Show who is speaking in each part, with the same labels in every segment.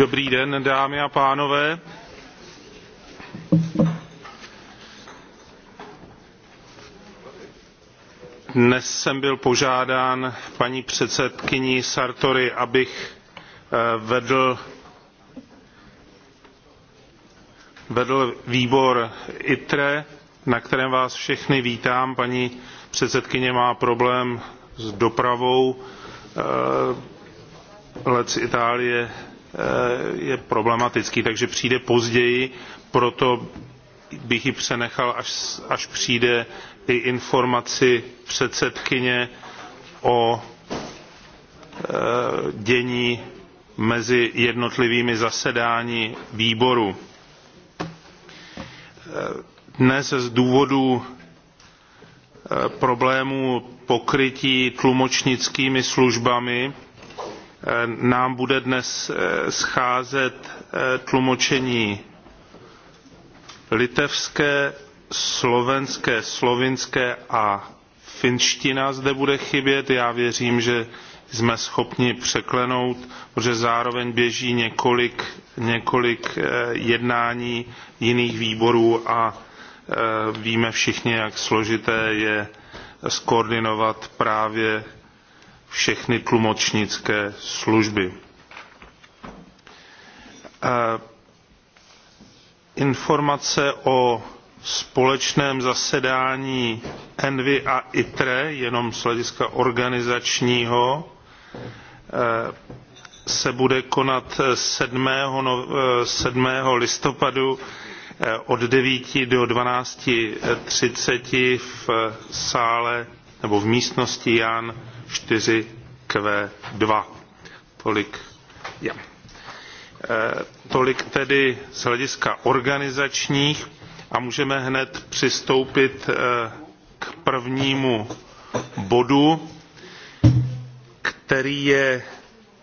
Speaker 1: Dobrý den, dámy a pánové. Dnes jsem byl požádán paní předsedkyní Sartory, abych eh, vedl vedl výbor ITRE, na kterém vás všechny vítám. Paní předsedkyně má problém s dopravou, eh, let Itálie Eh, je problematický, takže přijde později, proto bych ji přenechal, až, až přijde i informaci předsedkyně o eh, dění mezi jednotlivými zasedání výboru. Eh, dnes z důvodu problému pokrytí tlumočnickými službami Eh, nám bude dnes eh, scházet eh, tlumočení litevské, slovenské, slovinské a finština zde bude chybět. Já věřím, že jsme schopni překlenout, protože zároveň běží několik, několik jednání jiných výborů a víme všichni, jak složité je skoordinovat právě všechny tlumočnické služby. E, informace o společném zasedání Envy a ITRE, jenom z hlediska organizačního, e, se bude konat 7. 7. No, e, listopadu od 9 do 12.30 v sále nebo v místnosti Jan 4Q2. Tolik, ja. e, eh, tolik tedy z hlediska organizačních a můžeme hned přistoupit e, k prvnímu bodu, který je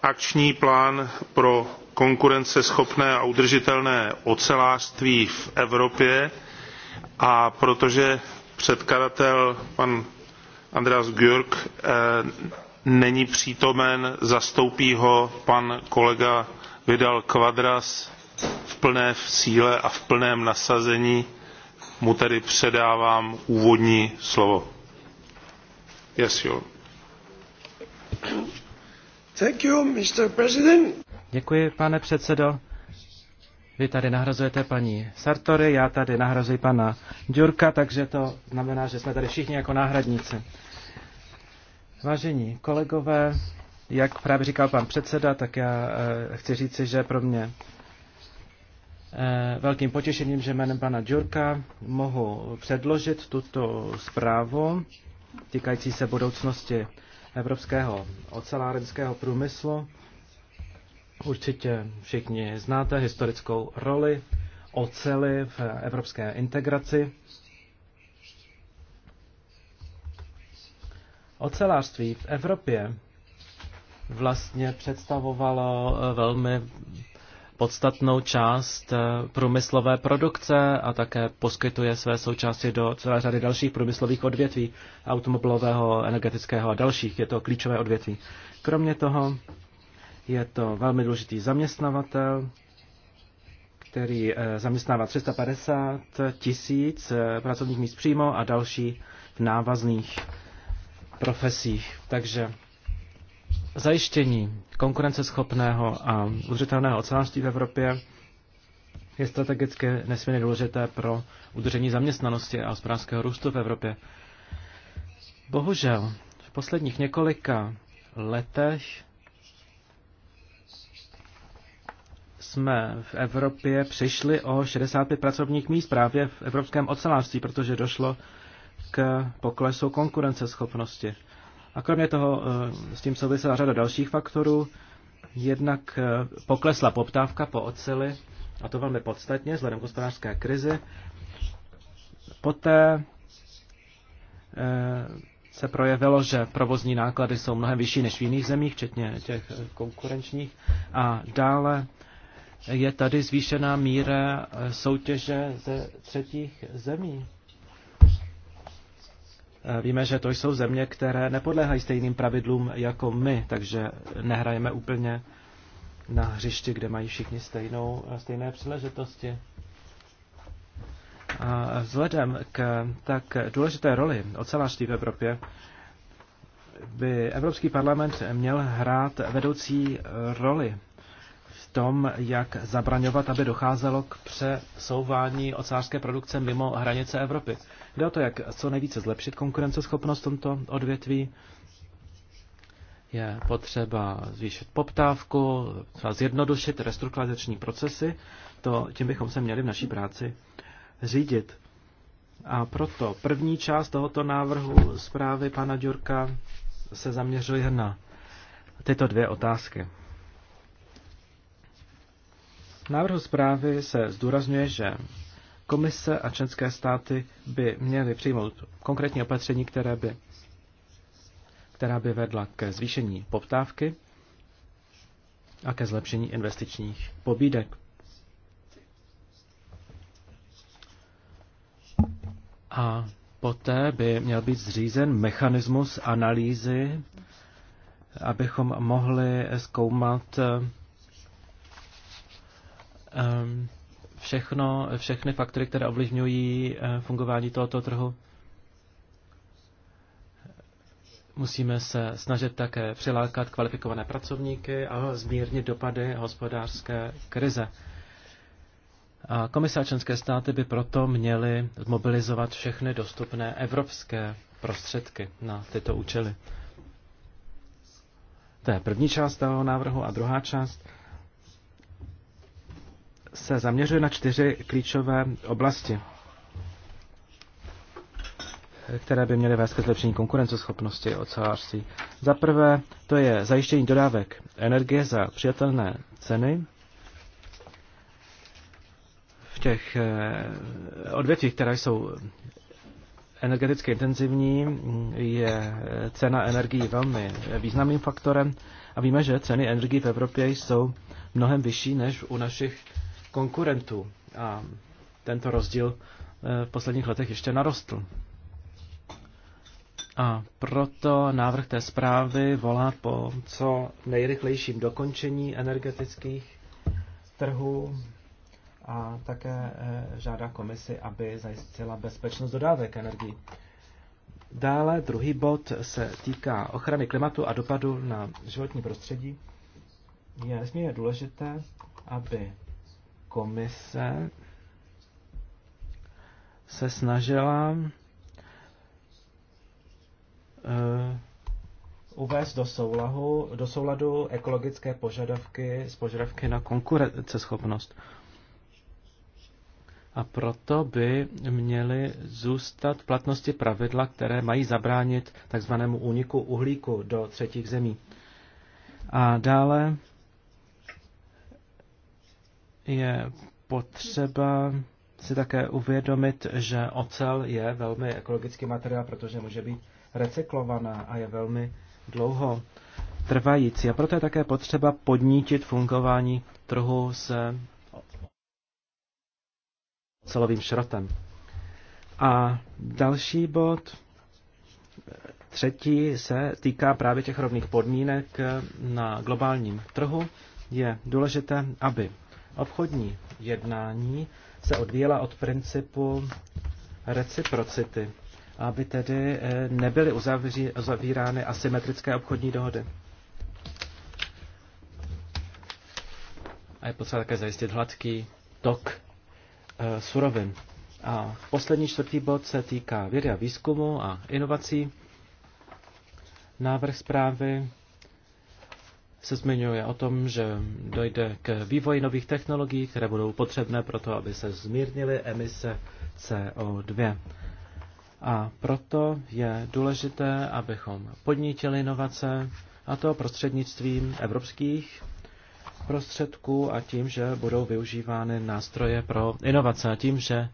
Speaker 1: akční plán pro konkurenceschopné a udržitelné ocelářství v Evropě a protože předkladatel pan Andreas Gürk eh, není přítomen, zastoupí ho pan kolega Vidal Quadras v plné síle a v plném nasazení. Mu tedy předávám úvodní slovo. Yes, you.
Speaker 2: Thank you, Mr. President.
Speaker 3: Děkuji, pane předsedo. Vy tady nahrazujete paní Sartory, já tady nahrazuji pana Djurka, takže to znamená, že jsme tady všichni jako náhradníci. Vážení kolegové, jak právě říkal pan předseda, tak já eh, chci říci, že pro mě eh, velkým potěšením, že jménem pana Džurka mohu předložit tuto zprávu týkající se budoucnosti evropského ocelárenského průmyslu. Určitě všichni znáte historickou roli ocely v evropské integraci. Ocelářství v Evropě vlastně představovalo eh, velmi podstatnou část eh, průmyslové produkce a také poskytuje své součásti do celé řady dalších průmyslových odvětví, automobilového, energetického a dalších. Je to klíčové odvětví. Kromě toho je to velmi důležitý zaměstnavatel, který eh, zaměstnává 350 tisíc pracovních míst přímo a další v návazných profesích. Takže zajištění konkurenceschopného a udržitelného ocelářství v Evropě je strategicky nesmírně důležité pro udržení zaměstnanosti a hospodářského růstu v Evropě. Bohužel, v posledních několika letech jsme v Evropě přišli o 65 pracovních míst právě v evropském ocelářství, protože došlo k poklesu konkurenceschopnosti. A kromě toho eh, s tím souvisela řada dalších faktorů. Jednak eh, poklesla poptávka po oceli, a to velmi podstatně, vzhledem k hospodářské krizi. Poté eh, se projevilo, že provozní náklady jsou mnohem vyšší než v jiných zemích, včetně těch konkurenčních. A dále je tady zvýšená míra soutěže ze třetích zemí. Eh, víme, že to jsou země, které nepodléhají stejným pravidlům jako my, takže nehrajeme úplně na hřišti, kde mají všichni stejnou, eh, stejné příležitosti. A vzhledem k tak důležité roli ocelářství v Evropě by Evropský parlament měl hrát vedoucí eh, roli v tom, jak zabraňovat, aby docházelo k přesouvání ocelářské produkce mimo hranice Evropy. Jde o to, jak co nejvíce zlepšit konkurenceschopnost v tomto odvětví. Je potřeba zvýšit poptávku, třeba zjednodušit restrukturalizační procesy. To, tím bychom se měli v naší práci řídit. A proto první část tohoto návrhu zprávy pana Ďurka se zaměřuje na tyto dvě otázky. V návrhu zprávy se zdůrazňuje, že Komise a členské státy by měly přijmout konkrétní opatření, které by, která by vedla ke zvýšení poptávky a ke zlepšení investičních pobídek. A poté by měl být zřízen mechanismus analýzy, abychom mohli zkoumat um, všechno, všechny faktory, které ovlivňují eh, fungování tohoto trhu. Musíme se snažit také přilákat kvalifikované pracovníky a zmírnit dopady hospodářské krize. A komise a členské státy by proto měly mobilizovat všechny dostupné evropské prostředky na tyto účely. To je první část toho návrhu a druhá část se zaměřuje na čtyři klíčové oblasti, které by měly vést ke zlepšení konkurenceschopnosti ocelářství. Za prvé, to je zajištění dodávek energie za přijatelné ceny v těch eh, odvětvích, které jsou energeticky intenzivní je cena energií velmi významným faktorem a víme, že ceny energií v Evropě jsou mnohem vyšší než u našich konkurentů. A tento rozdíl eh, v posledních letech ještě narostl. A proto návrh té zprávy volá po co nejrychlejším dokončení energetických trhů a také eh, žádá komisi, aby zajistila bezpečnost dodávek energii. Dále druhý bod se týká ochrany klimatu a dopadu na životní prostředí. Je nesmírně důležité, aby komise se snažila uh, uvést do, soulahu, do souladu ekologické požadavky s požadavky na konkurenceschopnost. A proto by měly zůstat platnosti pravidla, které mají zabránit takzvanému úniku uhlíku do třetích zemí. A dále je potřeba si také uvědomit, že ocel je velmi ekologický materiál, protože může být recyklovaná a je velmi dlouho trvající. A proto je také potřeba podnítit fungování trhu s ocelovým šrotem. A další bod, třetí, se týká právě těch rovných podmínek na globálním trhu. Je důležité, aby Obchodní jednání se odvíjela od principu reciprocity, aby tedy eh, nebyly uzavírány asymetrické obchodní dohody. A je potřeba také zajistit hladký tok e, surovin. A poslední čtvrtý bod se týká vědy a výzkumu a inovací. Návrh zprávy se zmiňuje o tom, že dojde k vývoji nových technologií, které budou potřebné pro to, aby se zmírnily emise CO2. A proto je důležité, abychom podnítili inovace, a to prostřednictvím evropských prostředků a tím, že budou využívány nástroje pro inovace a tím, že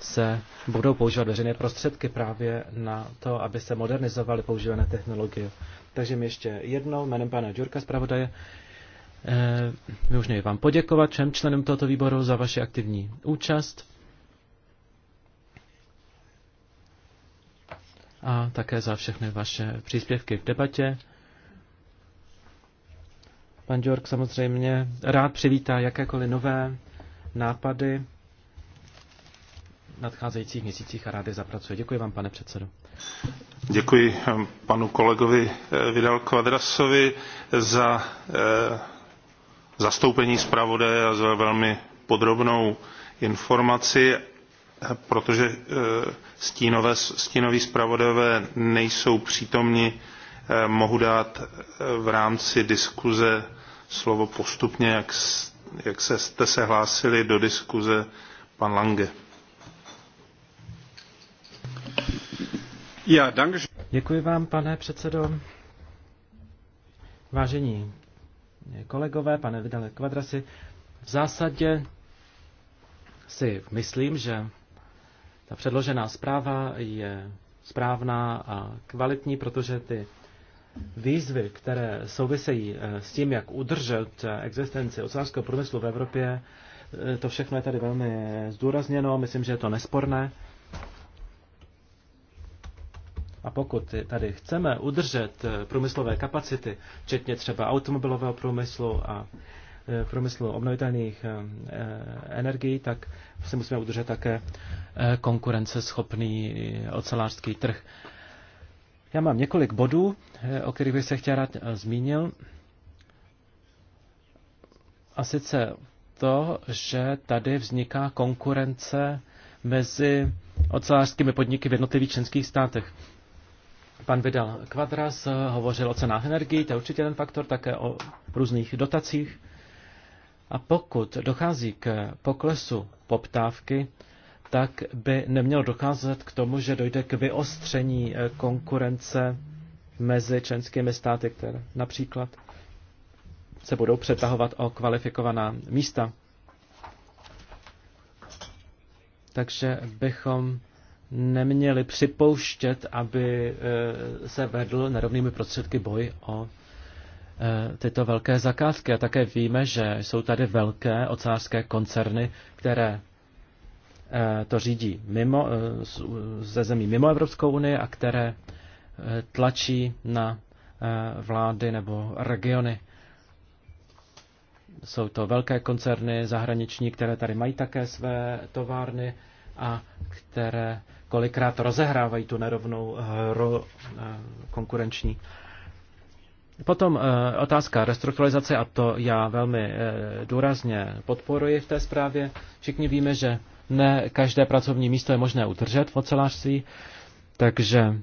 Speaker 3: se budou používat veřejné prostředky právě na to, aby se modernizovaly používané technologie. Takže mi ještě jednou jménem pana Džurka zpravodaje my eh, už vám poděkovat všem členům tohoto výboru za vaši aktivní účast a také za všechny vaše příspěvky v debatě. Pan Jork samozřejmě rád přivítá jakékoliv nové nápady nadcházejících měsících a rády zapracuje. Děkuji vám, pane předsedo.
Speaker 1: Děkuji eh, panu kolegovi eh, Vidal Kvadrasovi za eh, zastoupení zpravodaje a za velmi podrobnou informaci, protože stínové, stínoví zpravodajové nejsou přítomni, mohu dát v rámci diskuze slovo postupně, jak, jak se, jste se hlásili do diskuze pan Lange.
Speaker 3: Děkuji vám, pane předsedo. Vážení kolegové, pane Vidale Kvadrasi, v zásadě si myslím, že ta předložená zpráva je správná a kvalitní, protože ty výzvy, které souvisejí eh, s tím, jak udržet eh, existenci ocelářského průmyslu v Evropě, eh, to všechno je tady velmi zdůrazněno, myslím, že je to nesporné. A pokud tady chceme udržet eh, průmyslové kapacity, včetně třeba automobilového průmyslu a eh, průmyslu obnovitelných eh, energií, tak si musíme udržet také konkurenceschopný ocelářský trh. Já mám několik bodů, o kterých bych se chtěl rád zmínil. A sice to, že tady vzniká konkurence mezi ocelářskými podniky v jednotlivých členských státech. Pan Vidal Kvadras eh, hovořil o cenách energii, to je určitě ten faktor, také o různých dotacích. A pokud dochází k poklesu poptávky, tak by nemělo docházet k tomu, že dojde k vyostření eh, konkurence mezi členskými státy, které například se budou přetahovat o kvalifikovaná místa. Takže bychom neměli připouštět, aby eh, se vedl nerovnými prostředky boj o eh, tyto velké zakázky. A také víme, že jsou tady velké ocářské koncerny, které eh, to řídí mimo, ze zemí mimo Evropskou unii a které tlačí na vlády nebo regiony. Jsou to velké koncerny zahraniční, které tady mají také své továrny a které kolikrát rozehrávají tu nerovnou hru eh, konkurenční. Potom eh, otázka restrukturalizace, a to já velmi eh, důrazně podporuji v té zprávě. Všichni víme, že ne každé pracovní místo je možné utržet v ocelářství, takže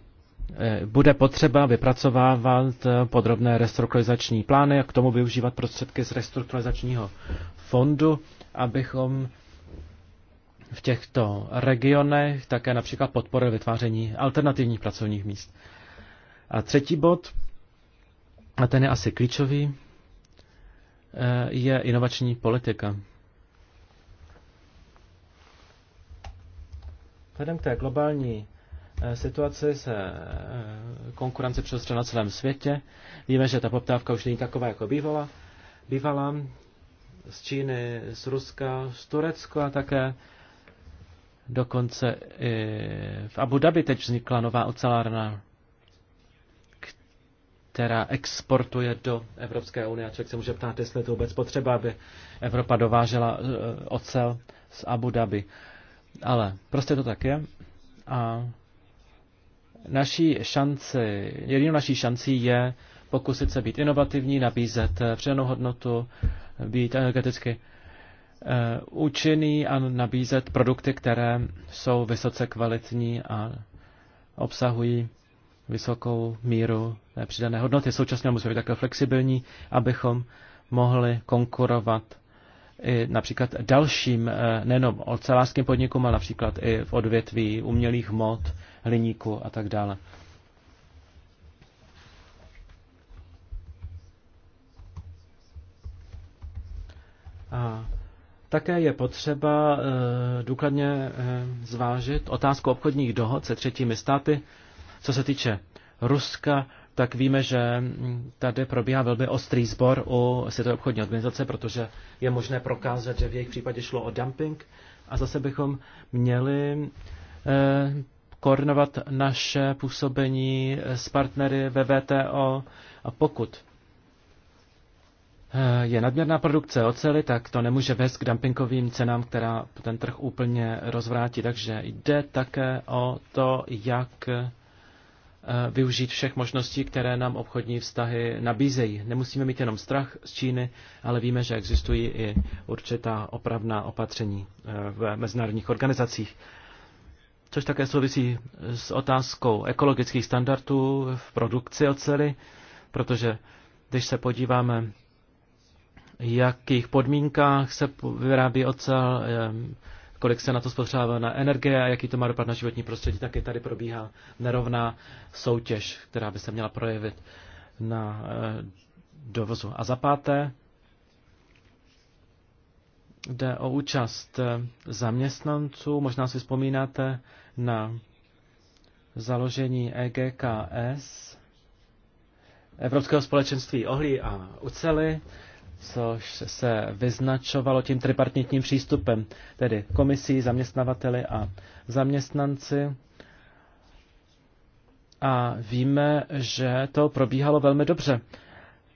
Speaker 3: bude potřeba vypracovávat podrobné restrukturalizační plány a k tomu využívat prostředky z restrukturalizačního fondu, abychom v těchto regionech také například podporuje vytváření alternativních pracovních míst. A třetí bod, a ten je asi klíčový, eh, je inovační politika. Vzhledem k té globální eh, situaci se eh, konkurence přestřela na celém světě. Víme, že ta poptávka už není taková, jako bývala. Bývala z Číny, z Ruska, z Turecka a také Dokonce i v Abu Dhabi teď vznikla nová ocelárna, která exportuje do Evropské unie. A člověk se může ptát, jestli je to vůbec potřeba, aby Evropa dovážela eh, ocel z Abu Dhabi. Ale prostě to tak je. A naší šanci, jedinou naší šancí je pokusit se být inovativní, nabízet eh, přidanou hodnotu, být energeticky Eh, účinný a nabízet produkty, které jsou vysoce kvalitní a obsahují vysokou míru přidané hodnoty. Současně musí být také flexibilní, abychom mohli konkurovat i například dalším, eh, nejenom ocelářským podnikům, ale například i v odvětví umělých mod, hliníku a tak dále. A také je potřeba eh, důkladně eh, zvážit otázku obchodních dohod se třetími státy. Co se týče Ruska, tak víme, že mm, tady probíhá velmi ostrý sbor u Světové obchodní organizace, protože je možné prokázat, že v jejich případě šlo o dumping a zase bychom měli eh, koordinovat naše působení s partnery ve VTO a pokud Eh, je nadměrná produkce oceli, tak to nemůže vést k dumpingovým cenám, která ten trh úplně rozvrátí. Takže jde také o to, jak eh, využít všech možností, které nám obchodní vztahy nabízejí. Nemusíme mít jenom strach z Číny, ale víme, že existují i určitá opravná opatření eh, v mezinárodních organizacích. Což také souvisí s otázkou ekologických standardů v produkci oceli, protože když se podíváme jakých podmínkách se vyrábí ocel, kolik se na to spotřebuje na energie a jaký to má dopad na životní prostředí. Taky tady probíhá nerovná soutěž, která by se měla projevit na eh, dovozu. A za páté jde o účast eh, zaměstnanců. Možná si vzpomínáte na založení EGKS, Evropského společenství ohlí a ucely což se vyznačovalo tím tripartitním přístupem, tedy komisí, zaměstnavateli a zaměstnanci. A víme, že to probíhalo velmi dobře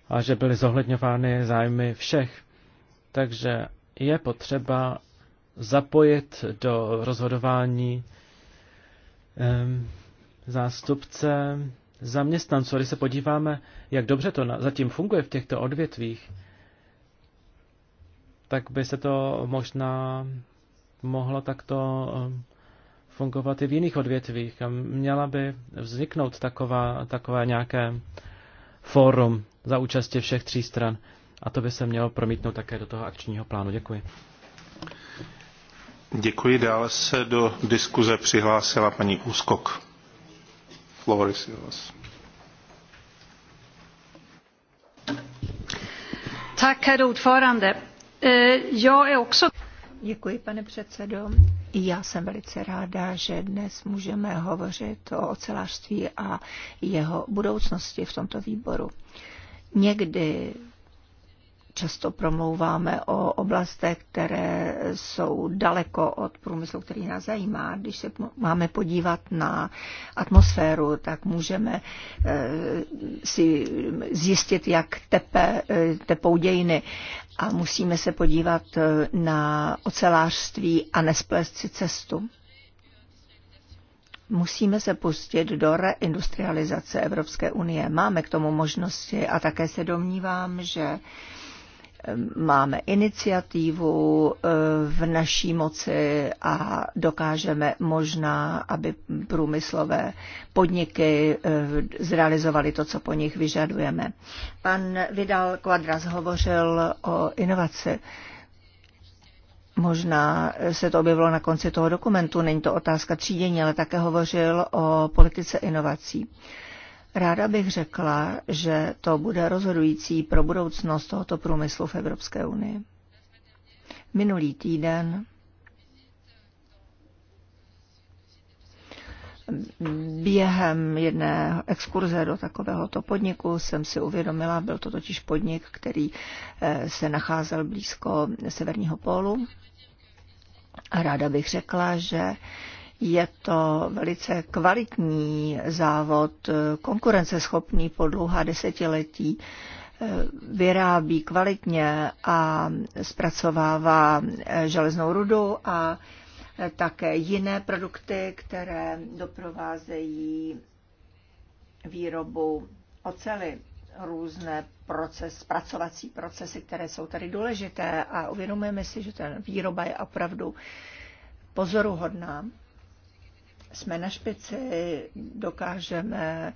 Speaker 3: a že byly zohledňovány zájmy všech. Takže je potřeba zapojit do rozhodování zástupce zaměstnanců. Když se podíváme, jak dobře to zatím funguje v těchto odvětvích, tak by se to možná mohlo takto um, fungovat i v jiných odvětvích. A měla by vzniknout taková, takové nějaké fórum za účastí všech tří stran. A to by se mělo promítnout také do toho akčního plánu. Děkuji.
Speaker 1: Děkuji. Dále se do diskuze přihlásila paní Úskok. Floris vás.
Speaker 4: Tak, herr ordförande. Eh, Děkuji, pane předsedo. Já jsem velice ráda, že dnes můžeme hovořit o ocelářství a jeho budoucnosti v tomto výboru. Někdy často promlouváme o oblastech, které jsou daleko od průmyslu, který nás zajímá. Když se máme podívat na atmosféru, tak můžeme eh, si zjistit, jak tepe, eh, tepou dějiny a musíme se podívat eh, na ocelářství a nesplést si cestu. Musíme se pustit do reindustrializace Evropské unie. Máme k tomu možnosti a také se domnívám, že máme iniciativu eh, v naší moci a dokážeme možná, aby průmyslové podniky eh, zrealizovaly to, co po nich vyžadujeme. Pan Vidal Quadras hovořil o inovaci. Možná se to objevilo na konci toho dokumentu, není to otázka třídění, ale také hovořil o politice inovací. Ráda bych řekla, že to bude rozhodující pro budoucnost tohoto průmyslu v Evropské unii. Minulý týden Během jedné exkurze do takovéhoto podniku jsem si uvědomila, byl to totiž podnik, který eh, se nacházel blízko severního pólu. A ráda bych řekla, že je to velice kvalitní závod, konkurenceschopný po dlouhá desetiletí, vyrábí kvalitně a zpracovává železnou rudu a také jiné produkty, které doprovázejí výrobu ocely, různé proces, zpracovací procesy, které jsou tady důležité a uvědomujeme si, že ta výroba je opravdu pozoruhodná jsme na špici, dokážeme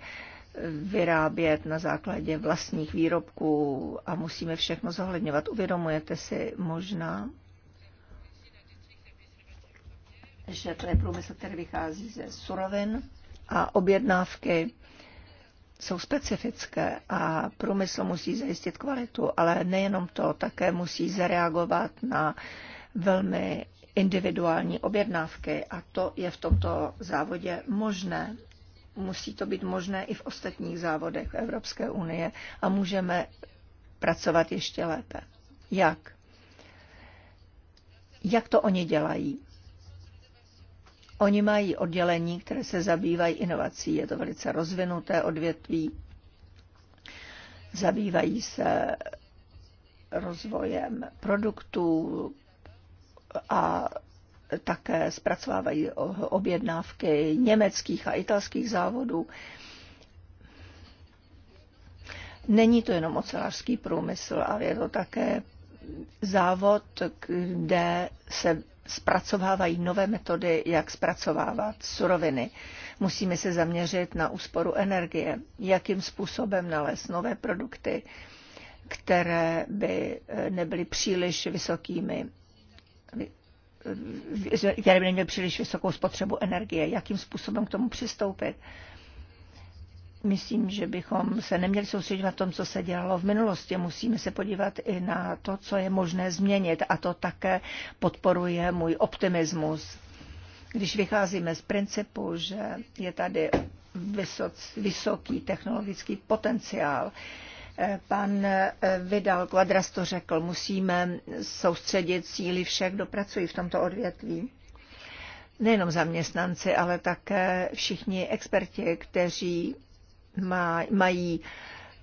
Speaker 4: vyrábět na základě vlastních výrobků a musíme všechno zohledňovat. Uvědomujete si možná, že to je průmysl, který vychází ze surovin a objednávky jsou specifické a průmysl musí zajistit kvalitu, ale nejenom to, také musí zareagovat na velmi individuální objednávky a to je v tomto závodě možné. Musí to být možné i v ostatních závodech Evropské unie a můžeme pracovat ještě lépe. Jak? Jak to oni dělají? Oni mají oddělení, které se zabývají inovací. Je to velice rozvinuté odvětví. Zabývají se rozvojem produktů, a také zpracovávají objednávky německých a italských závodů. Není to jenom ocelářský průmysl, ale je to také závod, kde se zpracovávají nové metody, jak zpracovávat suroviny. Musíme se zaměřit na úsporu energie, jakým způsobem nalézt nové produkty, které by nebyly příliš vysokými které by neměly příliš vysokou spotřebu energie. Jakým způsobem k tomu přistoupit? Myslím, že bychom se neměli soustředit na tom, co se dělalo v minulosti. Musíme se podívat i na to, co je možné změnit. A to také podporuje můj optimismus. Když vycházíme z principu, že je tady vysoký technologický potenciál, Pan eh, Vidal Quadras to řekl, musíme soustředit síly všech, kdo pracují v tomto odvětví. Nejenom zaměstnanci, ale také všichni experti, kteří mají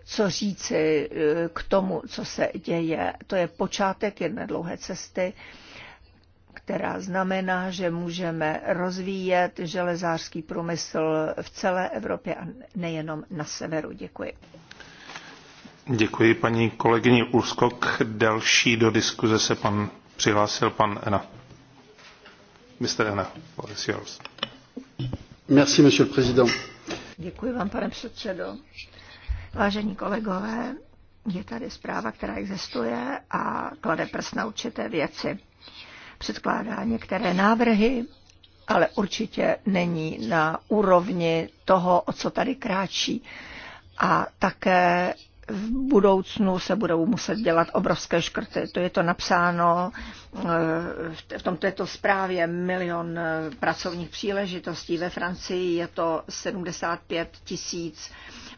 Speaker 4: co říci eh, k tomu, co se děje. To je počátek jedné dlouhé cesty, která znamená, že můžeme rozvíjet železářský průmysl v celé Evropě a nejenom na severu. Děkuji.
Speaker 1: Děkuji paní kolegyni Ulskok. Další do diskuze se pan přihlásil pan Ena. Mr. Ena, what is yours? Merci, monsieur le président.
Speaker 4: Děkuji vám, pane předsedo. Vážení kolegové, je tady zpráva, která existuje a klade prst na určité věci. Předkládá některé návrhy, ale určitě není na úrovni toho, o co tady kráčí. A také v budoucnu se budou muset dělat obrovské škrty. To je to napsáno eh, v tom této zprávě milion eh, pracovních příležitostí. Ve Francii je to 75 tisíc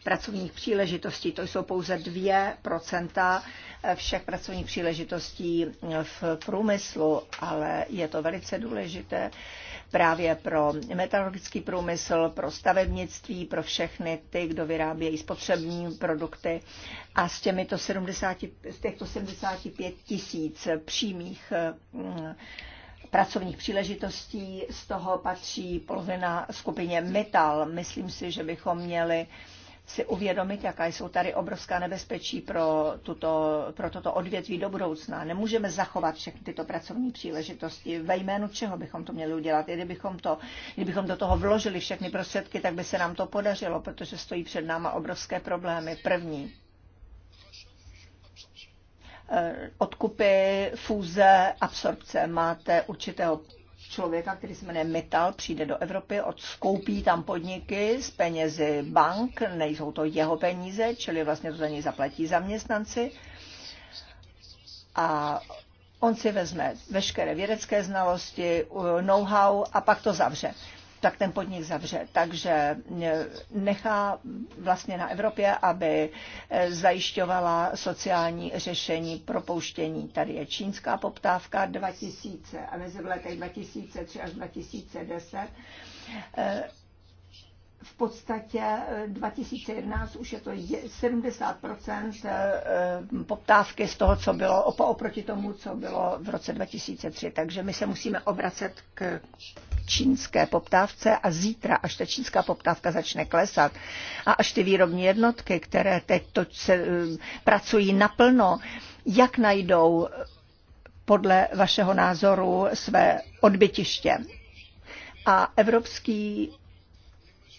Speaker 4: pracovních příležitostí. To jsou pouze 2% eh, všech pracovních příležitostí v průmyslu, ale je to velice důležité právě pro metalurgický průmysl, pro stavebnictví, pro všechny ty, kdo vyrábějí spotřební produkty. A z, těmito 70, z těchto 75 tisíc přímých mm, pracovních příležitostí, z toho patří polovina skupině metal. Myslím si, že bychom měli si uvědomit, jaká jsou tady obrovská nebezpečí pro, tuto, pro toto odvětví do budoucna. Nemůžeme zachovat všechny tyto pracovní příležitosti. Ve jménu čeho bychom to měli udělat? I kdybychom, to, kdybychom do toho vložili všechny prostředky, tak by se nám to podařilo, protože stojí před náma obrovské problémy. První, eh, odkupy, fúze, absorpce. Máte určitého člověka, který se jmenuje Metal, přijde do Evropy, odskoupí tam podniky z penězi bank, nejsou to jeho peníze, čili vlastně to za něj zaplatí zaměstnanci. A on si vezme veškeré vědecké znalosti, know-how a pak to zavře tak ten podnik zavře. Takže e, nechá vlastně na Evropě, aby e, zajišťovala sociální řešení propouštění. Tady je čínská poptávka 2000 a mezi v letech 2003 až 2010 e, v podstatě 2011 už je to 70 poptávky z toho, co bylo oproti tomu, co bylo v roce 2003. Takže my se musíme obracet k čínské poptávce a zítra, až ta čínská poptávka začne klesat a až ty výrobní jednotky, které teď to se, eh, pracují naplno, jak najdou eh, podle vašeho názoru své odbytiště. A Evropský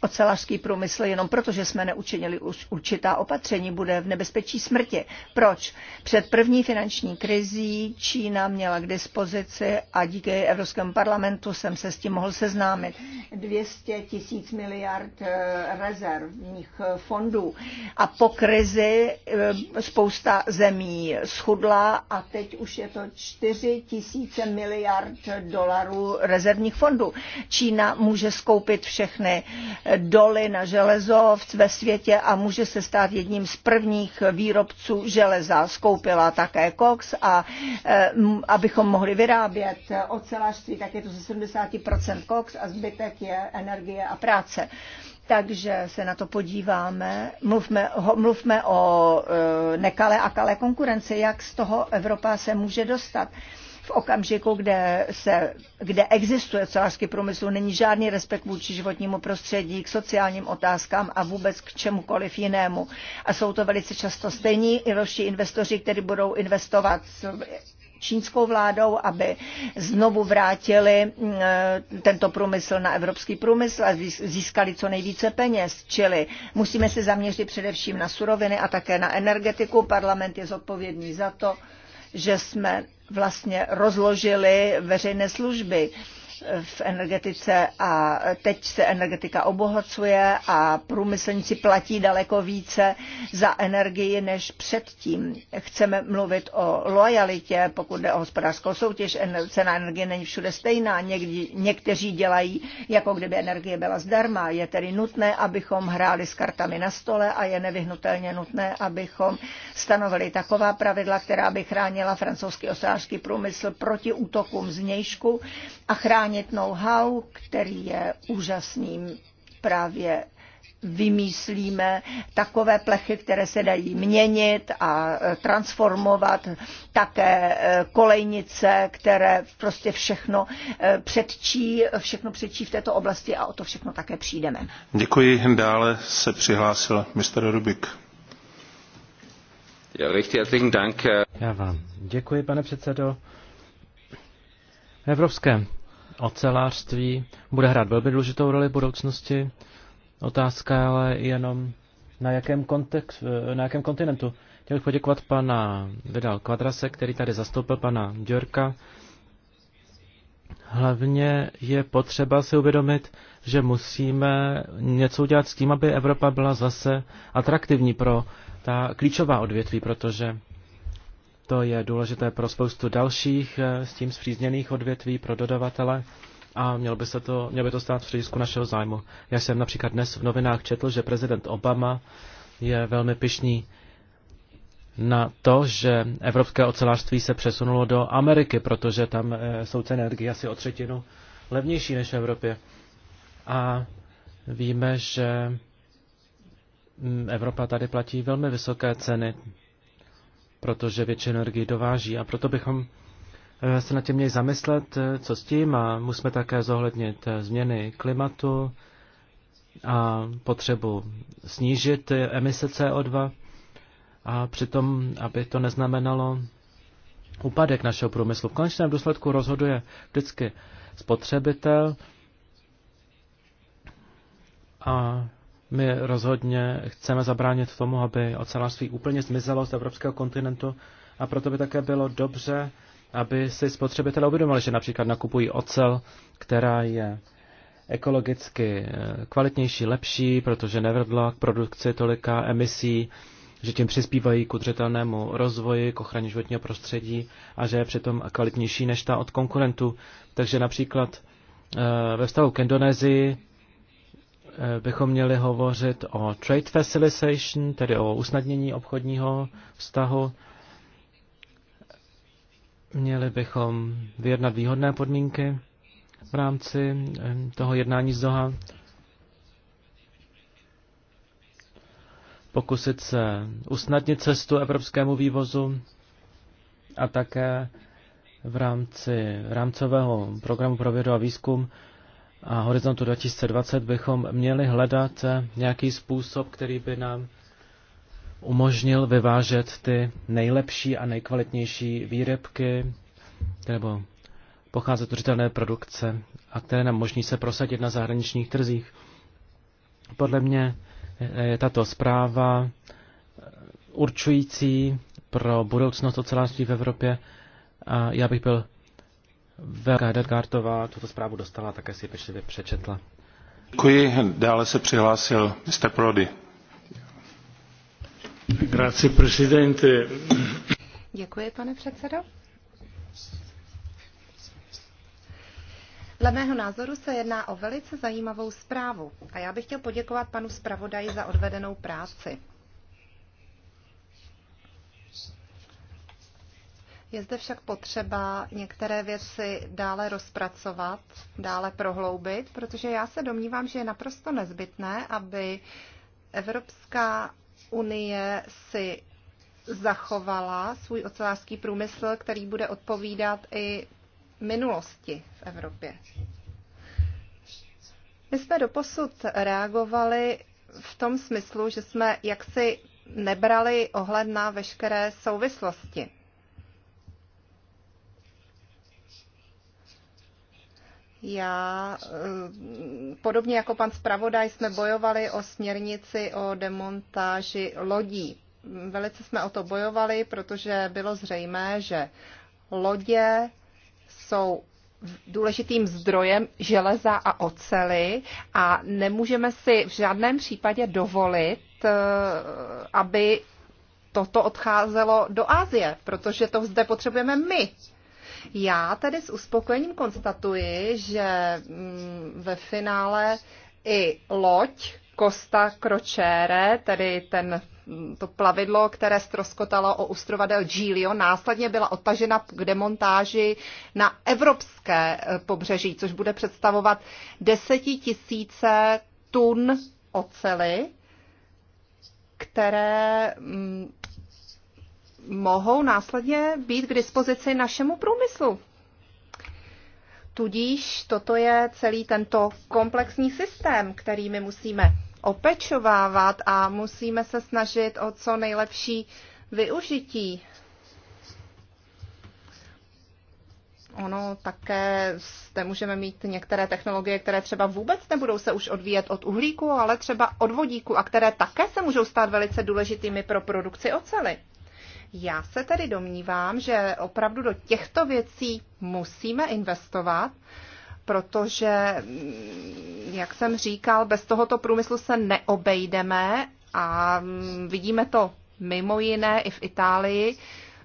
Speaker 4: ocelářský průmysl jenom proto, že jsme neučinili už určitá opatření, bude v nebezpečí smrti. Proč? Před první finanční krizí Čína měla k dispozici a díky Evropskému parlamentu jsem se s tím mohl seznámit. 200 tisíc miliard eh, rezervních eh, fondů. A po krizi eh, spousta zemí schudla a teď už je to 4 tisíce miliard dolarů rezervních fondů. Čína může skoupit všechny doly na železo ve světě a může se stát jedním z prvních výrobců železa. Skoupila také koks a e, abychom mohli vyrábět ocelářství, tak je to ze 70% koks a zbytek je energie a práce. Takže se na to podíváme. Mluvme, ho, mluvme o e, nekalé a kalé konkurenci, jak z toho Evropa se může dostat. E, v okamžiku, kde, se, kde existuje celářský průmysl, není žádný respekt vůči životnímu prostředí, k sociálním otázkám a vůbec k čemukoliv jinému. A jsou to velice často stejní roští investoři, kteří budou investovat čínskou vládou, aby znovu vrátili mm, tento průmysl na evropský průmysl a získali co nejvíce peněz. Čili musíme se zaměřit především na suroviny a také na energetiku. Parlament je zodpovědný za to, že jsme vlastně rozložili veřejné služby v energetice a teď se energetika obohacuje a průmyslníci platí daleko více za energii než předtím. Chceme mluvit o lojalitě, pokud jde o hospodářskou soutěž, cena energie není všude stejná, Někdy, někteří dělají, jako kdyby energie byla zdarma. Je tedy nutné, abychom hráli s kartami na stole a je nevyhnutelně nutné, abychom stanovili taková pravidla, která by chránila francouzský osářský průmysl proti útokům nějšku a chránila schánět know-how, který je úžasným právě vymyslíme takové plechy, které se dají měnit a e, transformovat, také e, kolejnice, které prostě všechno e, předčí, všechno předčí v této oblasti a o to všechno také přijdeme.
Speaker 1: Děkuji. Dále se přihlásil Mr. Rubik. Já vám
Speaker 3: děkuji, pane předsedo. Evropské ocelářství bude hrát velmi důležitou roli v budoucnosti. Otázka je ale jenom na jakém, kontext, eh, na jakém kontinentu. Chtěl bych poděkovat pana Vidal Kvadrase, který tady zastoupil pana Djorka. Hlavně je potřeba si uvědomit, že musíme něco udělat s tím, aby Evropa byla zase atraktivní pro ta klíčová odvětví, protože to je důležité pro spoustu dalších eh, s tím zpřízněných odvětví pro dodavatele a mělo by, se to, mělo by to stát v středisku našeho zájmu. Já jsem například dnes v novinách četl, že prezident Obama je velmi pišný na to, že evropské ocelářství se přesunulo do Ameriky, protože tam eh, jsou ceny energie asi o třetinu levnější než v Evropě. A víme, že mm, Evropa tady platí velmi vysoké ceny protože větší energii dováží. A proto bychom eh, se na tím měli zamyslet, eh, co s tím a musíme také zohlednit eh, změny klimatu a potřebu snížit emise CO2 a přitom, aby to neznamenalo úpadek našeho průmyslu. V konečném důsledku rozhoduje vždycky spotřebitel a my rozhodně chceme zabránit tomu, aby ocelářství úplně zmizelo z evropského kontinentu a proto by také bylo dobře, aby si spotřebitelé uvědomili, že například nakupují ocel, která je ekologicky eh, kvalitnější, lepší, protože nevedla k produkci tolika emisí, že tím přispívají k udržitelnému rozvoji, k ochraně životního prostředí a že je přitom kvalitnější než ta od konkurentů. Takže například eh, ve vztahu k Indonésii Eh, bychom měli hovořit o trade facilitation, tedy o usnadnění obchodního vztahu. Měli bychom vyjednat výhodné podmínky v rámci eh, toho jednání z Doha. Pokusit se usnadnit cestu evropskému vývozu a také v rámci rámcového programu pro vědu a výzkum a horizontu 2020 bychom měli hledat eh, nějaký způsob, který by nám umožnil vyvážet ty nejlepší a nejkvalitnější výrobky nebo pocházet udržitelné produkce a které nám možní se prosadit na zahraničních trzích. Podle mě eh, je tato zpráva eh, určující pro budoucnost ocelářství v Evropě a já bych byl Velká Gartová tuto zprávu dostala, také si pečlivě přečetla.
Speaker 1: Děkuji. Dále se přihlásil Mr. Prody. Grazie, presidente.
Speaker 5: Děkuji, pane předsedo. Dle mého názoru se jedná o velice zajímavou zprávu a já bych chtěl poděkovat panu zpravodaji za odvedenou práci. Je zde však potřeba některé věci dále rozpracovat, dále prohloubit, protože já se domnívám, že je naprosto nezbytné, aby Evropská unie si zachovala svůj ocelářský průmysl, který bude odpovídat i minulosti v Evropě. My jsme doposud reagovali v tom smyslu, že jsme jaksi nebrali ohled na veškeré souvislosti. Já, eh, podobně jako pan zpravodaj, jsme bojovali o směrnici o demontáži lodí. Velice jsme o to bojovali, protože bylo zřejmé, že lodě jsou důležitým zdrojem železa a ocely a nemůžeme si v žádném případě dovolit, eh, aby toto odcházelo do Asie, protože to zde potřebujeme my, já tady s uspokojením konstatuji, že mm, ve finále i loď Costa Crociere, tedy ten, mm, to plavidlo, které stroskotalo o ostrova del Giglio, následně byla odtažena k demontáži na evropské eh, pobřeží, což bude představovat desetitisíce tun ocely, které mm, mohou následně být k dispozici našemu průmyslu. Tudíž toto je celý tento komplexní systém, který my musíme opečovávat a musíme se snažit o co nejlepší využití. Ono také zde můžeme mít některé technologie, které třeba vůbec nebudou se už odvíjet od uhlíku, ale třeba od vodíku a které také se můžou stát velice důležitými pro produkci ocely. Já se tedy domnívám, že opravdu do těchto věcí musíme investovat, protože, mm, jak jsem říkal, bez tohoto průmyslu se neobejdeme a mm, vidíme to mimo jiné i v Itálii,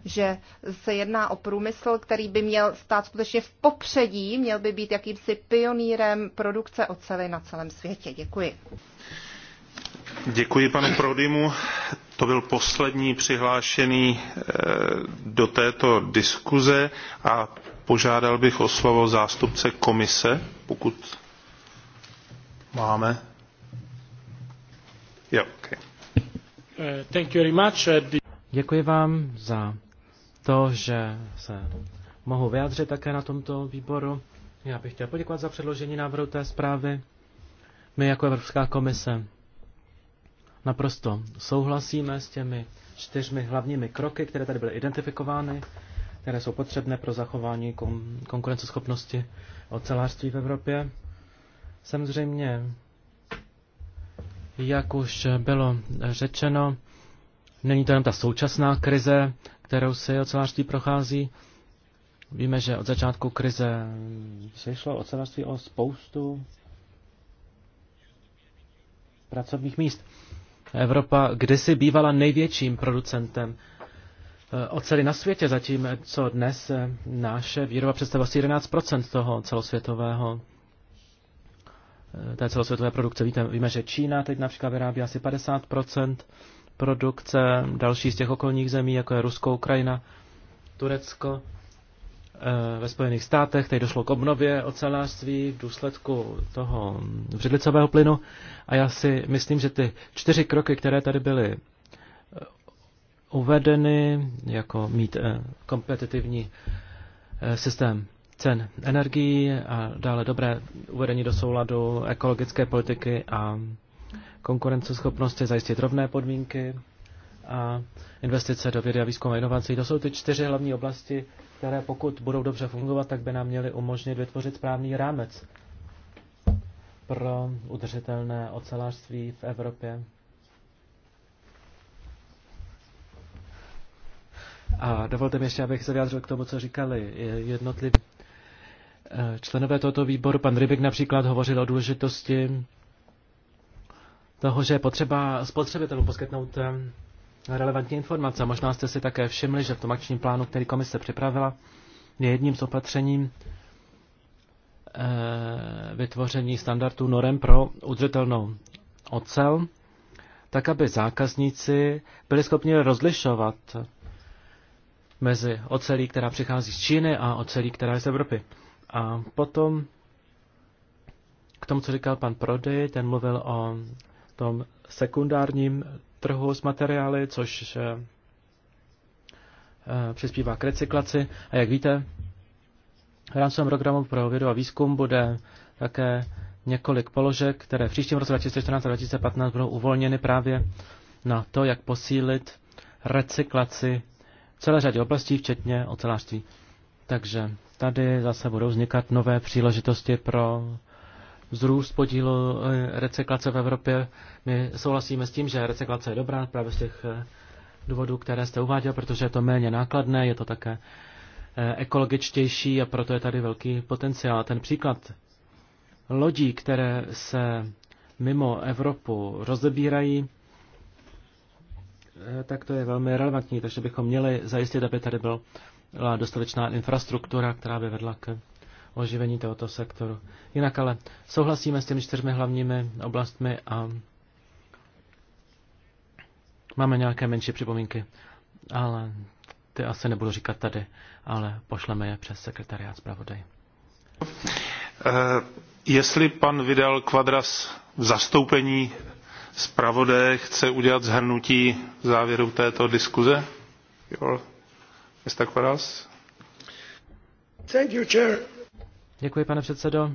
Speaker 5: že se jedná o průmysl, který by měl stát skutečně v popředí, měl by být jakýmsi pionýrem produkce oceli na celém světě. Děkuji.
Speaker 1: Děkuji panu Prodymu. To byl poslední přihlášený eh, do této diskuze a požádal bych o slovo zástupce komise, pokud
Speaker 3: máme. Jo, okay. Eh, thank you very much. Eh, Děkuji vám za to, že se mohu vyjádřit také na tomto výboru. Já bych chtěl poděkovat za předložení návrhu té zprávy. My jako Evropská komise Naprosto souhlasíme s těmi čtyřmi hlavními kroky, které tady byly identifikovány, které jsou potřebné pro zachování kon- konkurenceschopnosti ocelářství v Evropě. Samozřejmě, jak už bylo řečeno, není to jenom ta současná krize, kterou se ocelářství prochází. Víme, že od začátku krize se šlo ocelářství o spoustu pracovních míst. Evropa kdysi bývala největším producentem eh, oceli na světě, zatímco dnes eh, naše výroba představuje asi 11 toho celosvětového eh, té celosvětové produkce. Víte, víme, že Čína teď například vyrábí asi 50 produkce, další z těch okolních zemí, jako je Rusko, Ukrajina, Turecko, Eh, ve Spojených státech, teď došlo k obnově ocelářství v důsledku toho břidlicového plynu a já si myslím, že ty čtyři kroky, které tady byly eh, uvedeny, jako mít eh, kompetitivní systém cen energií a dále dobré uvedení do souladu ekologické politiky a konkurenceschopnosti, zajistit rovné podmínky a investice do vědy a výzkumu a inovací. To jsou ty čtyři hlavní oblasti, které pokud budou dobře fungovat, tak by nám měly umožnit vytvořit správný rámec pro udržitelné ocelářství v Evropě. A dovolte mi ještě, abych se vyjádřil k tomu, co říkali jednotliví eh, členové tohoto výboru. Pan Rybik například hovořil o důležitosti toho, že je potřeba spotřebitelům poskytnout eh, relevantní informace. Možná jste si také všimli, že v tom akčním plánu, který komise připravila, je jedním z opatřením eh, vytvoření standardů norem pro udržitelnou ocel, tak aby zákazníci byli schopni rozlišovat mezi ocelí, která přichází z Číny a ocelí, která je z Evropy. A potom k tomu, co říkal pan Prody, ten mluvil o tom sekundárním trhu s materiály, což eh, eh, přispívá k recyklaci. A jak víte, v rámci programu pro vědu a výzkum bude také několik položek, které v příštím roce 2014 a 2015 budou uvolněny právě na to, jak posílit recyklaci v celé řadě oblastí, včetně ocelářství. Takže tady zase budou vznikat nové příležitosti pro vzrůst podílu eh, recyklace v Evropě. My souhlasíme s tím, že recyklace je dobrá právě z těch eh, důvodů, které jste uváděl, protože je to méně nákladné, je to také eh, ekologičtější a proto je tady velký potenciál. Ten příklad lodí, které se mimo Evropu rozebírají, tak to je velmi relevantní, takže bychom měli zajistit, aby tady byla dostatečná infrastruktura, která by vedla k oživení tohoto sektoru. Jinak ale souhlasíme s těmi čtyřmi hlavními oblastmi a máme nějaké menší připomínky, ale ty asi nebudu říkat tady, ale pošleme je přes sekretariát zpravodaj. Uh,
Speaker 1: jestli pan Vidal Kvadras v zastoupení zpravodaje chce udělat zhrnutí závěru této diskuze? Jo, Mr. Kvadras?
Speaker 3: Thank you, Chair. Děkuji, pane předsedo.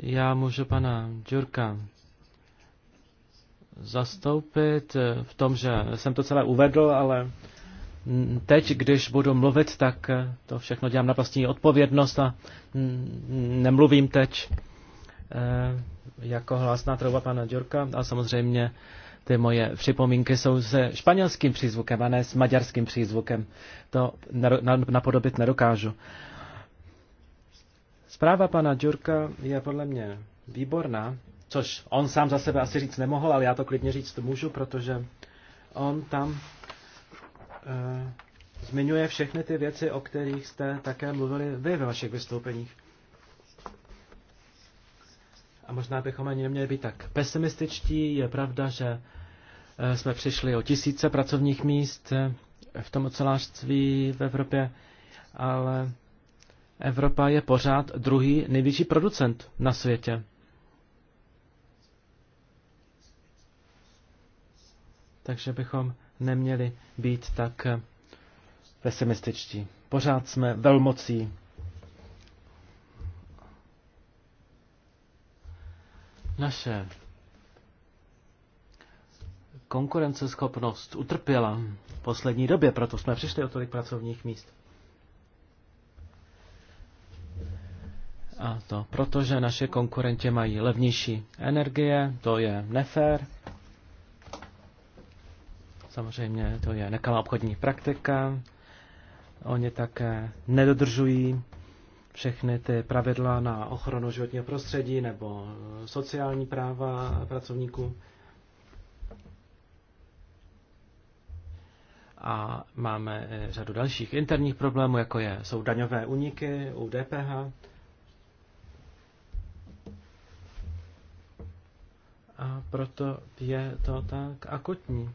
Speaker 3: Já můžu pana Džurka zastoupit v tom, že jsem to celé uvedl, ale teď, když budu mluvit, tak to všechno dělám na vlastní odpovědnost a nemluvím teď eh, jako hlasná trouba pana Džurka a samozřejmě ty moje připomínky jsou se španělským přízvukem a ne s maďarským přízvukem. To napodobit nedokážu. Zpráva pana Džurka je podle mě výborná, což on sám za sebe asi říct nemohl, ale já to klidně říct můžu, protože on tam e, zmiňuje všechny ty věci, o kterých jste také mluvili vy ve vašich vystoupeních. A možná bychom ani neměli být tak pesimističtí. Je pravda, že eh, jsme přišli o tisíce pracovních míst eh, v tom ocelářství v Evropě, ale Evropa je pořád druhý největší producent na světě. Takže bychom neměli být tak pesimističtí. Pořád jsme velmocí. Naše konkurenceschopnost utrpěla v poslední době, proto jsme přišli o tolik pracovních míst. A to proto, že naše konkurenti mají levnější energie, to je nefér. Samozřejmě to je nekalá obchodní praktika. Oni také nedodržují všechny ty pravidla na ochranu životního prostředí nebo sociální práva pracovníků. A máme eh, řadu dalších interních problémů, jako je, jsou daňové úniky u DPH. a proto je to tak akutní.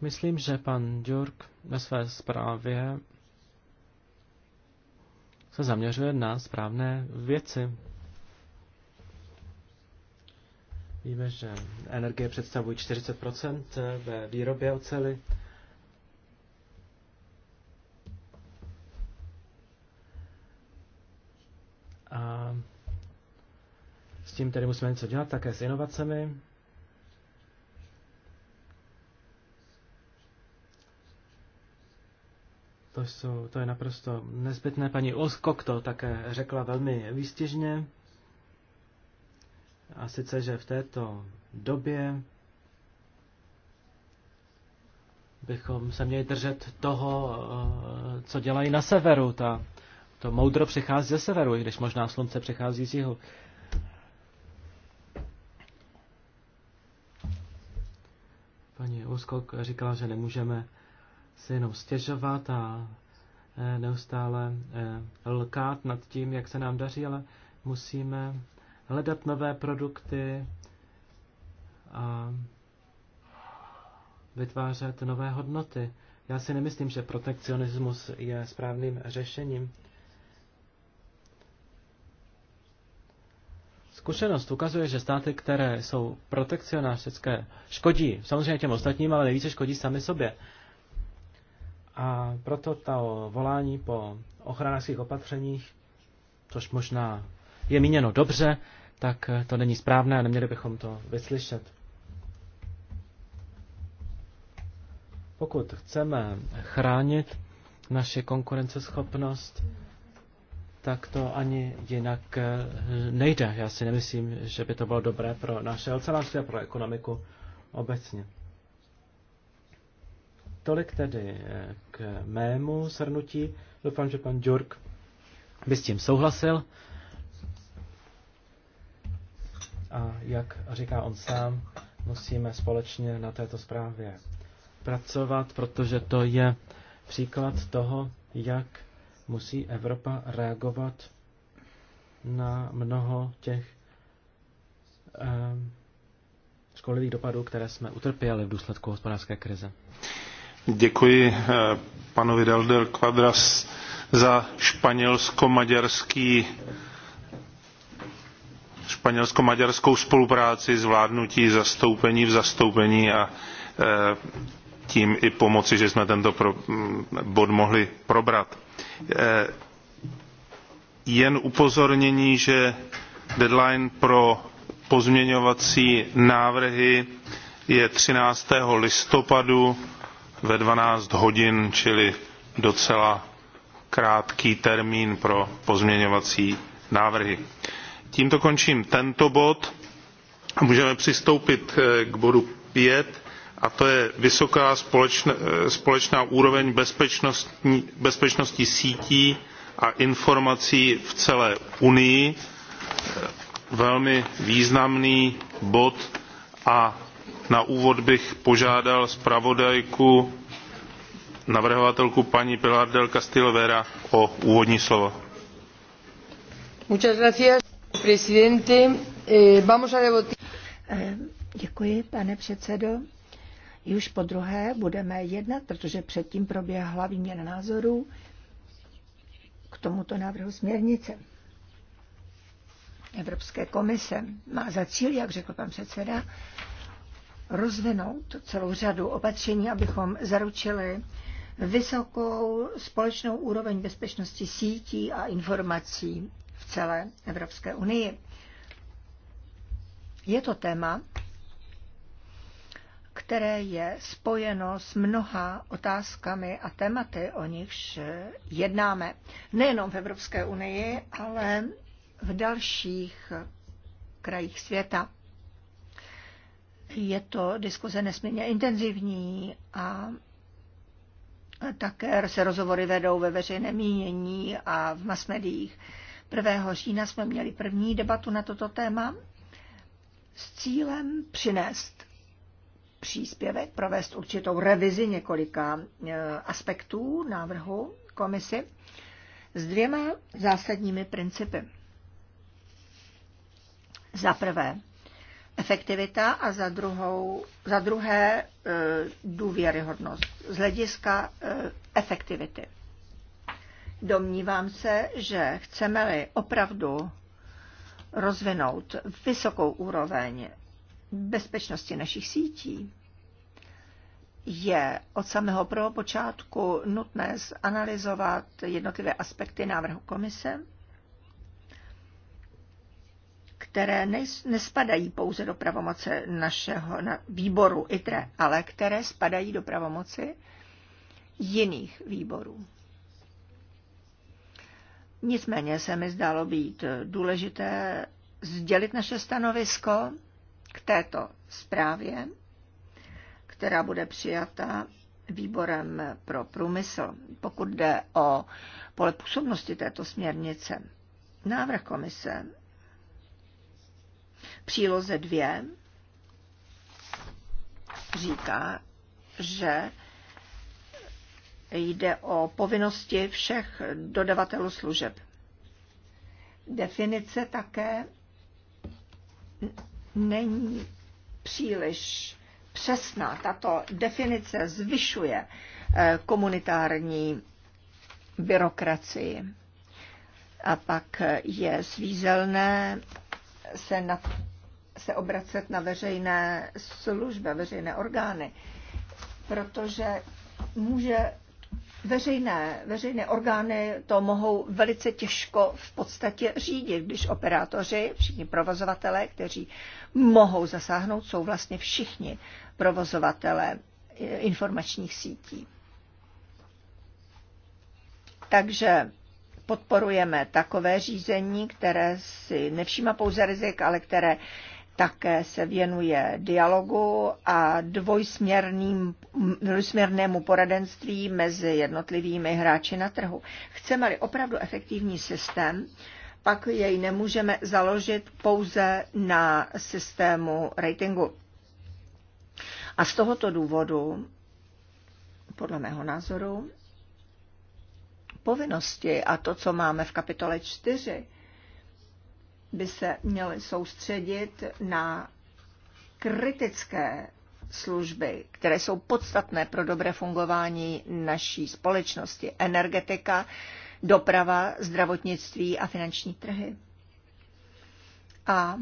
Speaker 3: Myslím, že pan Djurk ve své zprávě se zaměřuje na správné věci. Víme, že energie představují 40 ve výrobě ocely. A s tím tedy musíme něco dělat, také s inovacemi. To, jsou, to je naprosto nezbytné. Paní Oskok to také řekla velmi výstěžně. A sice, že v této době bychom se měli držet toho, eh, co dělají na severu. Ta, to moudro přichází ze severu, i když možná slunce přichází z jihu. Paní Úskok říkala, že nemůžeme si jenom stěžovat a e, neustále e, lkát nad tím, jak se nám daří, ale musíme hledat nové produkty a vytvářet nové hodnoty. Já si nemyslím, že protekcionismus je správným řešením. Zkušenost ukazuje, že státy, které jsou protekcionářské, škodí samozřejmě těm ostatním, ale nejvíce škodí sami sobě. A proto ta volání po ochranářských opatřeních, což možná je míněno dobře, tak to není správné a neměli bychom to vyslyšet. Pokud chceme chránit naši konkurenceschopnost, tak to ani jinak eh, nejde. Já si nemyslím, že by to bylo dobré pro naše ocelářství a pro ekonomiku obecně. Tolik tedy eh, k mému shrnutí. Doufám, že pan Djurk by s tím souhlasil. A jak říká on sám, musíme společně na této zprávě pracovat, protože to je příklad toho, jak musí Evropa reagovat na mnoho těch ehm, škodlivých dopadů, které jsme utrpěli v důsledku hospodářské krize.
Speaker 1: Děkuji eh, panovi Del Quadras za španělsko-maďarský španělsko-maďarskou spolupráci, zvládnutí zastoupení v zastoupení a eh, tím i pomoci, že jsme tento mm, bod mohli probrat Eh, jen upozornění, že deadline pro pozměňovací návrhy je 13. listopadu ve 12 hodin, čili docela krátký termín pro pozměňovací návrhy. Tímto končím tento bod a můžeme přistoupit eh, k bodu 5 a to je vysoká společná, úroveň bezpečnosti sítí a informací v celé unii velmi významný bod a na úvod bych požádal zpravodajku navrhovatelku paní Pilar del Castillo Vera o úvodní slovo.
Speaker 2: Muchas gracias, presidente.
Speaker 4: Eh, vamos a debatir. Eh, děkuji, pane předsedo. Už po druhé budeme jednat, protože předtím proběhla výměna názorů k tomuto návrhu směrnice. Evropské komise má za cíl, jak řekl pan předseda, rozvinout celou řadu opatření, abychom zaručili vysokou společnou úroveň bezpečnosti sítí a informací v celé Evropské unii. Je to téma, které je spojeno s mnoha otázkami a tématy, o nichž jednáme. Nejenom v Evropské unii, ale v dalších krajích světa. Je to diskuze nesmírně intenzivní a také se rozhovory vedou ve veřejném mínění a v masmediích. 1. října jsme měli první debatu na toto téma s cílem přinést příspěvek, provést určitou revizi několika e, aspektů návrhu komisy s dvěma zásadními principy. Za prvé, efektivita a za, druhou, za druhé e, důvěryhodnost z hlediska e, efektivity. Domnívám se, že chceme-li opravdu rozvinout vysokou úroveň bezpečnosti našich sítí je od samého prvopočátku nutné zanalizovat jednotlivé aspekty návrhu komise, které nespadají pouze do pravomoce našeho výboru ITRE, ale které spadají do pravomoci jiných výborů. Nicméně se mi zdálo být důležité sdělit naše stanovisko k této zprávě, která bude přijata výborem pro průmysl, pokud jde o pole působnosti této směrnice. Návrh komise příloze 2 říká, že jde o povinnosti všech dodavatelů služeb. Definice také není příliš přesná. Tato definice zvyšuje eh, komunitární byrokracii. A pak je svízelné se, na, se obracet na veřejné služby, veřejné orgány, protože může Veřejné, veřejné orgány to mohou velice těžko v podstatě řídit, když operátoři, všichni provozovatelé, kteří mohou zasáhnout, jsou vlastně všichni provozovatelé eh, informačních sítí. Takže podporujeme takové řízení, které si nevšíma pouze rizik, ale které také se věnuje dialogu a dvojsměrným, dvojsměrnému poradenství mezi jednotlivými hráči na trhu. Chceme-li opravdu efektivní systém, pak jej nemůžeme založit pouze na systému ratingu. A z tohoto důvodu, podle mého názoru, povinnosti a to, co máme v kapitole 4, by se měly soustředit na kritické služby, které jsou podstatné pro dobré fungování naší společnosti. Energetika, doprava, zdravotnictví a finanční trhy. A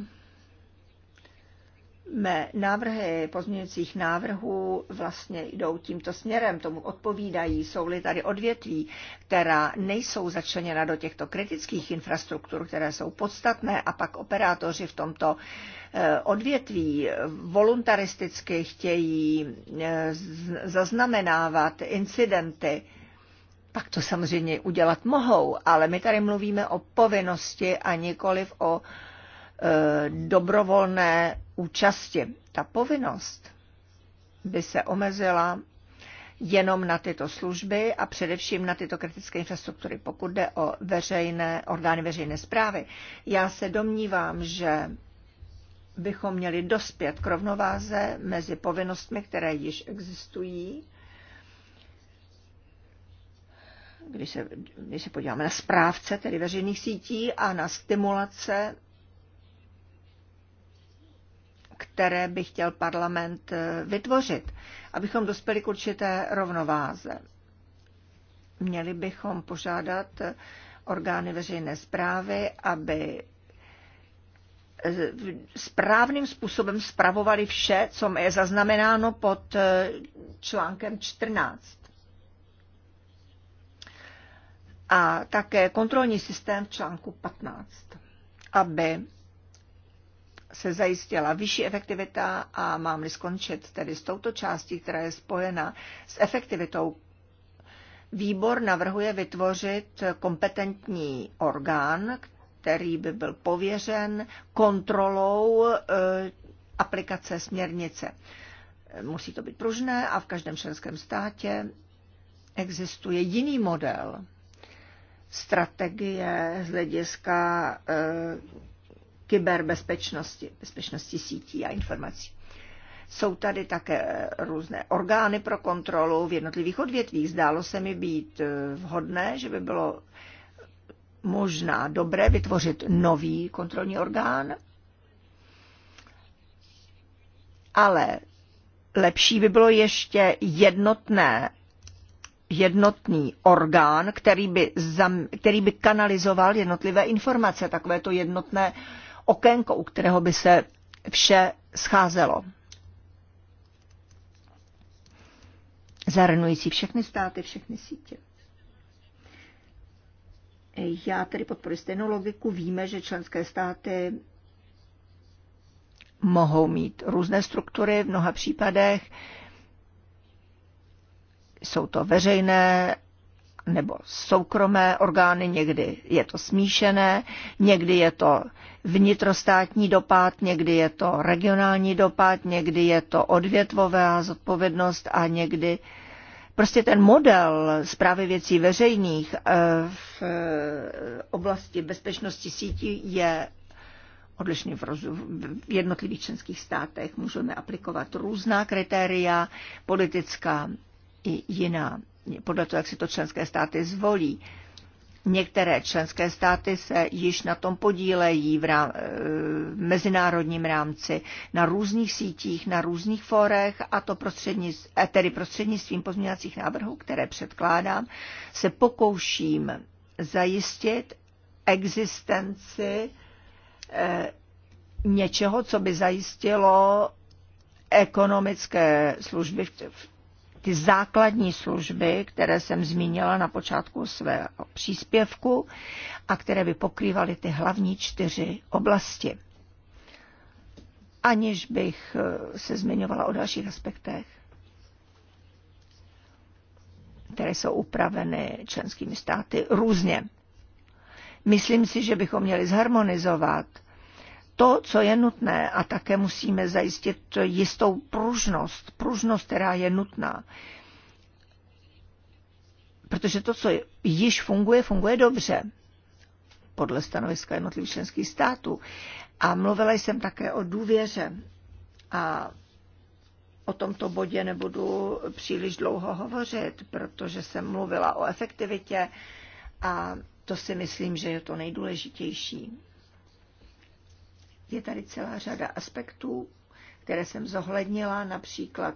Speaker 4: mé návrhy pozměňujících návrhů vlastně jdou tímto směrem, tomu odpovídají, jsou-li tady odvětví, která nejsou začleněna do těchto kritických infrastruktur, které jsou podstatné a pak operátoři v tomto eh, odvětví voluntaristicky chtějí eh, zaznamenávat incidenty, pak to samozřejmě udělat mohou, ale my tady mluvíme o povinnosti a nikoliv o eh, dobrovolné účasti. Ta povinnost by se omezila jenom na tyto služby a především na tyto kritické infrastruktury, pokud jde o veřejné, orgány veřejné zprávy. Já se domnívám, že bychom měli dospět k rovnováze mezi povinnostmi, které již existují, když se, když se podíváme na správce, tedy veřejných sítí, a na stimulace které by chtěl parlament eh, vytvořit, abychom dospěli k určité rovnováze. Měli bychom požádat eh, orgány veřejné zprávy, aby eh, správným způsobem spravovali vše, co je zaznamenáno pod článkem 14. A také kontrolní systém v článku 15, aby se zajistila vyšší efektivita a mám-li skončit tedy s touto částí, která je spojena s efektivitou Výbor navrhuje vytvořit kompetentní orgán, který by byl pověřen kontrolou eh, aplikace směrnice. Musí to být pružné a v každém členském státě existuje jiný model strategie z hlediska eh, kyberbezpečnosti, bezpečnosti sítí a informací. Jsou tady také různé orgány pro kontrolu v jednotlivých odvětvích. Zdálo se mi být eh, vhodné, že by bylo možná dobré vytvořit nový kontrolní orgán, ale lepší by bylo ještě jednotné jednotný orgán, který by, zam, který by kanalizoval jednotlivé informace, takové to jednotné uh, okénko, u kterého by se vše scházelo. Zahrnující všechny státy, všechny sítě. Já tedy podporuji stejnou logiku. Víme, že členské státy mohou mít různé struktury v mnoha případech. Jsou to veřejné nebo soukromé orgány, někdy je to smíšené, někdy je to vnitrostátní dopad, někdy je to regionální dopad, někdy je to odvětvová zodpovědnost a někdy prostě ten model zprávy věcí veřejných eh, v eh, oblasti bezpečnosti sítí je odlišný v, roz... v jednotlivých členských státech. Můžeme aplikovat různá kritéria, politická i jiná podle toho, jak si to členské státy zvolí. Některé členské státy se již na tom podílejí v, rám, e, v mezinárodním rámci na různých sítích, na různých fórech a to prostřednictvím, e, tedy prostřednictvím pozměňovacích návrhů, které předkládám, se pokouším zajistit existenci eh, něčeho, co by zajistilo ekonomické služby v, v ty základní služby, které jsem zmínila na počátku svého příspěvku a které by pokrývaly ty hlavní čtyři oblasti. Aniž bych eh, se zmiňovala o dalších aspektech, které jsou upraveny členskými státy různě. Myslím si, že bychom měli zharmonizovat to, co je nutné a také musíme zajistit jistou pružnost, pružnost, která je nutná. Protože to, co již funguje, funguje dobře, podle stanoviska jednotlivých členských států. A mluvila jsem také o důvěře. A o tomto bodě nebudu příliš dlouho hovořit, protože jsem mluvila o efektivitě a to si myslím, že je to nejdůležitější. Je tady celá řada aspektů, které jsem zohlednila, například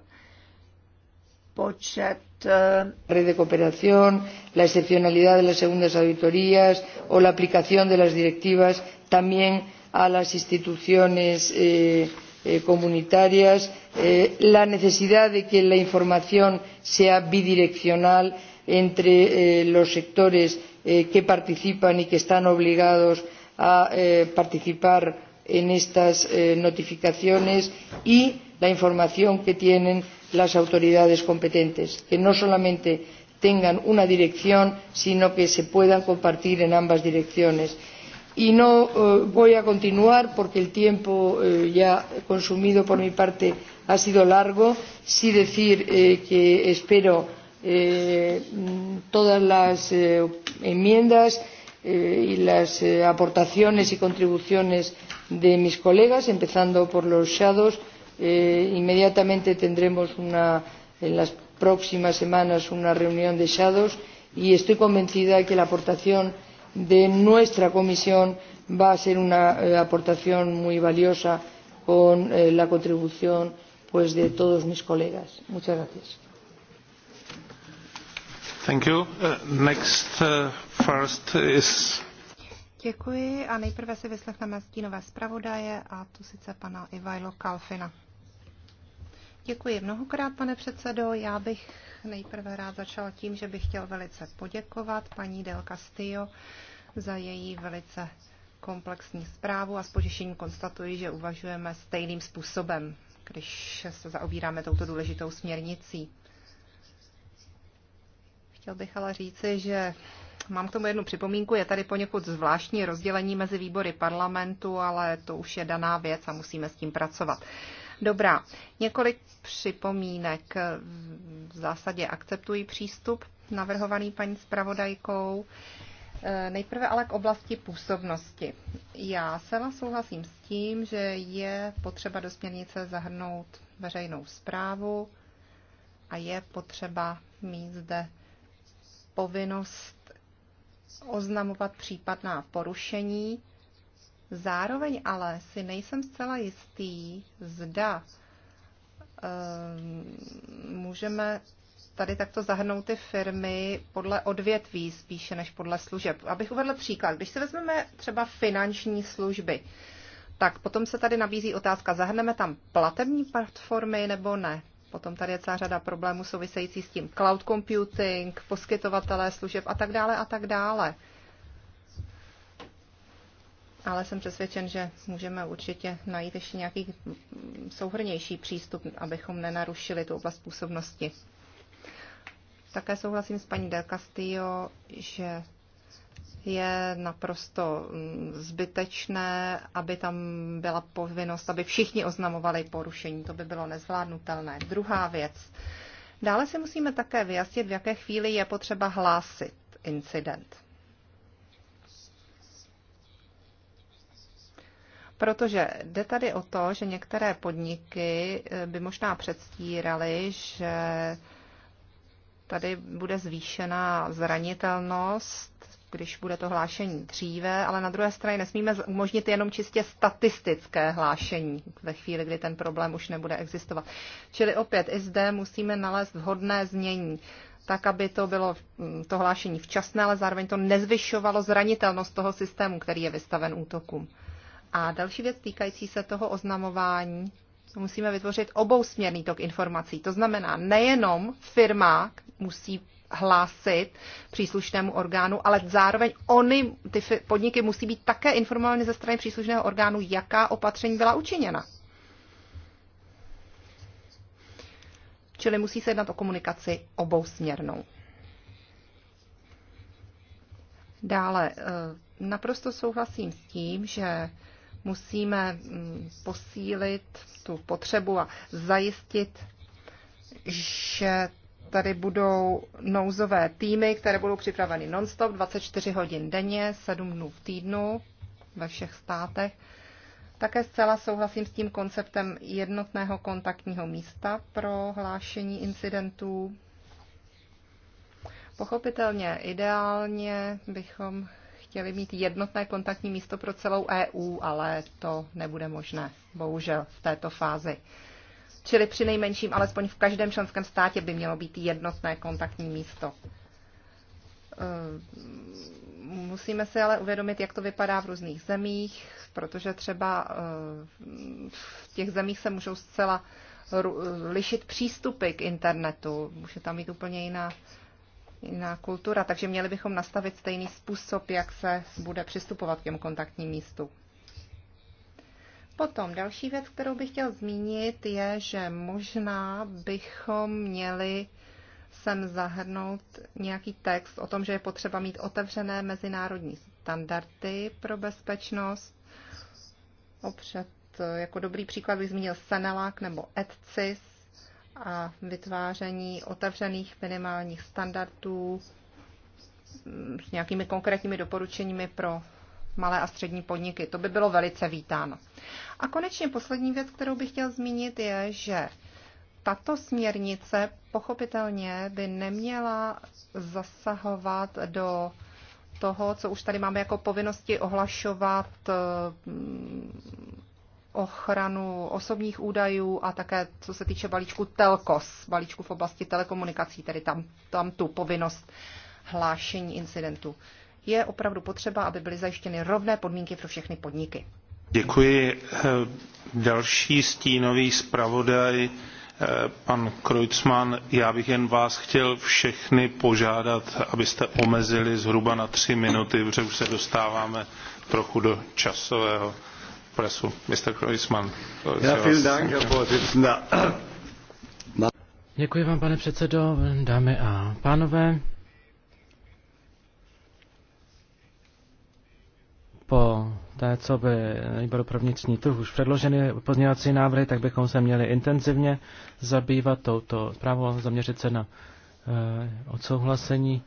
Speaker 4: počet
Speaker 2: eh, red de cooperación, la excepcionalidad de las segundas auditorías o la aplicación de las directivas también a las instituciones eh, eh, comunitarias, eh, la necesidad de que la información sea bidireccional entre eh, los sectores eh, que participan y que están obligados a eh, participar en estas eh, notificaciones y la información que tienen las autoridades competentes que no solamente tengan una dirección sino que se puedan compartir en ambas direcciones. y no eh, voy a continuar porque el tiempo eh, ya consumido por mi parte ha sido largo sí decir que espero todas las enmiendas y Eh, y las eh, aportaciones y contribuciones de mis colegas, empezando por los ponentes alternativos. Eh, inmediatamente tendremos en las próximas semanas una reunión de ponentes alternativos y estoy convencida de que la aportación de nuestra comisión va a ser una aportación muy valiosa con la contribución pues, de todos mis colegas. Muchas gracias.
Speaker 1: Thank you. Uh, next, uh... First is...
Speaker 5: Děkuji a nejprve si vyslechneme stínové zpravodaje a tu sice pana Ivajlo Kalfina. Děkuji mnohokrát, pane předsedo. Já bych nejprve rád začal tím, že bych chtěl velice poděkovat paní Del Castillo za její velice komplexní zprávu a s potěšením konstatuji, že uvažujeme stejným způsobem, když se zaobíráme touto důležitou směrnicí. Chtěl bych ale říci, že Mám k tomu jednu připomínku. Je tady poněkud zvláštní rozdělení mezi výbory parlamentu, ale to už je daná věc a musíme s tím pracovat. Dobrá, několik připomínek. V zásadě akceptují přístup navrhovaný paní zpravodajkou. Nejprve ale k oblasti působnosti. Já se vás souhlasím s tím, že je potřeba do směrnice zahrnout veřejnou zprávu a je potřeba mít zde povinnost oznamovat případná porušení. Zároveň ale si nejsem zcela jistý, zda ehm, můžeme tady takto zahrnout ty firmy podle odvětví spíše než podle služeb. Abych uvedl příklad, když si vezmeme třeba finanční služby, tak potom se tady nabízí otázka, zahrneme tam platební platformy nebo ne. Potom tady je celá řada problémů související s tím cloud computing, poskytovatelé služeb a tak dále a tak dále. Ale jsem přesvědčen, že můžeme určitě najít ještě nějaký souhrnější přístup, abychom nenarušili tu oblast působnosti. Také souhlasím s paní Del Castillo, že je naprosto mm, zbytečné, aby tam byla povinnost, aby všichni oznamovali porušení. To by bylo nezvládnutelné. Druhá věc. Dále si musíme také vyjasnit, v jaké chvíli je potřeba hlásit incident. Protože jde tady o to, že některé podniky eh, by možná předstíraly, že tady bude zvýšená zranitelnost když bude to hlášení dříve, ale na druhé straně nesmíme umožnit jenom čistě statistické hlášení ve chvíli, kdy ten problém už nebude existovat. Čili opět i zde musíme nalézt vhodné změní tak, aby to bylo mm, to hlášení včasné, ale zároveň to nezvyšovalo zranitelnost toho systému, který je vystaven útokům. A další věc týkající se toho oznamování, musíme vytvořit obousměrný tok informací. To znamená, nejenom firma musí hlásit příslušnému orgánu, ale zároveň oni, ty podniky musí být také informovány ze strany příslušného orgánu, jaká opatření byla učiněna. Čili musí se jednat o komunikaci obousměrnou. Dále, eh, naprosto souhlasím s tím, že musíme mm, posílit tu potřebu a zajistit, že tady budou nouzové týmy, které budou připraveny non-stop, 24 hodin denně, 7 dnů v týdnu ve všech státech. Také zcela souhlasím s tím konceptem jednotného kontaktního místa pro hlášení incidentů. Pochopitelně, ideálně bychom chtěli mít jednotné kontaktní místo pro celou EU, ale to nebude možné, bohužel, v této fázi. Čili při nejmenším, alespoň v každém členském státě by mělo být jednotné kontaktní místo. Eh, musíme si ale uvědomit, jak to vypadá v různých zemích, protože třeba eh, v těch zemích se můžou zcela lišit přístupy k internetu. Může tam být úplně jiná, jiná kultura, takže měli bychom nastavit stejný způsob, jak se bude přistupovat k těm kontaktním místům. Potom další věc, kterou bych chtěl zmínit, je, že možná bychom měli sem zahrnout nějaký text o tom, že je potřeba mít otevřené mezinárodní standardy pro bezpečnost. Opřed jako dobrý příklad bych zmínil Senelak nebo ETCIS a vytváření otevřených minimálních standardů s nějakými konkrétními doporučeními pro malé a střední podniky. To by bylo velice vítáno. A konečně poslední věc, kterou bych chtěl zmínit, je, že tato směrnice pochopitelně by neměla zasahovat do toho, co už tady máme jako povinnosti ohlašovat mm, ochranu osobních údajů a také co se týče balíčku Telkos, balíčku v oblasti telekomunikací, tedy tam, tam tu povinnost hlášení incidentů je opravdu potřeba, aby byly zajištěny rovné podmínky pro všechny podniky.
Speaker 1: Děkuji. Další stínový zpravodaj, eh, pan Kreutzmann. Já bych jen vás chtěl všechny požádat, abyste omezili zhruba na tři minuty, protože už se dostáváme trochu do časového presu. Mr. Kreutzmann.
Speaker 3: Děkuji vám, pane předsedo, dámy a pánové. po té, co by výboru pro vnitřní trh už předloženy pozměňovací návrhy, tak bychom se měli intenzivně zabývat touto zprávou, zaměřit se na eh, odsouhlasení,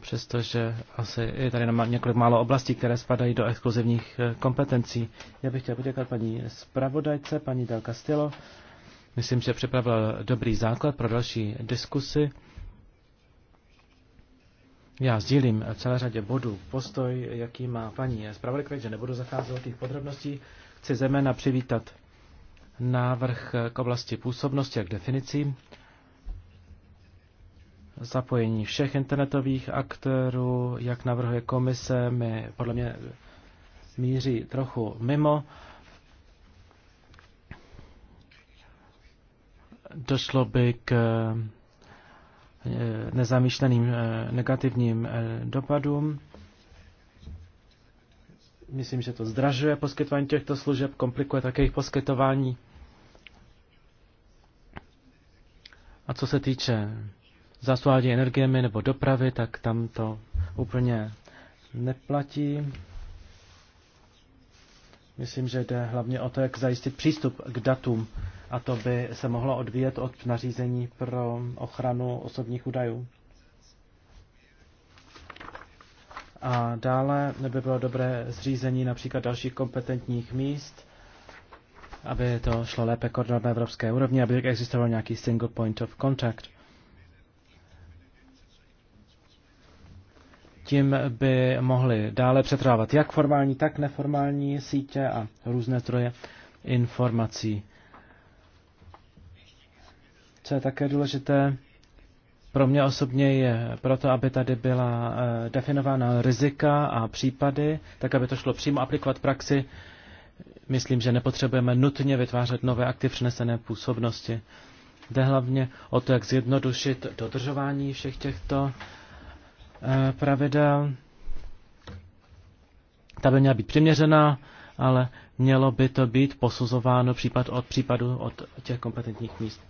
Speaker 3: přestože asi je tady na několik málo oblastí, které spadají do exkluzivních eh, kompetencí. Já bych chtěl poděkat paní zpravodajce, paní Del Castillo. Myslím, že připravila dobrý základ pro další diskusy. Já sdílím celé řadě bodů postoj, jaký má paní zpravodajka, že nebudu zacházet do těch podrobností. Chci zejména přivítat návrh k oblasti působnosti a k definici, zapojení všech internetových aktérů, jak navrhuje komise, mi podle mě míří trochu mimo. Došlo by k Eh, nezamýšleným eh, negativním eh, dopadům. Myslím, že to zdražuje poskytování těchto služeb, komplikuje také jejich poskytování. A co se týče zásobování energiemi nebo dopravy, tak tam to úplně neplatí. Myslím, že jde hlavně o to, jak zajistit přístup k datům a to by se mohlo odvíjet od nařízení pro ochranu osobních údajů. A dále by bylo dobré zřízení například dalších kompetentních míst, aby to šlo lépe koordinovat na evropské úrovni, aby existoval nějaký single point of contact. Tím by mohly dále přetrávat jak formální, tak neformální sítě a různé troje informací. Co je také důležité pro mě osobně je proto, aby tady byla eh, definována rizika a případy, tak aby to šlo přímo aplikovat praxi. Myslím, že nepotřebujeme nutně vytvářet nové akty přenesené působnosti. Jde hlavně o to, jak zjednodušit dodržování všech těchto eh, pravidel. Ta by měla být přiměřená, ale mělo by to být posuzováno případ od případu od těch kompetentních míst.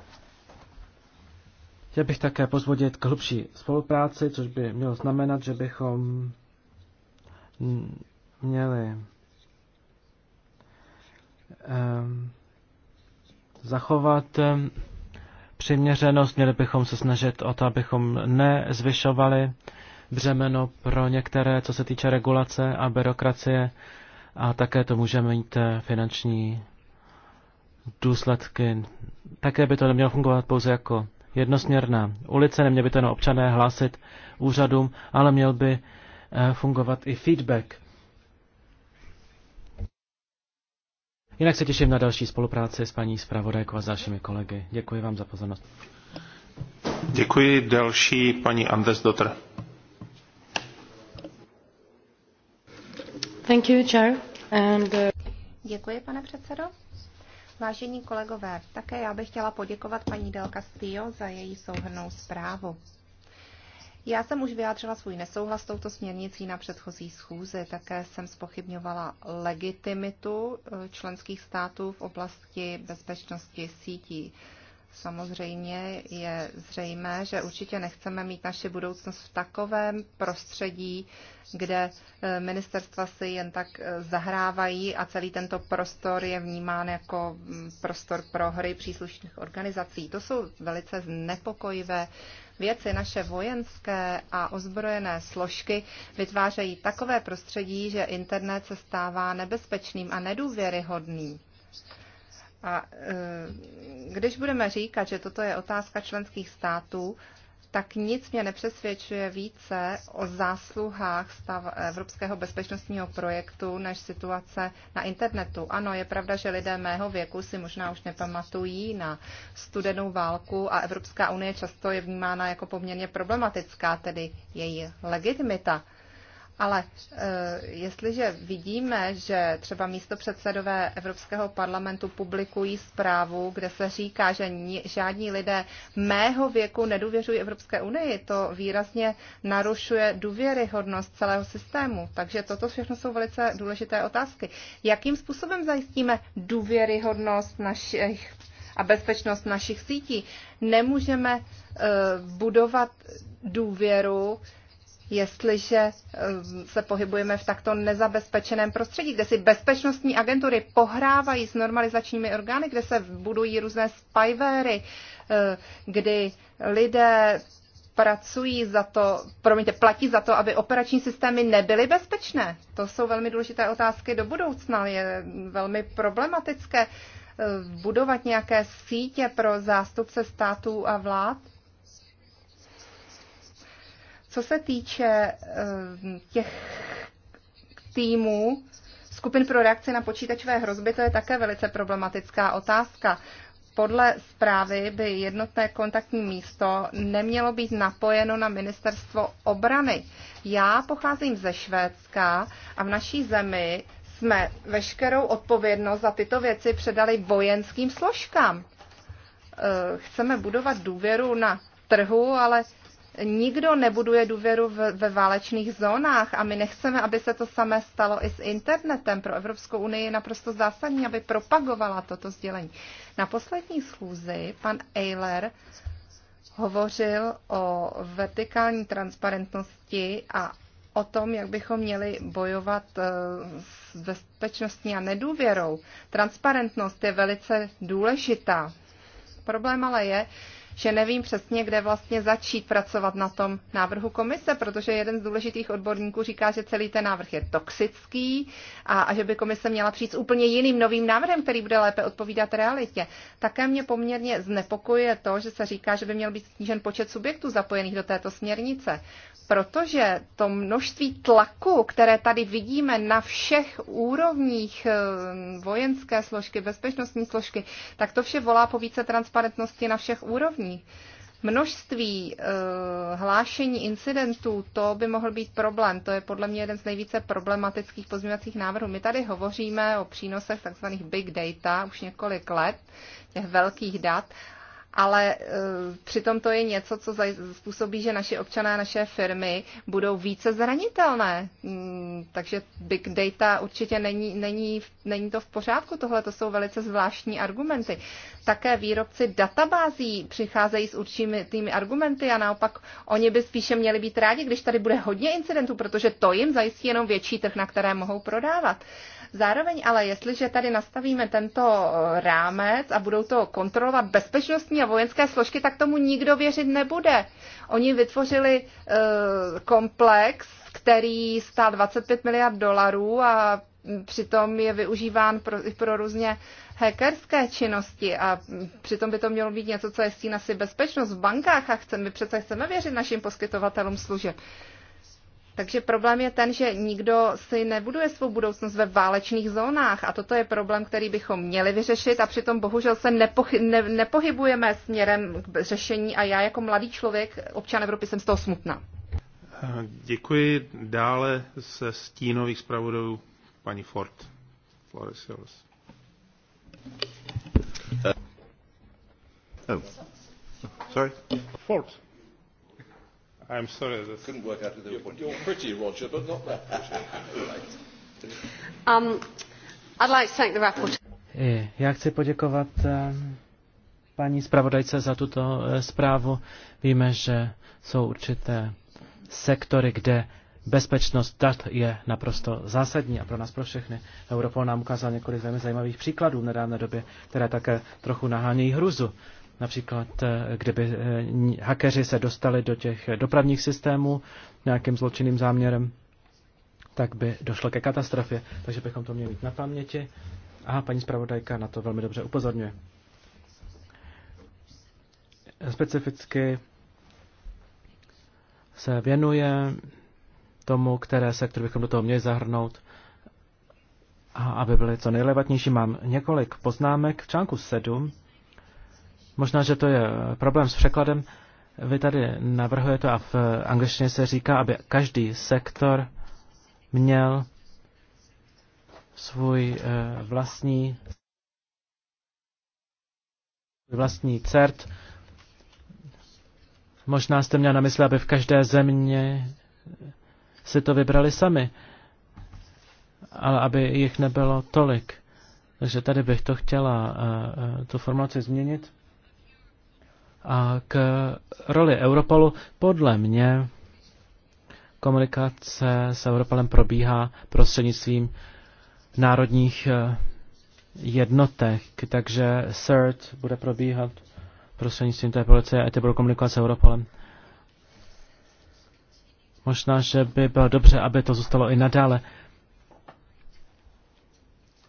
Speaker 3: Chtěl bych také pozvodit k hlubší spolupráci, což by mělo znamenat, že bychom měli ehm, zachovat ehm, přiměřenost, měli bychom se snažit o to, abychom nezvyšovali břemeno pro některé, co se týče regulace a byrokracie, a také to může mít eh, finanční důsledky. Také by to nemělo fungovat pouze jako jednosměrná ulice, neměli by ten občané hlásit úřadům, ale měl by eh, fungovat i feedback. Jinak se těším na další spolupráci s paní zpravodajkou a s dalšími kolegy. Děkuji vám za pozornost.
Speaker 1: Děkuji další paní Anders Dotter.
Speaker 5: Thank you, Chair. And, uh... Děkuji, pane předsedo. Vážení kolegové, také já bych chtěla poděkovat paní Del Castillo za její souhrnou zprávu. Já jsem už vyjádřila svůj nesouhlas s touto směrnicí na předchozí schůzi. Také jsem spochybňovala legitimitu eh, členských států v oblasti bezpečnosti sítí. Samozřejmě je zřejmé, že určitě nechceme mít naši budoucnost v takovém prostředí, kde eh, ministerstva si jen tak eh, zahrávají a celý tento prostor je vnímán jako mm, prostor pro hry příslušných organizací. To jsou velice znepokojivé věci. Naše vojenské a ozbrojené složky vytvářejí takové prostředí, že internet se stává nebezpečným a nedůvěryhodným. A e, když budeme říkat, že toto je otázka členských států, tak nic mě nepřesvědčuje více o zásluhách stav evropského bezpečnostního projektu než situace na internetu. Ano, je pravda, že lidé mého věku si možná už nepamatují na studenou válku a Evropská unie často je vnímána jako poměrně problematická, tedy její legitimita. Ale eh, jestliže vidíme, že třeba místo předsedové Evropského parlamentu publikují zprávu, kde se říká, že žádní lidé mého věku nedůvěřují Evropské unii, to výrazně narušuje důvěryhodnost celého systému. Takže toto všechno jsou velice důležité otázky. Jakým způsobem zajistíme důvěryhodnost našich a bezpečnost našich sítí? Nemůžeme eh, budovat důvěru jestliže eh, se pohybujeme v takto nezabezpečeném prostředí, kde si bezpečnostní agentury pohrávají s normalizačními orgány, kde se budují různé spyvery, eh, kdy lidé pracují za to, promiňte, platí za to, aby operační systémy nebyly bezpečné. To jsou velmi důležité otázky do budoucna. Je velmi problematické eh, budovat nějaké sítě pro zástupce států a vlád co se týče eh, těch týmů, skupin pro reakci na počítačové hrozby, to je také velice problematická otázka. Podle zprávy by jednotné kontaktní místo nemělo být napojeno na ministerstvo obrany. Já pocházím ze Švédska a v naší zemi jsme veškerou odpovědnost za tyto věci předali vojenským složkám. Eh, chceme budovat důvěru na trhu, ale Nikdo nebuduje důvěru ve, válečných zónách a my nechceme, aby se to samé stalo i s internetem. Pro Evropskou unii je naprosto zásadní, aby propagovala toto sdělení. Na poslední schůzi pan Eiler hovořil o vertikální transparentnosti a o tom, jak bychom měli bojovat eh, s bezpečnostní a nedůvěrou. Transparentnost je velice důležitá. Problém ale je, že nevím přesně, kde vlastně začít pracovat na tom návrhu komise, protože jeden z důležitých odborníků říká, že celý ten návrh je toxický a, a že by komise měla přijít s úplně jiným novým návrhem, který bude lépe odpovídat realitě. Také mě poměrně znepokojuje to, že se říká, že by měl být snížen počet subjektů zapojených do této směrnice protože to množství tlaku, které tady vidíme na všech úrovních eh, vojenské složky, bezpečnostní složky, tak to vše volá po více transparentnosti na všech úrovních konkrétní. Množství uh, hlášení incidentů, to by mohl být problém. To je podle mě jeden z nejvíce problematických pozměňovacích návrhů. My tady hovoříme o přínosech tzv. big data už několik let, těch velkých dat, ale eh, přitom to je něco, co způsobí, že naši občané a naše firmy budou více zranitelné. Mm, takže big data určitě není, není, není to v pořádku, tohle to jsou velice zvláštní argumenty. Také výrobci databází přicházejí s určitými argumenty a naopak oni by spíše měli být rádi, když tady bude hodně incidentů, protože to jim zajistí jenom větší trh, na které mohou prodávat. Zároveň ale, jestliže tady nastavíme tento eh, rámec a budou to kontrolovat bezpečnostní a vojenské složky, tak tomu nikdo věřit nebude. Oni vytvořili eh, komplex, který stál 25 miliard dolarů a hm, přitom je využíván pro, pro různě hackerské činnosti a hm, přitom by to mělo být něco, co je stín si bezpečnost v bankách a chceme, my přece chceme věřit našim poskytovatelům služeb. Takže problém je ten, že nikdo si nebuduje svou budoucnost ve válečných zónách a toto je problém, který bychom měli vyřešit a přitom bohužel se ne, nepohybujeme směrem k řešení a já jako mladý člověk, občan Evropy, jsem z toho smutná.
Speaker 1: Eh, děkuji. Dále se stínových zpravodajů paní Ford. Flores, yours. Eh, oh. Sorry. Ford. I'm sorry. That Couldn't work out who they were You're pretty, Roger, but not that pretty.
Speaker 5: um, I'd like to thank the rapporteur.
Speaker 3: Eh, já chci poděkovat eh, paní zpravodajce za tuto eh, zprávu. Víme, že jsou určité sektory, kde bezpečnost dat je naprosto zásadní a pro nás, pro všechny. Europol nám ukázal několik velmi zajímavých příkladů v nedávné době, které také trochu nahánějí hruzu Například, eh, kdyby eh, hakeři se dostali do těch dopravních systémů nějakým zločinným záměrem, tak by došlo ke katastrofě. Takže bychom to měli mít na paměti. A paní zpravodajka na to velmi dobře upozorňuje. Specificky se věnuje tomu, které sektory bychom do toho měli zahrnout. A aby byly co nejlevatnější, mám několik poznámek. V článku 7 Možná, že to je eh, problém s překladem. Vy tady navrhujete a v angličtině se říká, aby každý sektor měl svůj eh, vlastní vlastní CERT. Možná jste měl na mysli, aby v každé země si to vybrali sami, ale aby jich nebylo tolik. Takže tady bych to chtěla, eh, tu formaci změnit. A k roli Europolu podle mě komunikace s Europolem probíhá prostřednictvím národních eh, jednotek, takže CERT bude probíhat prostřednictvím té policie a ty budou komunikovat s Europolem. Možná, že by bylo dobře, aby to zůstalo i nadále.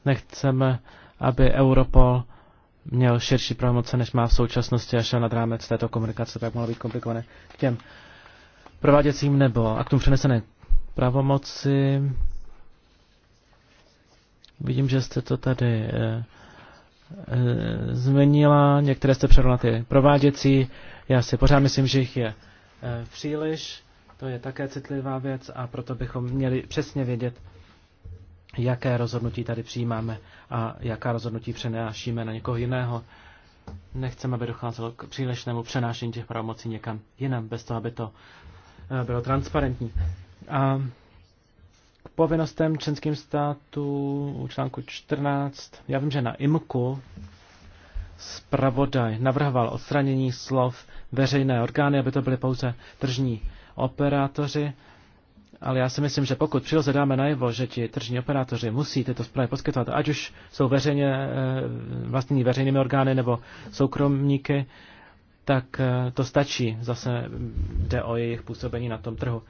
Speaker 3: Nechceme, aby Europol měl širší pravomoce, než má v současnosti a šel nad rámec této komunikace, tak mohlo být komplikované k těm prováděcím nebo A k tomu přenesené pravomoci. Vidím, že jste to tady e, eh, e, eh, změnila. Některé jste na ty prováděcí. Já si pořád myslím, že jich je e, příliš. To je také citlivá věc a proto bychom měli přesně vědět, jaké rozhodnutí tady přijímáme a jaká rozhodnutí přenášíme na někoho jiného. Nechceme, aby docházelo k přílišnému přenášení těch pravomocí někam jinam, bez toho, aby to eh, bylo transparentní. A k povinnostem členským státu u článku 14. Já vím, že na IMKU zpravodaj navrhoval odstranění slov veřejné orgány, aby to byly pouze tržní operátoři. Ale já si myslím, že pokud přiroze dáme najevo, že ti tržní operátoři musí tyto zprávy poskytovat, ať už jsou veřejně, eh, vlastní veřejnými orgány nebo soukromníky, tak eh, to stačí. Zase jde o jejich působení na tom trhu.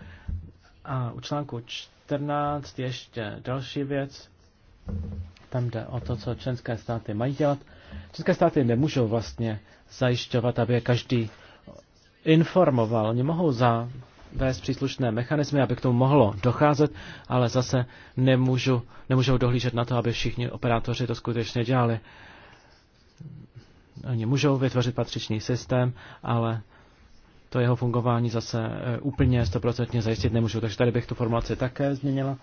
Speaker 3: A u článku 14 ještě další věc. Tam jde o to, co členské státy mají dělat. České státy nemůžou vlastně zajišťovat, aby každý informoval. Oni mohou za vést příslušné mechanismy, aby k tomu mohlo docházet, ale zase nemůžu, nemůžou dohlížet na to, aby všichni operátoři to skutečně dělali. Oni můžou vytvořit patřičný systém, ale to jeho fungování zase eh, úplně stoprocentně zajistit nemůžu. Takže tady bych tu formulaci také změnila.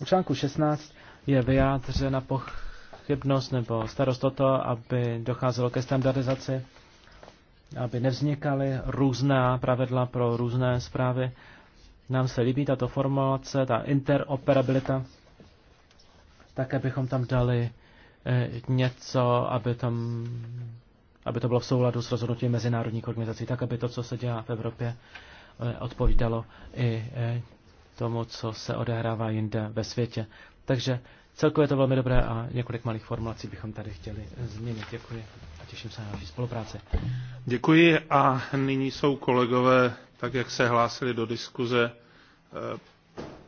Speaker 3: U článku 16 je vyjádřena pochybnost nebo starost o to, aby docházelo ke standardizaci aby nevznikaly různá pravidla pro různé zprávy. Nám se líbí tato formulace, ta interoperabilita. tak abychom tam dali eh, něco, aby, tam, aby to bylo v souladu s rozhodnutím mezinárodních organizací, tak aby to, co se dělá v Evropě, eh, odpovídalo i eh, tomu, co se odehrává jinde ve světě. Takže celkově je to velmi dobré a několik malých formulací bychom tady chtěli změnit. Děkuji těším se na vaši spolupráci.
Speaker 1: Děkuji a nyní jsou kolegové, tak jak se hlásili do diskuze, eh,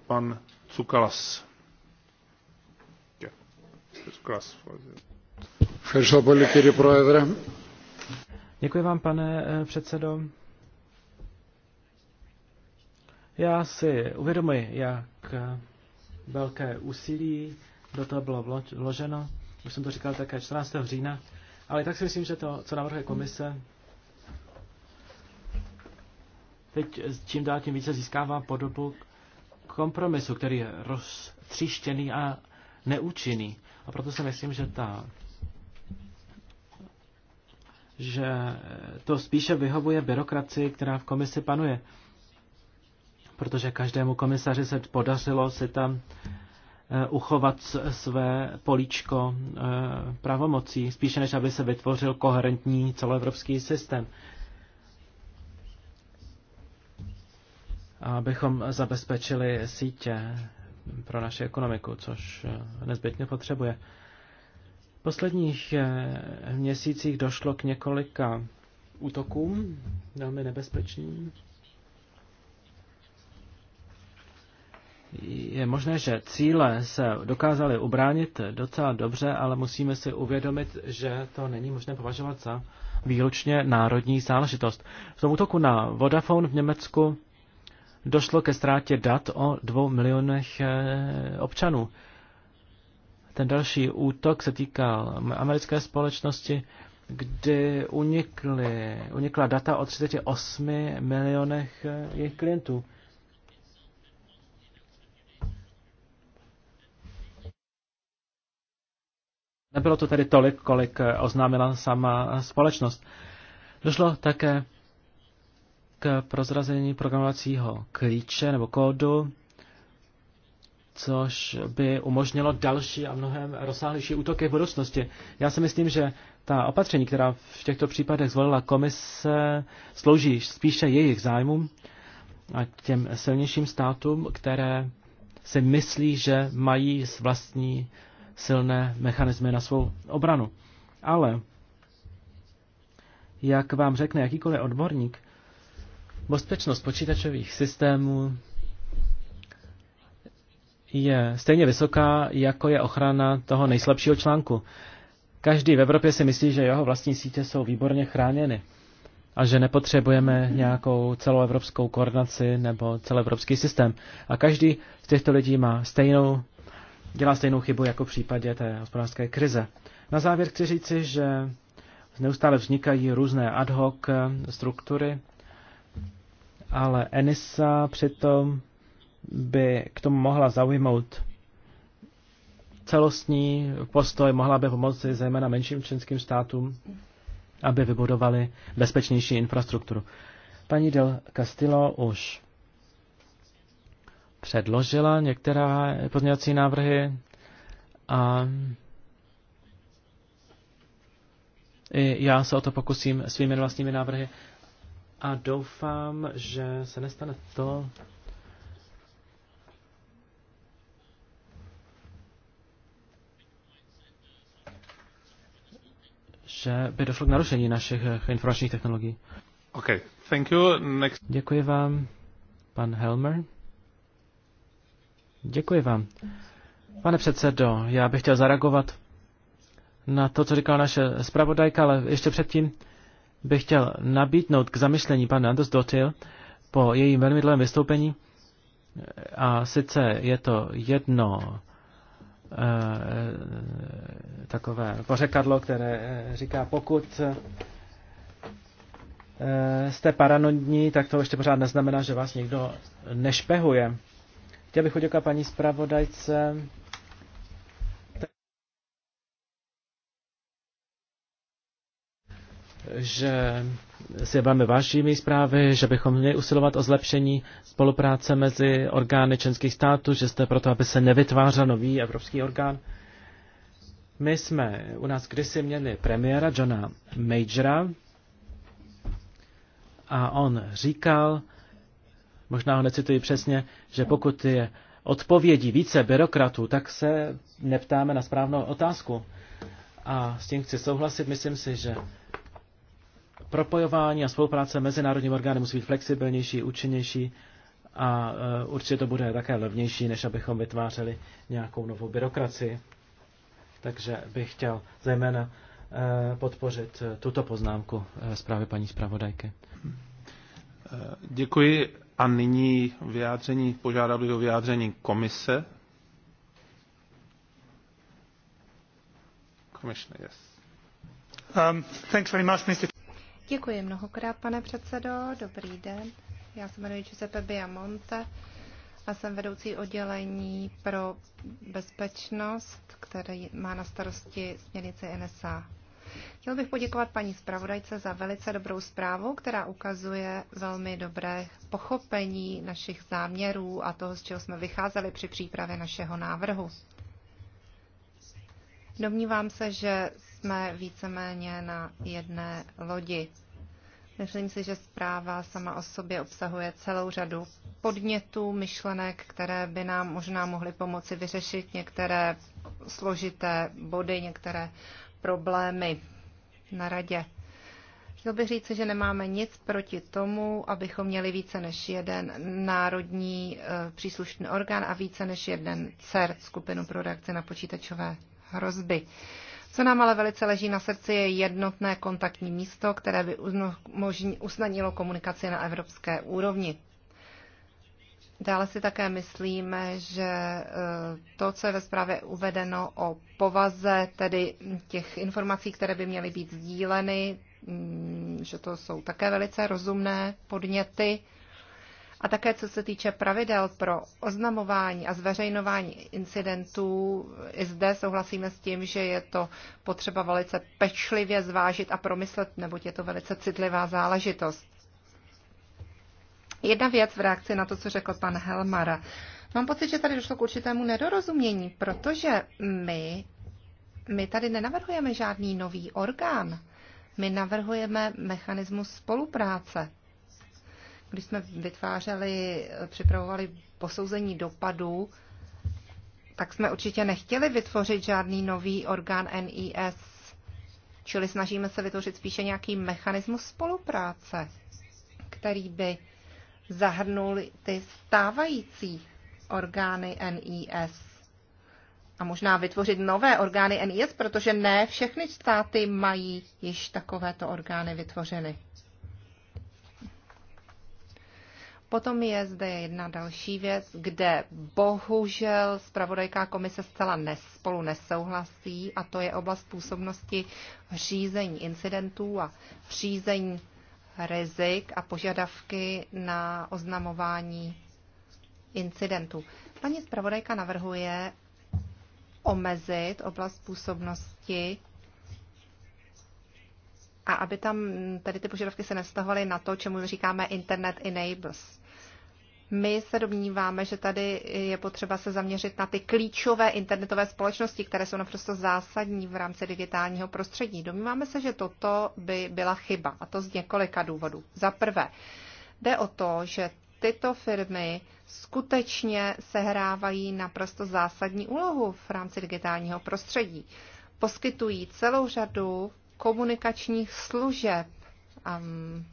Speaker 1: pan Cukalas.
Speaker 3: Děkuji vám, pane eh, předsedo. Já si uvědomuji, jak eh, velké úsilí do toho bylo vloženo. Už jsem to říkal také 14. října ale tak si myslím, že to, co navrhuje komise, teď čím dál tím více získává podobu kompromisu, který je roztříštěný a neúčinný. A proto si myslím, že ta že to spíše vyhovuje byrokracii, která v komisi panuje. Protože každému komisaři se podařilo si tam Eh, uchovat své políčko eh, pravomocí, spíše než aby se vytvořil koherentní celoevropský systém. Abychom zabezpečili sítě pro naši ekonomiku, což eh, nezbytně potřebuje. V posledních měsících došlo k několika útokům, velmi nebezpečným, je možné, že cíle se dokázaly ubránit docela dobře, ale musíme si uvědomit, že to není možné považovat za výlučně národní záležitost. V tom útoku na Vodafone v Německu došlo ke ztrátě dat o dvou milionech eh, občanů. Ten další útok se týkal americké společnosti, kdy unikly, unikla data o 38 milionech eh, jejich klientů. Nebylo to tedy tolik, kolik eh, oznámila sama eh, společnost. Došlo také k prozrazení programovacího klíče nebo kódu, což by umožnilo další a mnohem rozsáhlejší útoky v budoucnosti. Já si myslím, že ta opatření, která v těchto případech zvolila komise, slouží spíše jejich zájmům a těm silnějším státům, které si myslí, že mají vlastní silné mechanismy na svou obranu. Ale, jak vám řekne jakýkoliv odborník, bezpečnost počítačových systémů je stejně vysoká, jako je ochrana toho nejslabšího článku. Každý v Evropě si myslí, že jeho vlastní sítě jsou výborně chráněny a že nepotřebujeme nějakou celoevropskou koordinaci nebo celoevropský systém. A každý z těchto lidí má stejnou dělá stejnou chybu jako v případě té hospodářské krize. Na závěr chci říci, že neustále vznikají různé ad hoc eh, struktury, ale Enisa přitom by k tomu mohla zaujmout celostní postoj, mohla by pomoci zejména menším členským státům, aby vybudovali bezpečnější infrastrukturu. Paní Del Castillo už předložila některá pozměňovací návrhy a i já se o to pokusím svými vlastními návrhy a doufám, že se nestane to, že by došlo k narušení našich informačních technologií. Okay, thank you. Next. Děkuji vám, pan Helmer. Děkuji vám. Pane předsedo, já bych chtěl zareagovat na to, co říkala naše zpravodajka, ale ještě předtím bych chtěl nabídnout k zamyšlení pan Anders Dotil po jejím velmi dlouhém vystoupení. A sice je to jedno e, takové pořekadlo, které eh, říká, pokud eh, jste paranoidní, tak to ještě pořád neznamená, že vás někdo nešpehuje. Chtěl bych poděkovat paní zpravodajce. že si velmi vážnými zprávy, že bychom měli usilovat o zlepšení spolupráce mezi orgány členských států, že jste proto, aby se nevytvářel nový evropský orgán. My jsme u nás kdysi měli premiéra Johna Majora a on říkal, možná ho necituji přesně, že pokud je odpovědí více byrokratů, tak se neptáme na správnou otázku. A s tím chci souhlasit, myslím si, že propojování a spolupráce mezinárodním orgány musí být flexibilnější, účinnější a eh, určitě to bude také levnější, než abychom vytvářeli nějakou novou byrokracii. Takže bych chtěl zejména eh, podpořit eh, tuto poznámku zprávy paní zpravodajky.
Speaker 1: Děkuji. A nyní vyjádření, požádal bych o vyjádření komise. Commissioner, yes. Um, thanks very much, Mr.
Speaker 5: Děkuji mnohokrát, pane předsedo. Dobrý den. Já se jmenuji Giuseppe Biamonte a jsem vedoucí oddělení pro bezpečnost, který má na starosti směrnici NSA Chtěl bych poděkovat paní zpravodajce za velice dobrou zprávu, která ukazuje velmi dobré pochopení našich záměrů a toho, z čeho jsme vycházeli při přípravě našeho návrhu. Domnívám se, že jsme víceméně na jedné lodi. Myslím si, že zpráva sama o sobě obsahuje celou řadu podnětů, myšlenek, které by nám možná mohly pomoci vyřešit některé složité body, některé problémy na radě. Chtěl bych říct, že nemáme nic proti tomu, abychom měli více než jeden národní eh, příslušný orgán a více než jeden CER, skupinu pro reakce na počítačové hrozby. Co nám ale velice leží na srdci, je jednotné kontaktní místo, které by usnadnilo komunikaci na evropské úrovni. Dále si také myslíme, že eh, to, co je ve zprávě uvedeno o povaze, tedy těch informací, které by měly být sdíleny, mm, že to jsou také velice rozumné podněty. A také co se týče pravidel pro oznamování a zveřejnování incidentů, i zde souhlasíme s tím, že je to potřeba velice pečlivě zvážit a promyslet, neboť je to velice citlivá záležitost. Jedna věc v reakci na to, co řekl pan Helmara. Mám pocit, že tady došlo k určitému nedorozumění, protože my, my tady nenavrhujeme žádný nový orgán. My navrhujeme mechanismus spolupráce. Když jsme vytvářeli, připravovali posouzení dopadů, tak jsme určitě nechtěli vytvořit žádný nový orgán NIS, čili snažíme se vytvořit spíše nějaký mechanismus spolupráce, který by zahrnul ty stávající orgány NIS a možná vytvořit nové orgány NIS, protože ne všechny státy mají již takovéto orgány vytvořeny. Potom je zde jedna další věc, kde bohužel zpravodajká komise zcela nespolu, spolu nesouhlasí a to je oblast působnosti řízení incidentů a řízení rizik a požadavky na oznamování incidentů. Paní zpravodajka navrhuje omezit oblast působnosti a aby tam tady ty požadavky se nestahovaly na to, čemu říkáme Internet Enables. My se domníváme, že tady je potřeba se zaměřit na ty klíčové internetové společnosti, které jsou naprosto zásadní v rámci digitálního prostředí. Domníváme se, že toto by byla chyba, a to z několika důvodů. Za prvé, jde o to, že tyto firmy skutečně sehrávají naprosto zásadní úlohu v rámci digitálního prostředí. Poskytují celou řadu komunikačních služeb, um,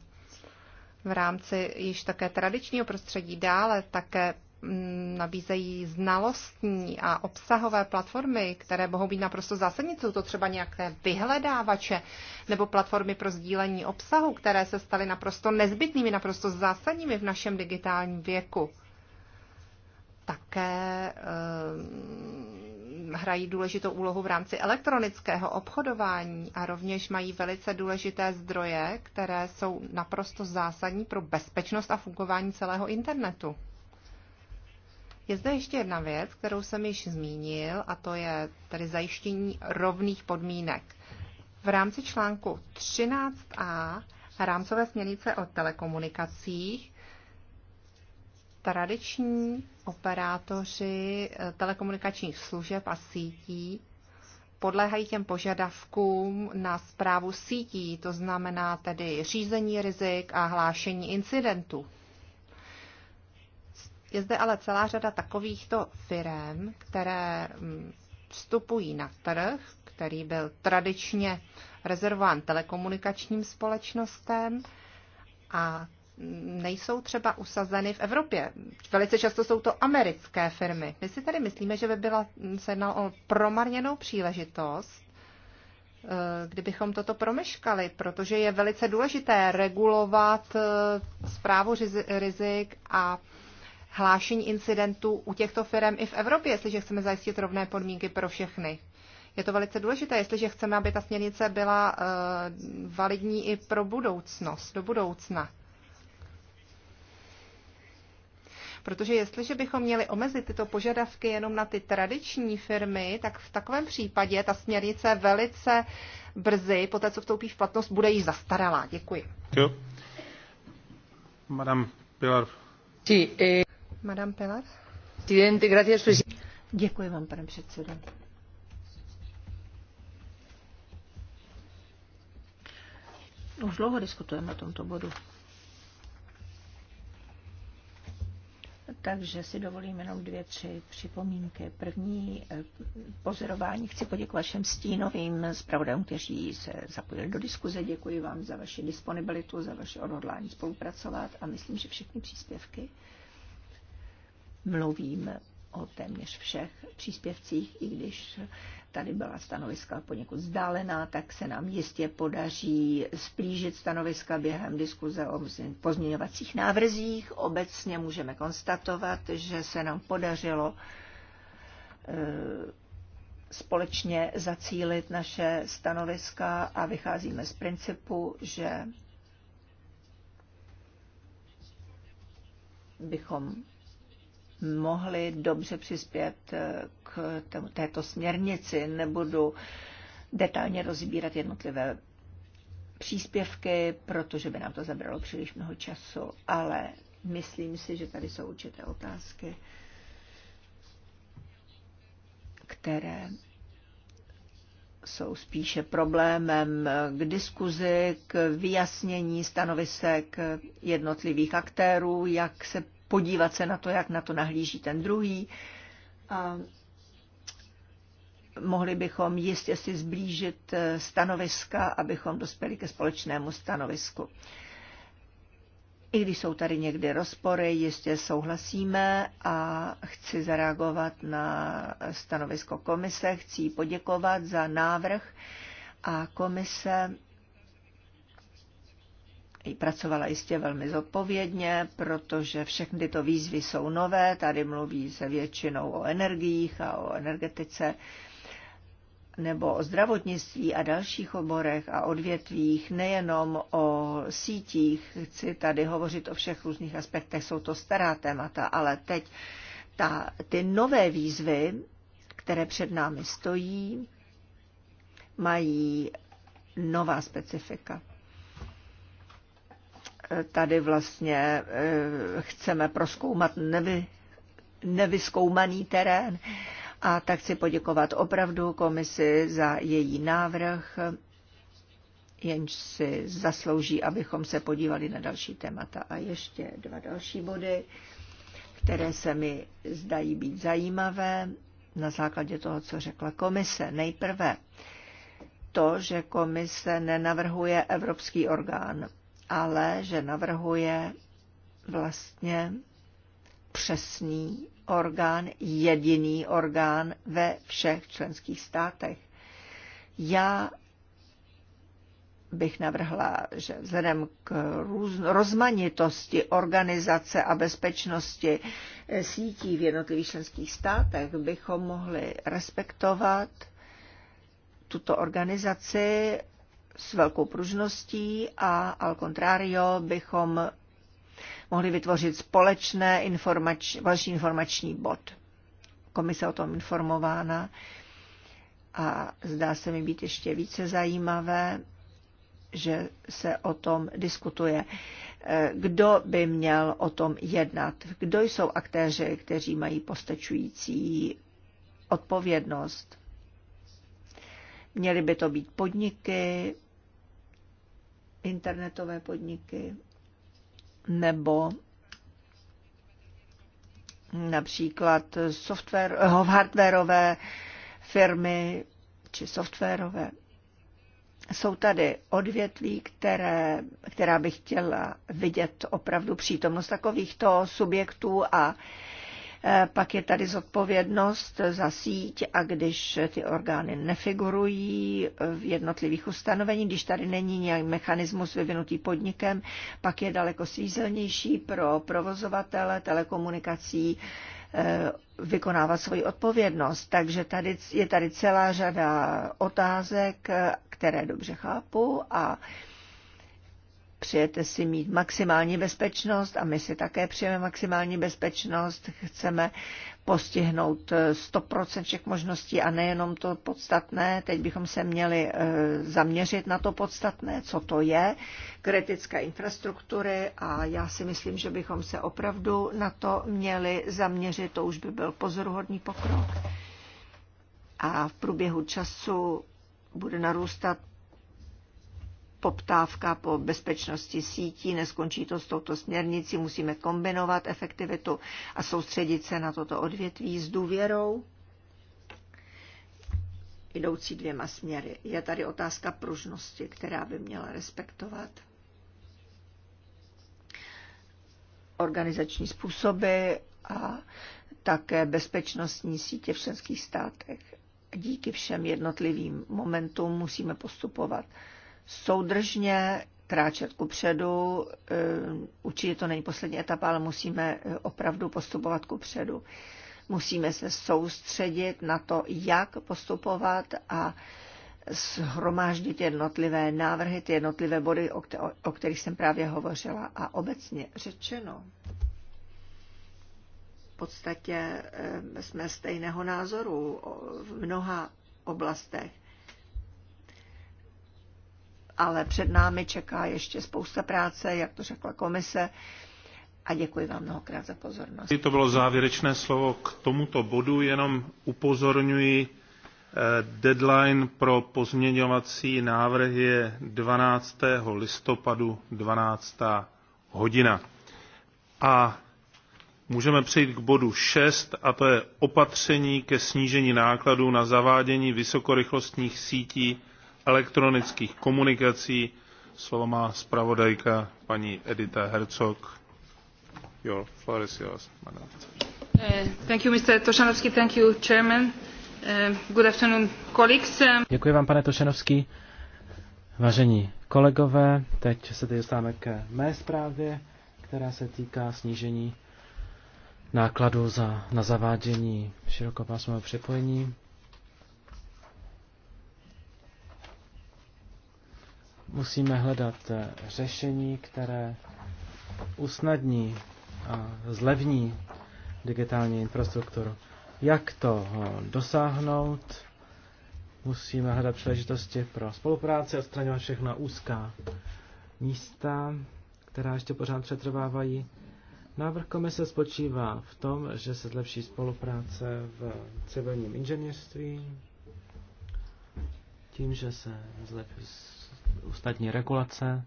Speaker 5: v rámci již také tradičního prostředí dále také mm, nabízejí znalostní a obsahové platformy, které mohou být naprosto zásadní. Jsou to třeba nějaké vyhledávače nebo platformy pro sdílení obsahu, které se staly naprosto nezbytnými, naprosto zásadními v našem digitálním věku. Také ehm, hrají důležitou úlohu v rámci elektronického obchodování a rovněž mají velice důležité zdroje, které jsou naprosto zásadní pro bezpečnost a fungování celého internetu. Je zde ještě jedna věc, kterou jsem již zmínil, a to je tedy zajištění rovných podmínek. V rámci článku 13a rámcové směrnice o telekomunikacích tradiční operátoři eh, telekomunikačních služeb a sítí podléhají těm požadavkům na zprávu sítí, to znamená tedy řízení rizik a hlášení incidentů. Je zde ale celá řada takovýchto firm, které mm, vstupují na trh, který byl tradičně rezervován telekomunikačním společnostem a nejsou třeba usazeny v Evropě. Velice často jsou to americké firmy. My si tady myslíme, že by byla se na o promarněnou příležitost, eh, kdybychom toto promeškali, protože je velice důležité regulovat zprávu eh, rizik a hlášení incidentů u těchto firm i v Evropě, jestliže chceme zajistit rovné podmínky pro všechny. Je to velice důležité, jestliže chceme, aby ta směrnice byla eh, validní i pro budoucnost, do budoucna. Protože jestliže bychom měli omezit tyto požadavky jenom na ty tradiční firmy, tak v takovém případě ta směrnice velice brzy, po té, co vstoupí v platnost, bude již zastaralá. Děkuji.
Speaker 1: Jo. Madame Pilar.
Speaker 5: Sí, eh. Madame Pilar. Děkuji
Speaker 4: vám, pane předsedo. Už dlouho diskutujeme o tomto bodu. takže si dovolím jenom dvě, tři připomínky. První eh, pozorování chci poděkovat všem stínovým zpravodajům, kteří se zapojili do diskuze. Děkuji vám za vaši disponibilitu, za vaše odhodlání spolupracovat a myslím, že všechny příspěvky mluvím o téměř všech příspěvcích, i když tady byla stanoviska poněkud vzdálená, tak se nám jistě podaří splížit stanoviska během diskuze o pozměňovacích návrzích. Obecně můžeme konstatovat, že se nám podařilo eh, společně zacílit naše stanoviska a vycházíme z principu, že bychom mohli dobře přispět eh, k této směrnici. Nebudu detailně rozbírat jednotlivé příspěvky, protože by nám to zabralo příliš mnoho času, ale myslím si, že tady jsou určité otázky, které jsou spíše problémem k diskuzi, k vyjasnění stanovisek jednotlivých aktérů, jak se podívat se na to, jak na to nahlíží ten druhý. A mohli bychom jistě si zblížit eh, stanoviska, abychom dospěli ke společnému stanovisku. I když jsou tady někdy rozpory, jistě souhlasíme a chci zareagovat na stanovisko komise, chci poděkovat za návrh a komise pracovala jistě velmi zodpovědně, protože všechny tyto výzvy jsou nové, tady mluví se většinou o energiích a o energetice nebo o zdravotnictví a dalších oborech a odvětvích, nejenom o sítích. Chci tady hovořit o všech různých aspektech, jsou to stará témata, ale teď ta, ty nové výzvy, které před námi stojí, mají nová specifika tady vlastně eh, chceme proskoumat nevy, nevyskoumaný terén. A tak chci poděkovat opravdu komisi za její návrh, jenž si zaslouží, abychom se podívali na další témata. A ještě dva další body, které se mi zdají být zajímavé na základě toho, co řekla komise. Nejprve to, že komise nenavrhuje evropský orgán ale že navrhuje vlastně přesný orgán, jediný orgán ve všech členských státech. Já bych navrhla, že vzhledem k rozmanitosti organizace a bezpečnosti eh, sítí v jednotlivých členských státech bychom mohli respektovat tuto organizaci s velkou pružností a al contrario bychom mohli vytvořit společné informač, velší informační bod. Komise o tom informována a zdá se mi být ještě více zajímavé, že se o tom diskutuje. Eh, kdo by měl o tom jednat? Kdo jsou aktéři, kteří mají postačující odpovědnost? Měly by to být podniky, internetové podniky nebo například software, hardwareové firmy či softwarové. Jsou tady odvětví, které, která by chtěla vidět opravdu přítomnost takovýchto subjektů a Eh, pak je tady zodpovědnost za síť a když ty orgány nefigurují eh, v jednotlivých ustanovení, když tady není nějaký mechanismus vyvinutý podnikem, pak je daleko svízelnější pro provozovatele telekomunikací eh, vykonávat svoji odpovědnost. Takže tady, je tady celá řada otázek, které dobře chápu a Přejete si mít maximální bezpečnost a my si také přejeme maximální bezpečnost. Chceme postihnout 100% eh, všech možností a nejenom to podstatné. Teď bychom se měli eh, zaměřit na to podstatné, co to je, kritické infrastruktury a já si myslím, že bychom se opravdu na to měli zaměřit. To už by byl pozoruhodný pokrok. A v průběhu času bude narůstat poptávka po bezpečnosti sítí, neskončí to s touto směrnicí, musíme kombinovat efektivitu a soustředit se na toto odvětví s důvěrou jdoucí dvěma směry. Je tady otázka pružnosti, která by měla respektovat organizační způsoby a také bezpečnostní sítě v členských státech. Díky všem jednotlivým momentům musíme postupovat soudržně kráčet ku předu. Eh, určitě to není poslední etapa, ale musíme eh, opravdu postupovat ku předu. Musíme se soustředit na to, jak postupovat a shromáždit jednotlivé návrhy, ty jednotlivé body, o kterých jsem právě hovořila. A obecně řečeno, v podstatě eh, jsme stejného názoru v mnoha oblastech ale před námi čeká ještě spousta práce, jak to řekla komise. A děkuji vám mnohokrát za pozornost. To bylo
Speaker 1: závěrečné slovo k tomuto bodu, jenom upozorňuji, eh, Deadline pro pozměňovací návrh je 12. listopadu 12. hodina. A můžeme přejít k bodu 6, a to je opatření ke snížení nákladů na zavádění vysokorychlostních sítí elektronických komunikací. Slovo má zpravodajka paní Edita Herzog. Your floor is yours, madam. Uh,
Speaker 5: eh, thank you, Mr. Tošanovský. Thank you, Chairman.
Speaker 3: Uh, good afternoon, colleagues. Děkuji vám, pane Tošanovský. Vážení kolegové, teď se teď dostáváme k mé zprávě, která se týká snížení nákladů za, na zavádění širokopásmového připojení. Musíme hledat eh, řešení, které usnadní a zlevní digitální infrastrukturu. Jak to eh, dosáhnout? Musíme hledat příležitosti pro spolupráci, odstraňovat všechna úzká místa, která ještě pořád přetrvávají. Návrh komise spočívá v tom, že se zlepší spolupráce v civilním inženýrství, tím, že se zlepší ostatní regulace.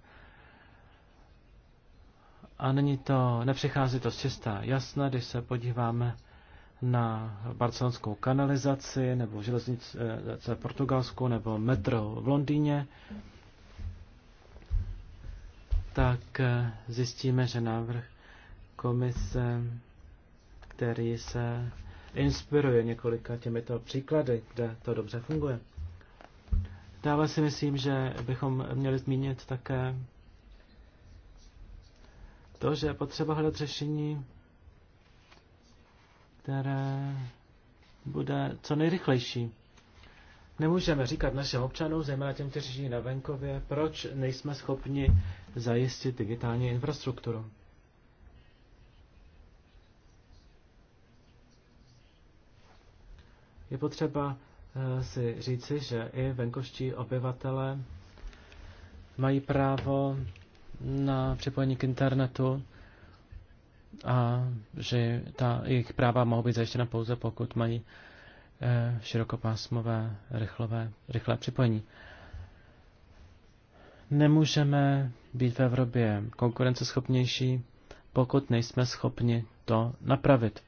Speaker 3: A není to, nepřichází to z čistá jasna, když se podíváme na barcelonskou kanalizaci, nebo železnice v Portugalsku, nebo metro v Londýně, tak eh, zjistíme, že návrh komise, který se inspiruje několika těmito příklady, kde to dobře funguje. Dále si myslím, že bychom měli zmínit také to, že je potřeba hledat řešení, které bude co nejrychlejší. Nemůžeme říkat našim občanům, zejména těm, kteří žijí na venkově, proč nejsme schopni zajistit digitální infrastrukturu. Je potřeba Eh, si říci, že i venkovští obyvatele mají právo na připojení k internetu a že ta jejich práva mohou být zajištěna pouze, pokud mají eh, širokopásmové rychlové, rychlé připojení. Nemůžeme být v Evropě konkurenceschopnější, pokud nejsme schopni to napravit.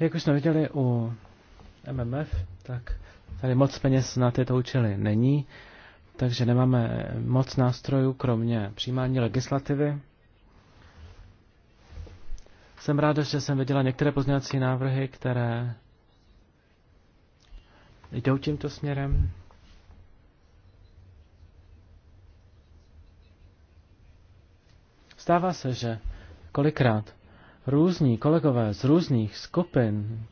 Speaker 3: Jak už jsme viděli u MMF, tak tady moc peněz na tyto účely není, takže nemáme moc nástrojů, kromě přijímání legislativy. Jsem rád, že jsem viděla některé pozměňovací návrhy, které jdou tímto směrem. Stává se, že kolikrát různí kolegové z různých skupin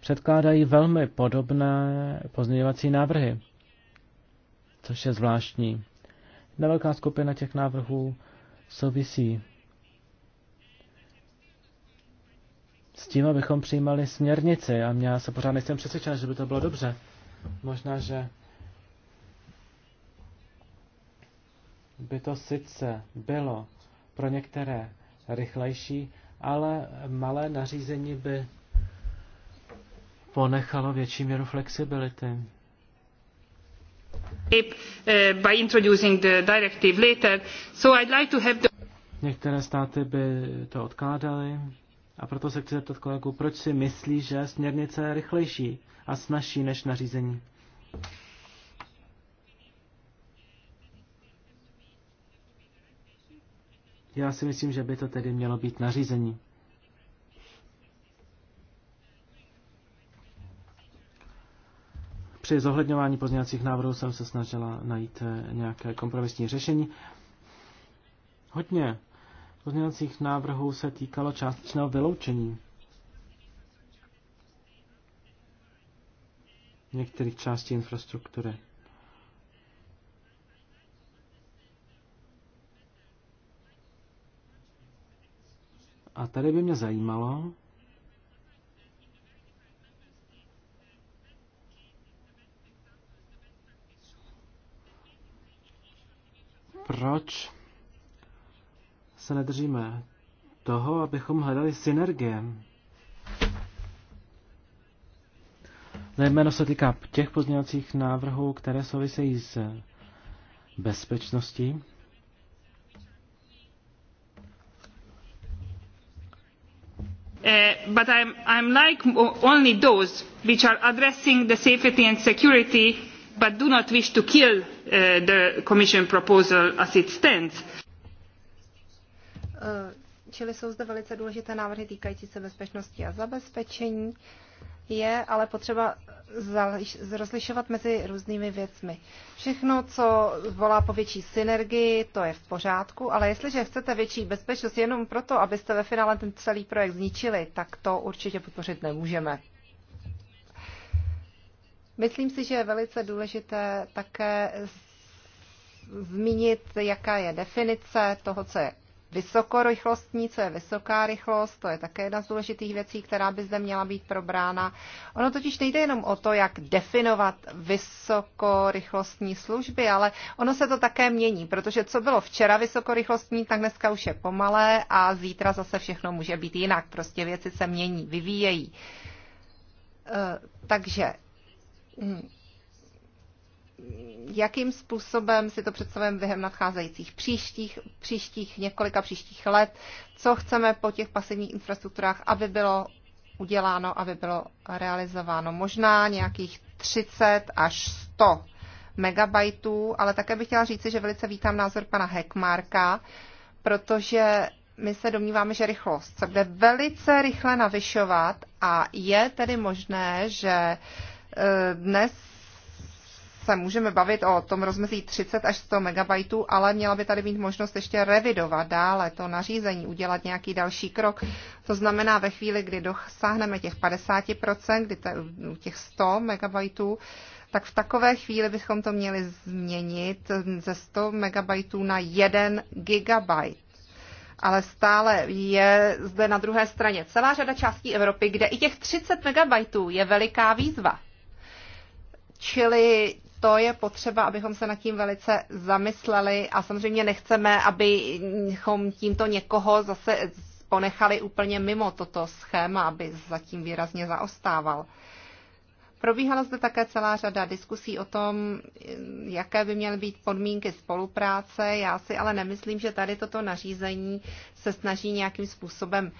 Speaker 3: předkládají velmi podobné pozměňovací návrhy, což je zvláštní. Jedna velká skupina těch návrhů souvisí s tím, abychom přijímali směrnici a já se pořád nejsem přesvědčen, že by to bylo dobře. Možná, že by to sice bylo pro některé rychlejší, ale malé nařízení by ponechalo větší míru flexibility. By introducing
Speaker 5: the directive later. So I'd like to have the...
Speaker 3: Některé státy by to odkládaly a proto se chci zeptat kolegu, proč si myslí, že směrnice je rychlejší a snažší než nařízení. Já si myslím, že by to tedy mělo být nařízení. Při zohledňování pozměňovacích návrhů jsem se snažila najít eh, nějaké kompromisní řešení. Hodně pozměňovacích návrhů se týkalo částečného vyloučení některých částí infrastruktury. A tady by mě zajímalo, proč se nedržíme toho, abychom hledali synergie. Zajména se týká těch pozměňovacích návrhů, které souvisejí s bezpečností.
Speaker 5: Uh, but i am like only those which are addressing the safety and security but do not wish to kill uh, the commission proposal as it stands. Uh, čili jsou zde velice důležité návrhy týkající se bezpečnosti a zabezpečení je ale potřeba rozlišovat mezi různými věcmi. Všechno, co volá po větší synergii, to je v pořádku, ale jestliže chcete větší bezpečnost jenom proto, abyste ve finále ten celý projekt zničili, tak to určitě podpořit nemůžeme. Myslím si, že je velice důležité také zmínit, jaká je definice toho, co je vysokorychlostní, co je vysoká rychlost, to je také jedna z důležitých věcí, která by zde měla být probrána. Ono totiž nejde jenom o to, jak definovat vysokorychlostní služby, ale ono se to také mění, protože co bylo včera vysokorychlostní, tak dneska už je pomalé a zítra zase všechno může být jinak. Prostě věci se mění, vyvíjejí. E, takže hm, jakým způsobem si to představujeme během nadcházejících příštích, příštích několika příštích let, co chceme po těch pasivních infrastrukturách, aby bylo uděláno, aby bylo realizováno. Možná nějakých 30 až 100 megabajtů, ale také bych chtěla říci, že velice vítám názor pana Hekmarka, protože my se domníváme, že rychlost se bude velice rychle navyšovat a je tedy možné, že eh, dnes se můžeme bavit o tom rozmezí 30 až 100 MB, ale měla by tady být možnost ještě revidovat dále to nařízení, udělat nějaký další krok. To znamená, ve chvíli, kdy dosáhneme těch 50%, kdy těch 100 MB, tak v takové chvíli bychom to měli změnit ze 100 MB na 1 GB. Ale stále je zde na druhé straně celá řada částí Evropy, kde i těch 30 MB je veliká výzva. Čili to je potřeba, abychom se nad tím velice zamysleli a samozřejmě nechceme, abychom tímto někoho zase ponechali úplně mimo toto schéma, aby zatím výrazně zaostával. Probíhala zde také celá řada diskusí o tom, jaké by měly být podmínky spolupráce. Já si ale nemyslím, že tady toto nařízení se snaží nějakým způsobem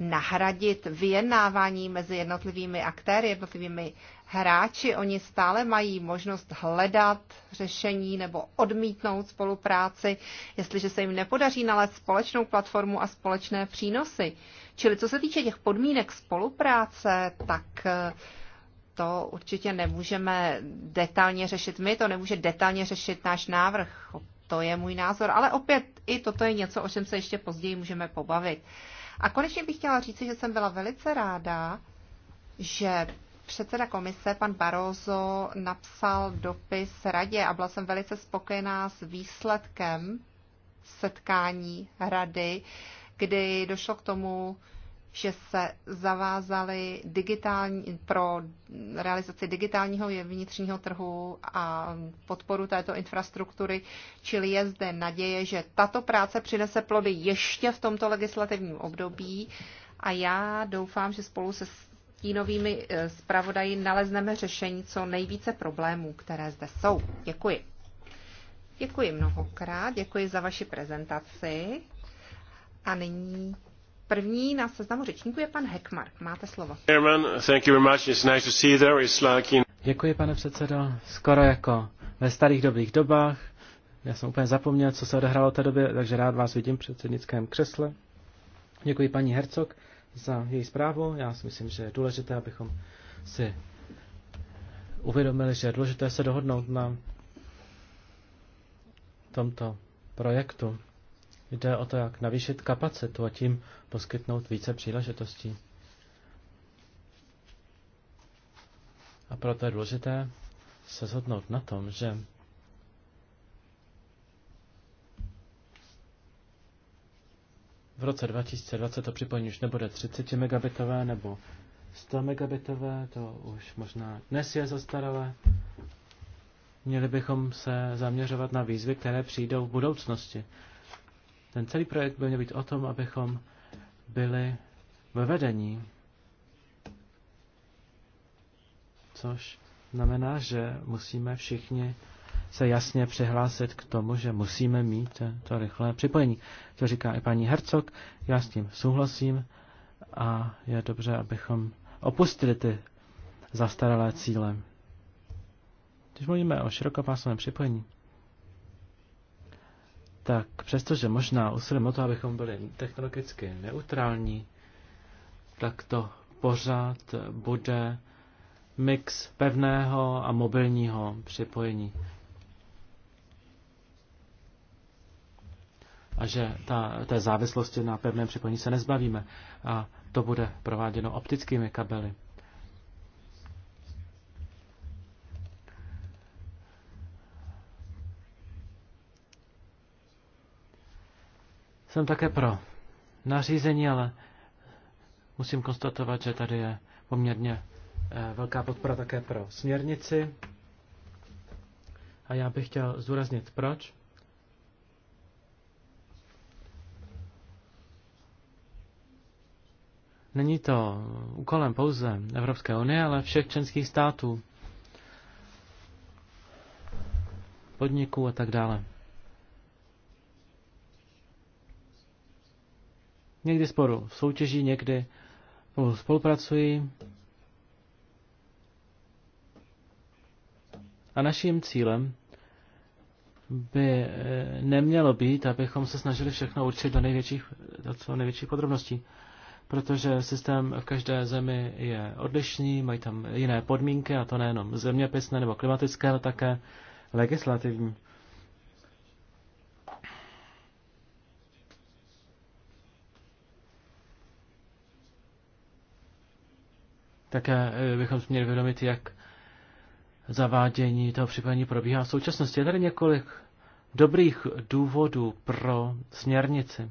Speaker 5: nahradit vyjednávání mezi jednotlivými aktéry, jednotlivými hráči, oni stále mají možnost hledat řešení nebo odmítnout spolupráci, jestliže se jim nepodaří nalézt společnou platformu a společné přínosy. Čili co se týče těch podmínek spolupráce, tak eh, to určitě nemůžeme detailně řešit my, to nemůže detailně řešit náš návrh. To je můj názor, ale opět i toto je něco, o čem se ještě později můžeme pobavit. A konečně bych chtěla říci, že jsem byla velice ráda, že předseda komise, pan Barroso, napsal dopis radě a byla jsem velice spokojená s výsledkem setkání rady, kdy došlo k tomu, že se zavázali digitální, pro realizaci digitálního vnitřního trhu a podporu této infrastruktury, čili je zde naděje, že tato práce přinese plody ještě v tomto legislativním období a já doufám, že spolu se stínovými eh, zpravodaji nalezneme řešení co nejvíce problémů, které zde jsou. Děkuji. Děkuji mnohokrát, děkuji za vaši prezentaci. A nyní První na seznamu řečníků je pan Heckmark. Máte slovo.
Speaker 3: Děkuji, pane předsedo. Skoro jako ve starých dobrých dobách. Já jsem úplně zapomněl, co se odehrálo té době, takže rád vás vidím v předsednickém křesle. Děkuji paní Hercog za její zprávu. Já si myslím, že je důležité, abychom si uvědomili, že je důležité se dohodnout na tomto projektu. Jde o to, jak navýšit kapacitu a tím poskytnout více příležitostí. A proto je důležité se shodnout na tom, že v roce 2020 to připojení už nebude 30 megabitové nebo 100 megabitové, to už možná dnes je zastaralé. Měli bychom se zaměřovat na výzvy, které přijdou v budoucnosti. Ten celý projekt by měl být o tom, abychom byli ve vedení. Což znamená, že musíme všichni se jasně přihlásit k tomu, že musíme mít to rychlé připojení. To říká i paní Hercog, já s tím souhlasím a je dobře, abychom opustili ty zastaralé cíle. Když mluvíme o širokopásovém připojení, tak přestože možná usilujeme o to, abychom byli technologicky neutrální, tak to pořád bude mix pevného a mobilního připojení. a že ta, té závislosti na pevném připojení se nezbavíme. A to bude prováděno optickými kabely. Jsem také pro nařízení, ale musím konstatovat, že tady je poměrně eh, velká podpora také pro směrnici. A já bych chtěl zdůraznit, proč. Není to úkolem pouze Evropské unie, ale všech členských států, podniků a tak dále. Někdy sporu v soutěží, někdy spolupracují. A naším cílem by eh, nemělo být, abychom se snažili všechno určit do největších, do co největších podrobností protože systém v každé zemi je odlišný, mají tam jiné podmínky, a to nejenom zeměpisné nebo klimatické, ale také legislativní. Také eh, bychom měli vědomit, jak zavádění toho připojení probíhá v současnosti. Je tady několik dobrých důvodů pro směrnici.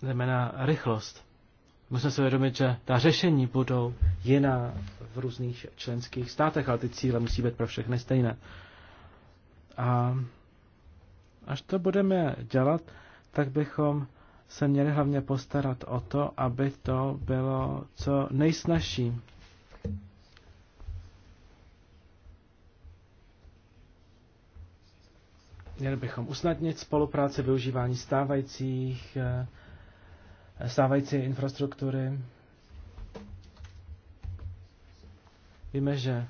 Speaker 3: znamená rychlost. Musíme si vědomit, že ta řešení budou jiná v různých členských státech, ale ty cíle musí být pro všechny stejné. A až to budeme dělat, tak bychom se měli hlavně postarat o to, aby to bylo co nejsnažší. Měli bychom usnadnit spolupráci, využívání stávajících eh, stávající infrastruktury. Víme, že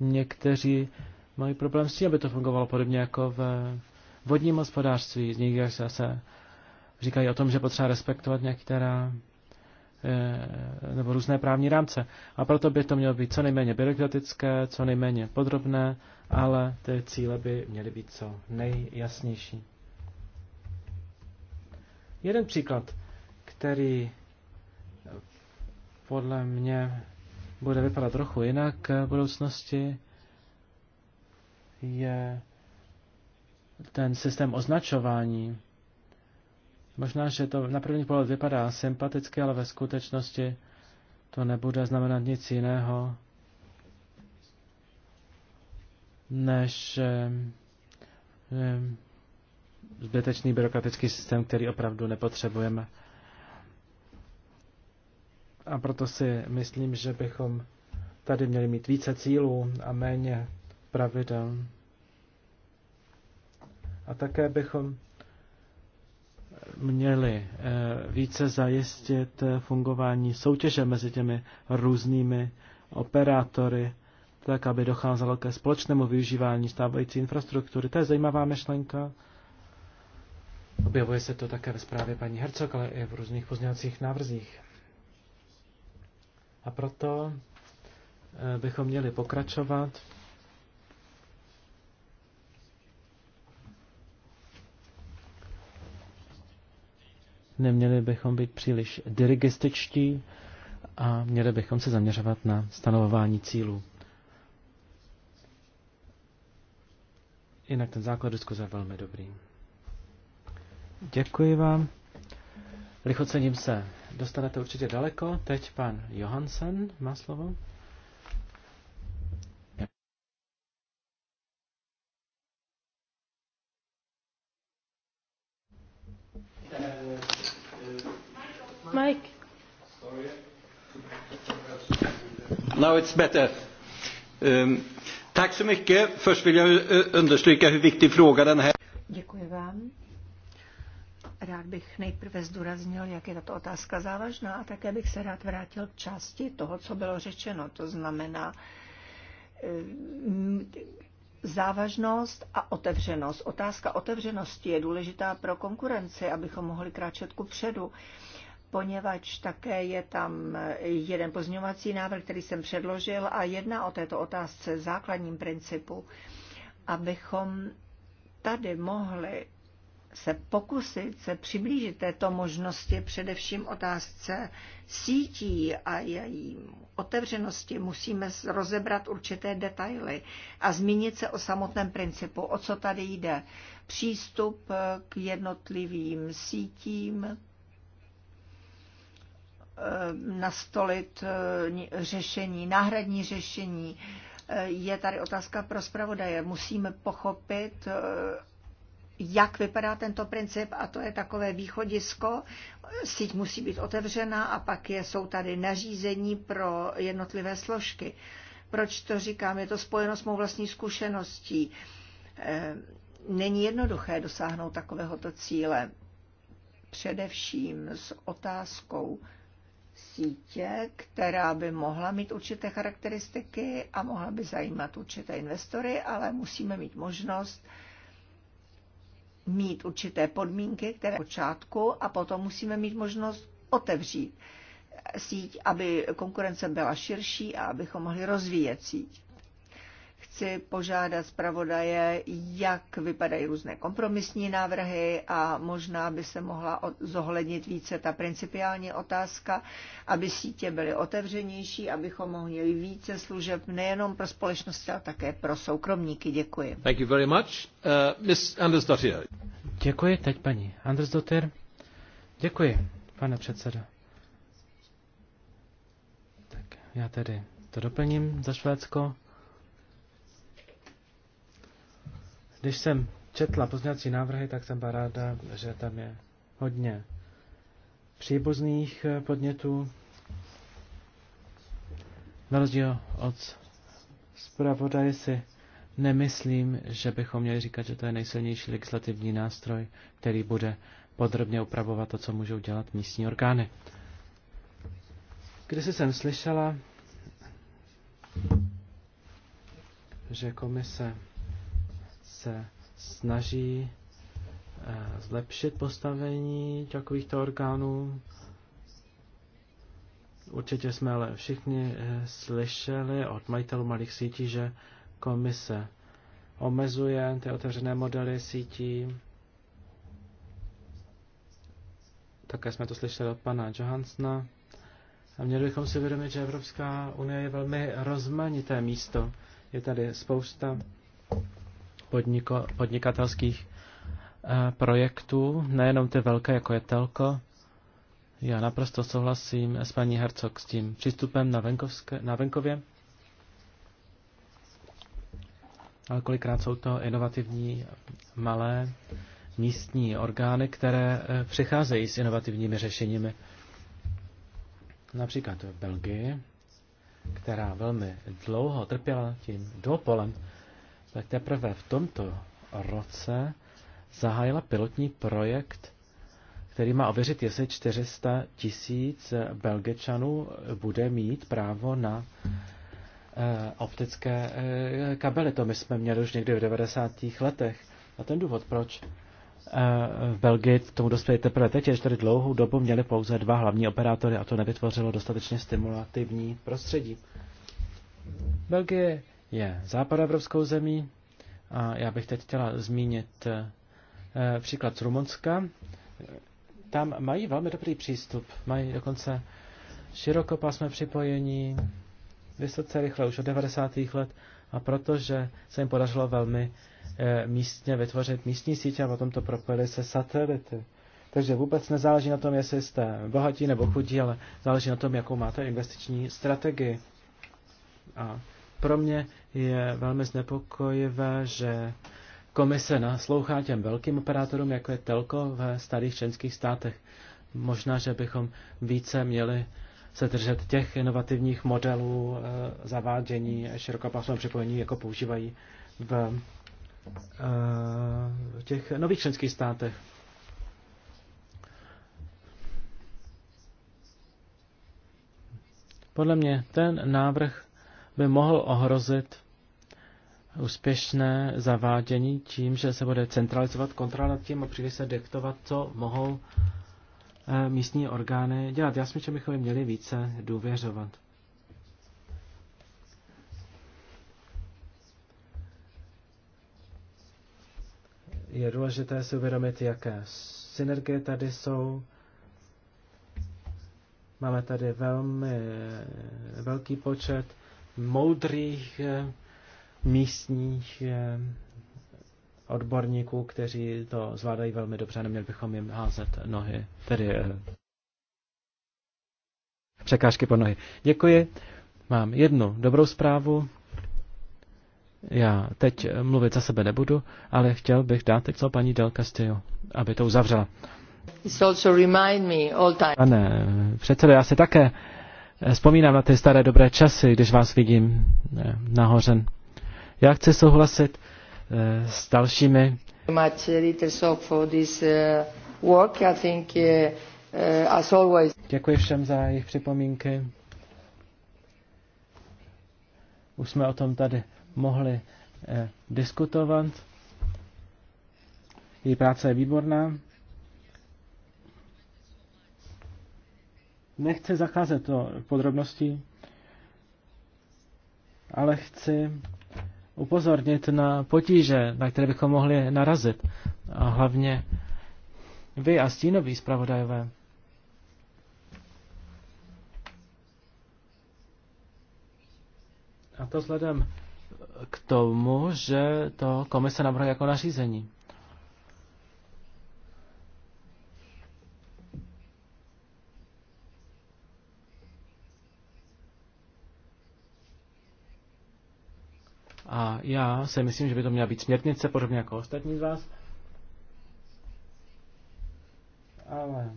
Speaker 3: někteří mají problém s tím, aby to fungovalo podobně jako v vodním hospodářství. Z nich se zase říkají o tom, že potřeba respektovat některá eh, nebo různé právní rámce. A proto by to mělo být co nejméně byrokratické, co nejméně podrobné, ale ty cíle by měly být co nejjasnější. Jeden příklad, který podle mě bude vypadat trochu jinak v budoucnosti, je ten systém označování. Možná, že to na první pohled vypadá sympaticky, ale ve skutečnosti to nebude znamenat nic jiného, než eh, zbytečný byrokratický systém, který opravdu nepotřebujeme. A proto si myslím, že bychom tady měli mít více cílů a méně pravidel. A také bychom měli eh, více zajistit eh, fungování soutěže mezi těmi různými operátory, tak aby docházelo ke společnému využívání stávající infrastruktury. To je zajímavá myšlenka. Objevuje se to také ve zprávě paní Hercog, ale i v různých pozněvacích návrzích. A proto eh, bychom měli pokračovat. Neměli bychom být příliš dirigističtí a měli bychom se zaměřovat na stanovování cílů. Jinak ten základ diskuze je velmi dobrý. Děkuji vám. Lichocením se dostanete určitě daleko. Teď pan Johansen má slovo. Mike. Now it's better. Um, tack så mycket. Först vill jag eh, understryka hur viktig fråga den här
Speaker 4: Děkuji vám. Rád bych nejprve zdůraznil, jak je tato otázka závažná a také bych se rád vrátil k části toho, co bylo řečeno. To znamená eh, závažnost a otevřenost. Otázka otevřenosti je důležitá pro konkurenci, abychom mohli kráčet ku předu poněvadž také je tam jeden pozňovací návrh, který jsem předložil a jedna o této otázce základním principu, abychom tady mohli se pokusit se přiblížit této možnosti, především otázce sítí a její otevřenosti, musíme rozebrat určité detaily a zmínit se o samotném principu, o co tady jde. Přístup eh, k jednotlivým sítím, eh, nastolit eh, řešení, náhradní řešení. Je tady otázka pro zpravodaje. Musíme pochopit, jak vypadá tento princip a to je takové východisko. Síť musí být otevřená a pak je, jsou tady nařízení pro jednotlivé složky. Proč to říkám? Je to spojeno s mou vlastní zkušeností. Eh, není jednoduché dosáhnout takovéhoto cíle. Především s otázkou sítě, která by mohla mít určité charakteristiky a mohla by zajímat určité investory, ale musíme mít možnost mít určité podmínky, které počátku a potom musíme mít možnost otevřít síť, aby konkurence byla širší a abychom mohli rozvíjet síť chci požádat zpravodaje, jak vypadají různé kompromisní návrhy a možná by se mohla zohlednit více ta principiální otázka, aby sítě byly otevřenější, abychom mohli více služeb nejenom pro společnost, ale také pro soukromníky. Děkuji.
Speaker 3: Thank you very much. Uh, Miss Anders Děkuji, teď paní Anders Dottir. Děkuji, pane předsedo. Tak já tedy to doplním za Švédsko. Když jsem četla pozměňovací návrhy, tak jsem byla ráda, že tam je hodně příbuzných eh, podnětů. Na rozdíl od zpravodaje si nemyslím, že bychom měli říkat, že to je nejsilnější legislativní nástroj, který bude podrobně upravovat to, co můžou dělat místní orgány. Když jsem slyšela, že komise se snaží eh, zlepšit postavení takovýchto orgánů. Určitě jsme ale všichni eh, slyšeli od majitelů malých sítí, že komise omezuje ty otevřené modely sítí. Také jsme to slyšeli od pana Johansna. A měli bychom si uvědomit, že Evropská unie je velmi rozmanité místo. Je tady spousta podniko, podnikatelských eh, projektů, nejenom ty velké, jako je Telko. Já naprosto souhlasím s paní Hercog s tím přístupem na, venkovské, na venkově. Ale kolikrát jsou to inovativní malé místní orgány, které eh, přicházejí s inovativními řešeními. Například v Belgii, která velmi dlouho trpěla tím dopolem tak teprve v tomto roce zahájila pilotní projekt, který má ověřit, jestli 400 tisíc Belgečanů bude mít právo na eh, optické eh, kabely. To my jsme měli už někdy v 90. letech. A ten důvod, proč eh, v Belgii tomu dospěli teprve teď, je, že tady dlouhou dobu měli pouze dva hlavní operátory a to nevytvořilo dostatečně stimulativní prostředí. Belgie je západoevropskou zemí a já bych teď chtěla zmínit eh, příklad z Rumunska. Tam mají velmi dobrý přístup, mají dokonce širokopásmé připojení, vysoce rychle už od 90. let a protože se jim podařilo velmi eh, místně vytvořit místní sítě a potom to propojili se satelity. Takže vůbec nezáleží na tom, jestli jste bohatí nebo chudí, ale záleží na tom, jakou máte investiční strategii. A pro mě je velmi znepokojivé, že komise naslouchá těm velkým operátorům, jako je Telko ve starých členských státech. Možná, že bychom více měli se držet těch inovativních modelů eh, zavádění širokopásmového připojení, jako používají v, eh, v těch nových členských státech. Podle mě ten návrh by mohl ohrozit úspěšné zavádění tím, že se bude centralizovat kontrola nad tím a příliš se diktovat, co mohou eh, místní orgány dělat. Já si myslím, že bychom měli více důvěřovat. Je důležité si uvědomit, jaké synergie tady jsou. Máme tady velmi eh, velký počet moudrých eh, místních eh, odborníků, kteří to zvládají velmi dobře, neměli bychom jim házet nohy, tedy eh, překážky po nohy. Děkuji. Mám jednu dobrou zprávu. Já teď mluvit za sebe nebudu, ale chtěl bych dát teď co paní Del Castillo, aby to uzavřela. Pane předsedo, já se také Eh, vzpomínám na ty staré dobré časy, když vás vidím eh, nahoře. Já chci souhlasit eh, s dalšími. Děkuji všem za jejich připomínky. Už jsme o tom tady mohli diskutovat. Její práce je výborná. Nechce zacházet do podrobností, ale chci upozornit na potíže, na které bychom mohli narazit. A hlavně vy a stínoví zpravodajové. A to vzhledem k tomu, že to komise navrhuje jako nařízení. A já si myslím, že by to měla být směrnice, podobně jako ostatní z vás. Ale...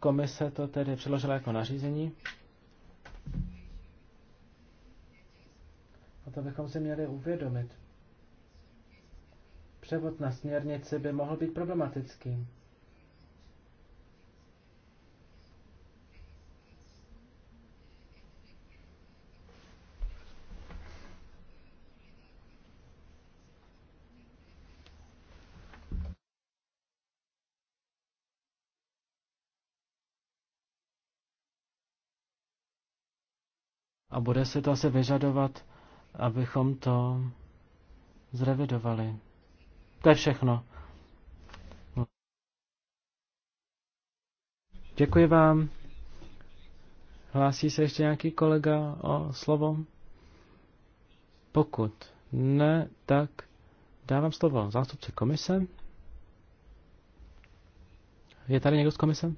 Speaker 3: Komise to tedy přeložila jako nařízení. A to bychom si měli uvědomit. Převod na směrnici by mohl být problematický. A bude se to asi vyžadovat, abychom to zrevidovali. To je všechno. Děkuji vám. Hlásí se ještě nějaký kolega o slovo? Pokud ne, tak dávám slovo zástupci komise. Je tady někdo z komise?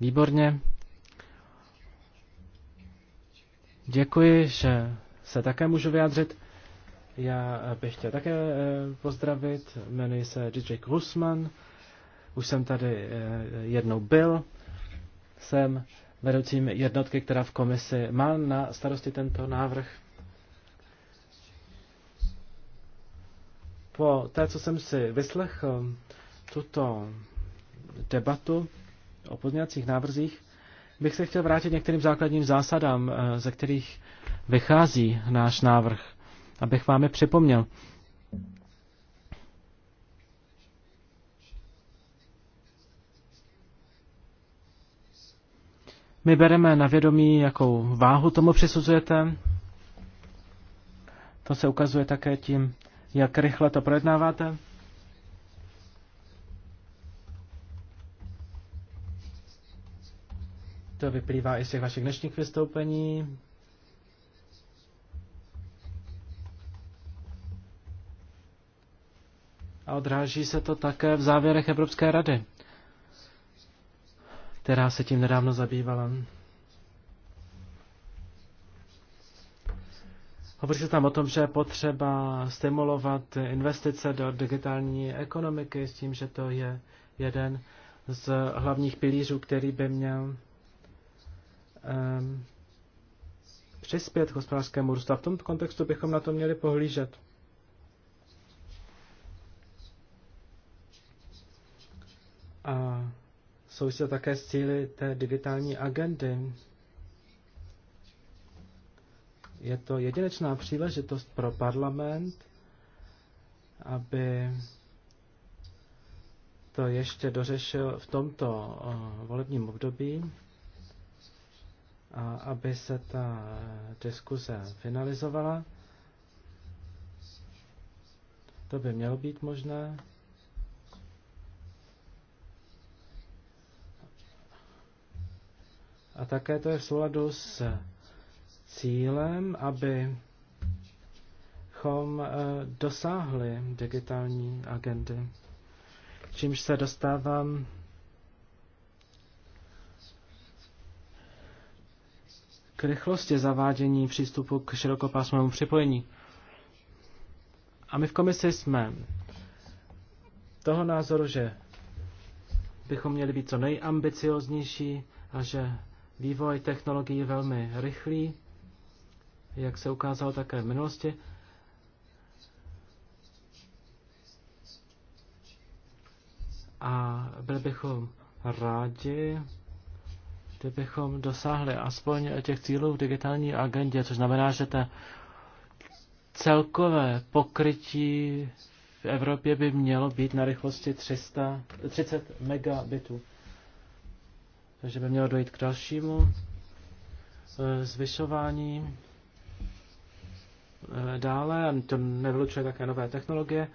Speaker 3: Výborně. Děkuji, že se také můžu vyjádřit. Já bych chtěl také eh, pozdravit. Jmenuji se DJ Krusman. Už jsem tady eh, jednou byl. Jsem vedoucím jednotky, která v komisi má na starosti tento návrh. Po té, co jsem si vyslechl tuto debatu o pozměňovacích návrzích, bych se chtěl vrátit některým základním zásadám, eh, ze kterých vychází náš návrh, abych vám je připomněl. My bereme na vědomí, jakou váhu tomu přisuzujete. To se ukazuje také tím, jak rychle to projednáváte. To vyplývá i z těch vašich dnešních vystoupení. A odráží se to také v závěrech Evropské rady, která se tím nedávno zabývala. Hovoří se tam o tom, že je potřeba stimulovat investice do digitální ekonomiky s tím, že to je jeden z hlavních pilířů, který by měl Ehm, přispět k hospodářskému růstu. A v tom kontextu bychom na to měli pohlížet. A souvisí to také s cíly té digitální agendy. Je to jedinečná příležitost pro parlament, aby to ještě dořešil v tomto eh, volebním období a aby se ta diskuze finalizovala. To by mělo být možné. A také to je v souladu s cílem, abychom eh, dosáhli digitální agendy. Čímž se dostávám k rychlosti zavádění přístupu k širokopásmovému připojení. A my v komisi jsme toho názoru, že bychom měli být co nejambicioznější a že vývoj technologií je velmi rychlý, jak se ukázalo také v minulosti. A byli bychom rádi, kdybychom dosáhli aspoň těch cílů v digitální agendě, což znamená, že ta celkové pokrytí v Evropě by mělo být na rychlosti 300, 30 megabitů. Takže by mělo dojít k dalšímu eh, zvyšování eh, dále, to nevylučuje také nové technologie.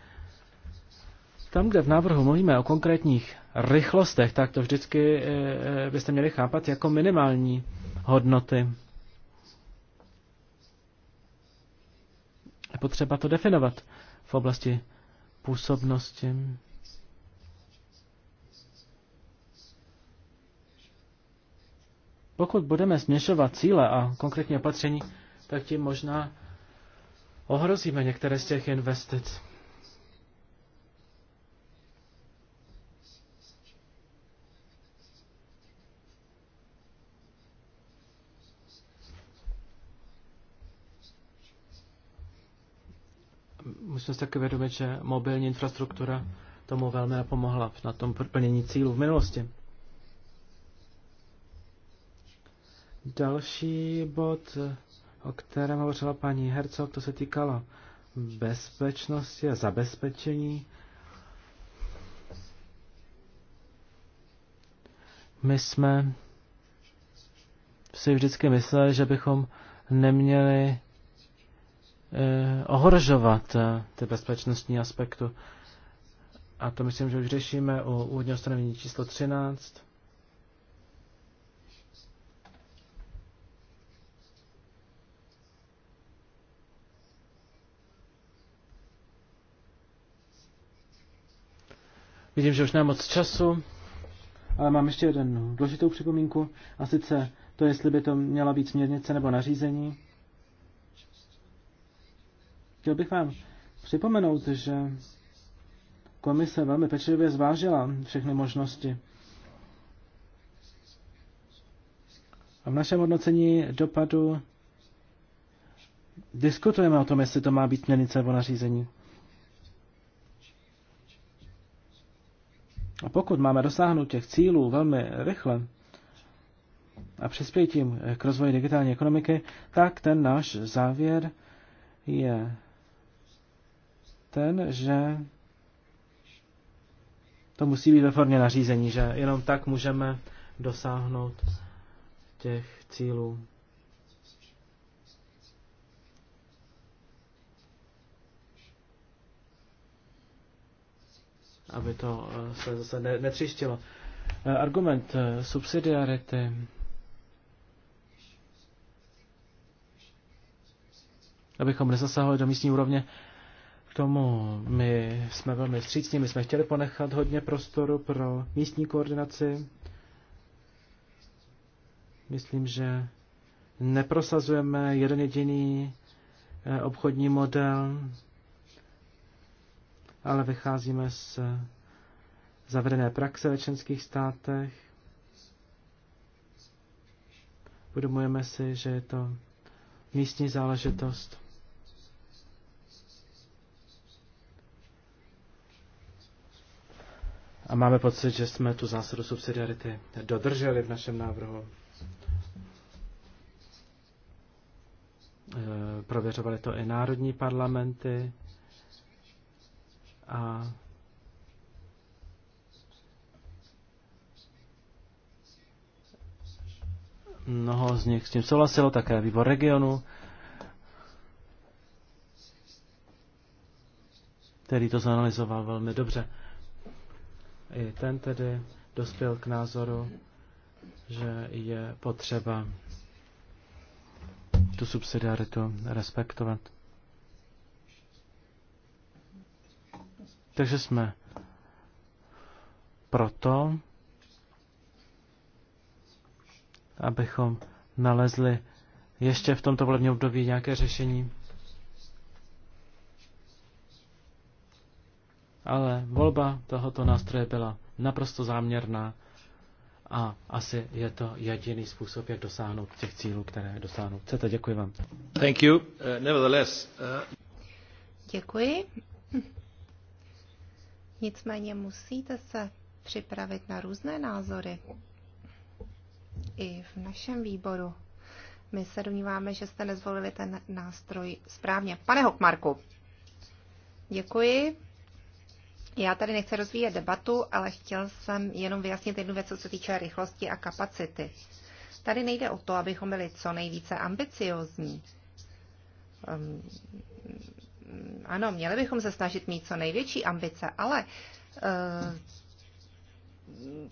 Speaker 3: Tam, kde v návrhu mluvíme o konkrétních rychlostech, tak to vždycky eh, eh, byste měli chápat jako minimální hodnoty. Je potřeba to definovat v oblasti působnosti. Pokud budeme směšovat cíle a konkrétní opatření, tak tím možná ohrozíme některé z těch investic. jsme si taky vědomi, že mobilní infrastruktura tomu velmi napomohla na tom plnění cílů v minulosti. Další bod, o kterém hovořila paní Hercog, to se týkalo bezpečnosti a zabezpečení. My jsme si vždycky mysleli, že bychom neměli Eh, ohrožovat eh, ty bezpečnostní aspekty. A to myslím, že už řešíme u úvodního stanovení číslo 13. Vidím, že už nemám moc času, ale mám ještě jeden důležitou připomínku, a sice to, jestli by to měla být směrnice nebo nařízení. Chtěl bych vám připomenout, že komise velmi pečlivě zvážila všechny možnosti. A v našem hodnocení dopadu diskutujeme o tom, jestli to má být směrnice nebo nařízení. A pokud máme dosáhnout těch cílů velmi rychle a přispět tím k rozvoji digitální ekonomiky, tak ten náš závěr je ten, že to musí být ve formě nařízení, že jenom tak můžeme dosáhnout těch cílů. Aby to eh, se zase netřištilo. Eh, argument eh, subsidiarity abychom nezasahovali do místní úrovně tomu my jsme velmi střícní, my jsme chtěli ponechat hodně prostoru pro místní koordinaci. Myslím, že neprosazujeme jeden jediný eh, obchodní model, ale vycházíme z zavedené praxe ve členských státech. Budomujeme si, že je to místní záležitost. A máme pocit, že jsme tu zásadu subsidiarity dodrželi v našem návrhu. E, prověřovali to i národní parlamenty a mnoho z nich s tím souhlasilo, také výbor regionu, který to zanalizoval velmi dobře. I ten tedy dospěl k názoru, že je potřeba tu subsidiaritu respektovat. Takže jsme proto, abychom nalezli ještě v tomto volebním období nějaké řešení. ale volba tohoto nástroje byla naprosto záměrná a asi je to jediný způsob, jak dosáhnout těch cílů, které dosáhnout chcete. Děkuji vám. Thank you. Uh,
Speaker 5: nevertheless, uh... Děkuji. Nicméně musíte se připravit na různé názory. I v našem výboru. My se domníváme, že jste nezvolili ten nástroj správně. Pane Hopmarku, děkuji. Já tady nechci rozvíjet debatu, ale chtěl jsem jenom vyjasnit jednu věc, co se týče rychlosti a kapacity. Tady nejde o to, abychom byli co nejvíce ambiciozní. Um, ano, měli bychom se snažit mít co největší ambice, ale uh,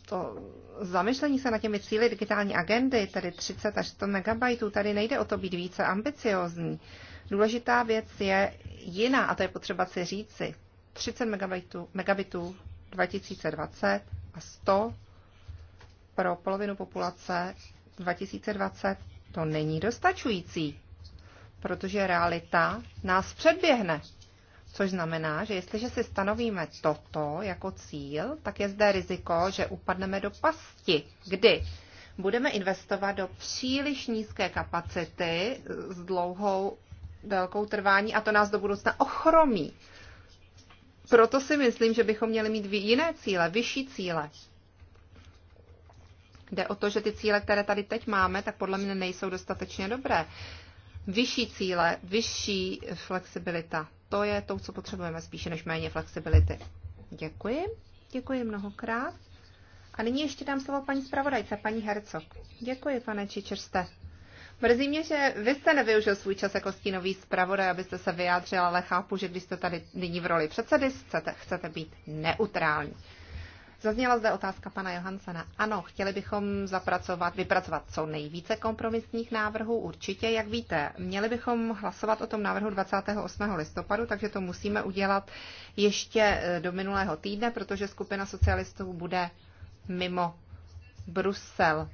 Speaker 5: to zamyšlení se na těmi cíly digitální agendy, tedy 30 až 100 megabajtů, tady nejde o to být více ambiciozní. Důležitá věc je jiná, a to je potřeba si říci. 30 megabitů, megabitů 2020 a 100 pro polovinu populace 2020, to není dostačující, protože realita nás předběhne. Což znamená, že jestliže si stanovíme toto jako cíl, tak je zde riziko, že upadneme do pasti, kdy budeme investovat do příliš nízké kapacity s dlouhou délkou trvání a to nás do budoucna ochromí proto si myslím, že bychom měli mít jiné cíle, vyšší cíle. Jde o to, že ty cíle, které tady teď máme, tak podle mě nejsou dostatečně dobré. Vyšší cíle, vyšší flexibilita. To je to, co potřebujeme spíše než méně flexibility. Děkuji. Děkuji mnohokrát. A nyní ještě dám slovo paní zpravodajce, paní Hercog. Děkuji, pane Čičerste. Mrzí mě, že vy jste nevyužil svůj čas jako stínový zpravodaj, abyste se vyjádřil, ale chápu, že když jste tady nyní v roli předsedy, chcete, chcete být neutrální. Zazněla zde otázka pana Johansena. Ano, chtěli bychom zapracovat, vypracovat co nejvíce kompromisních návrhů, určitě, jak víte. Měli bychom hlasovat o tom návrhu 28. listopadu, takže to musíme udělat ještě eh, do minulého týdne, protože skupina socialistů bude mimo Brusel.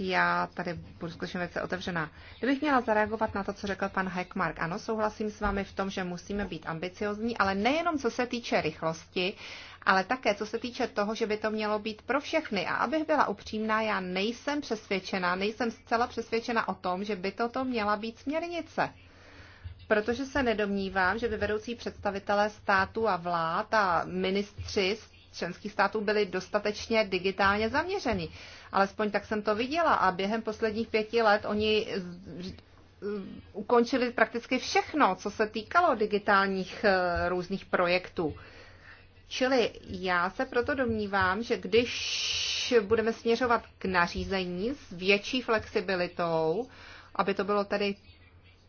Speaker 5: Já tady budu skutečně velice otevřená. Kdybych měla zareagovat na to, co řekl pan Heckmark, ano, souhlasím s vámi v tom, že musíme být ambiciozní, ale nejenom co se týče rychlosti, ale také co se týče toho, že by to mělo být pro všechny. A abych byla upřímná, já nejsem přesvědčena, nejsem zcela přesvědčena o tom, že by toto měla být směrnice protože se nedomnívám, že by vedoucí představitelé státu a vlád a ministři z členských států byly dostatečně digitálně zaměřeny. Alespoň tak jsem to viděla a během posledních pěti let oni ukončili prakticky všechno, co se týkalo digitálních eh, různých projektů. Čili já se proto domnívám, že když budeme směřovat k nařízení s větší flexibilitou, aby to bylo tedy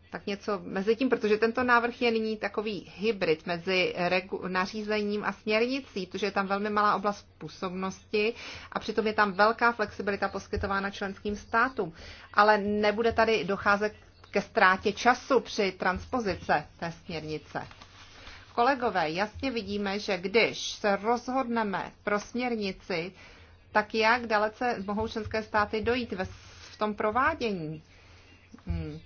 Speaker 5: tak něco mezi tím, protože tento návrh je nyní takový hybrid mezi nařízením a směrnicí, protože je tam velmi malá oblast působnosti a přitom je tam velká flexibilita poskytována členským státům. Ale nebude tady docházet ke ztrátě času při transpozice té směrnice. Kolegové, jasně vidíme, že když se rozhodneme pro směrnici, tak jak dalece mohou členské státy dojít v tom provádění? Hmm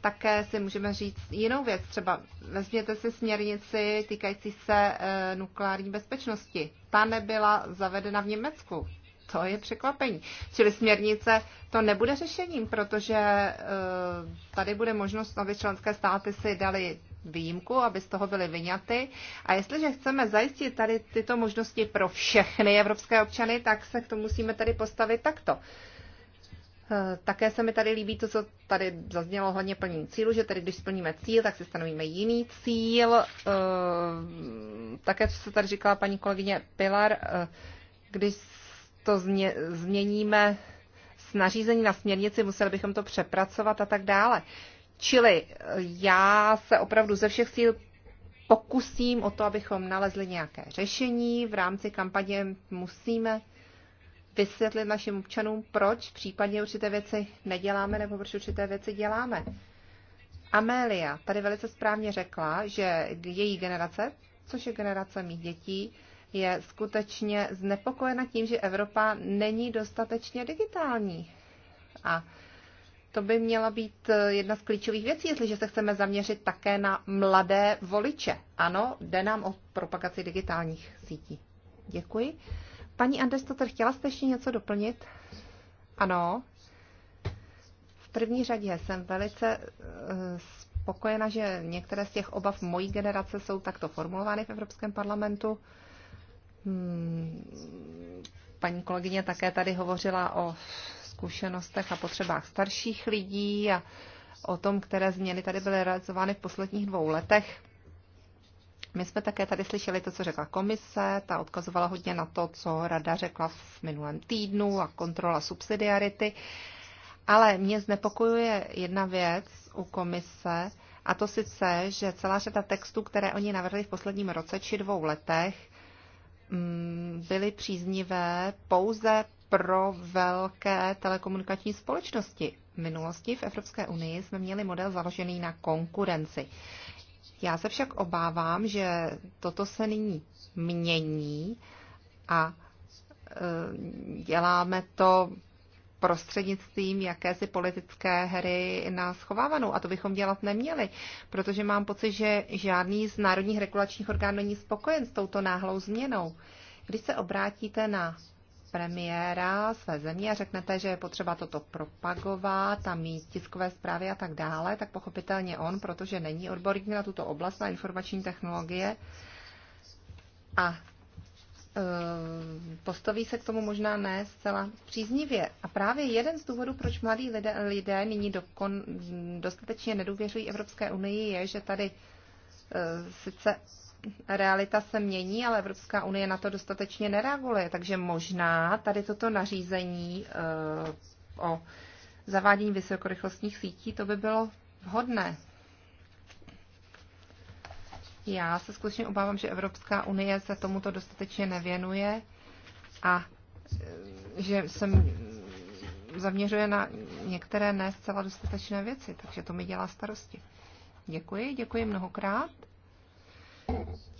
Speaker 5: také si můžeme říct jinou věc. Třeba vezměte si směrnici týkající se e, nukleární bezpečnosti. Ta nebyla zavedena v Německu. To je překvapení. Čili směrnice to nebude řešením, protože e, tady bude možnost, aby členské státy si dali výjimku, aby z toho byly vyňaty. A jestliže chceme zajistit tady tyto možnosti pro všechny evropské občany, tak se k tomu musíme tady postavit takto. Eh, také se mi tady líbí to, co tady zaznělo hlavně plnění cílu, že tady když splníme cíl, tak si stanovíme jiný cíl. Eh, také, co se tady říkala paní kolegyně Pilar, eh, když to změníme s nařízení na směrnici, museli bychom to přepracovat a tak dále. Čili já se opravdu ze všech síl pokusím o to, abychom nalezli nějaké řešení. V rámci kampaně musíme vysvětlit našim občanům, proč případně určité věci neděláme nebo proč určité věci děláme. Amélia tady velice správně řekla, že její generace, což je generace mých dětí, je skutečně znepokojena tím, že Evropa není dostatečně digitální. A to by měla být eh, jedna z klíčových věcí, jestliže se chceme zaměřit také na mladé voliče. Ano, jde nám o propagaci digitálních sítí. Děkuji. Paní Anderstotter, chtěla jste ještě něco doplnit? Ano. V první řadě jsem velice eh, spokojena, že některé z těch obav mojí generace jsou takto formulovány v Evropském parlamentu. Hmm, paní kolegyně také tady hovořila o zkušenostech a potřebách starších lidí a o tom, které změny tady byly realizovány v posledních dvou letech. My jsme také tady slyšeli to, co řekla komise, ta odkazovala hodně na to, co rada řekla v minulém týdnu a kontrola subsidiarity. Ale mě znepokojuje jedna věc u komise, a to sice, že celá řada textů, které oni navrhli v posledním roce či dvou letech, mm, byly příznivé pouze pro velké telekomunikační společnosti. V minulosti v Evropské unii jsme měli model založený na konkurenci. Já se však obávám, že toto se nyní mění a e, děláme to prostřednictvím jakési politické hry na schovávanou. A to bychom dělat neměli, protože mám pocit, že žádný z národních regulačních orgánů není spokojen s touto náhlou změnou. Když se obrátíte na premiéra své země a řeknete, že je potřeba toto propagovat a mít tiskové zprávy a tak dále, tak pochopitelně on, protože není odborník na tuto oblast, na informační technologie a eh, postaví se k tomu možná ne zcela příznivě. A právě jeden z důvodů, proč mladí lidé, lidé nyní dokon, dostatečně nedůvěřují Evropské unii, je, že tady eh, sice realita se mění, ale Evropská unie na to dostatečně nereaguje. Takže možná tady toto nařízení eh, o zavádění vysokorychlostních sítí, to by bylo vhodné. Já se skutečně obávám, že Evropská unie se tomuto dostatečně nevěnuje a eh, že se zaměřuje na některé ne zcela dostatečné věci, takže to mi dělá starosti. Děkuji, děkuji mnohokrát.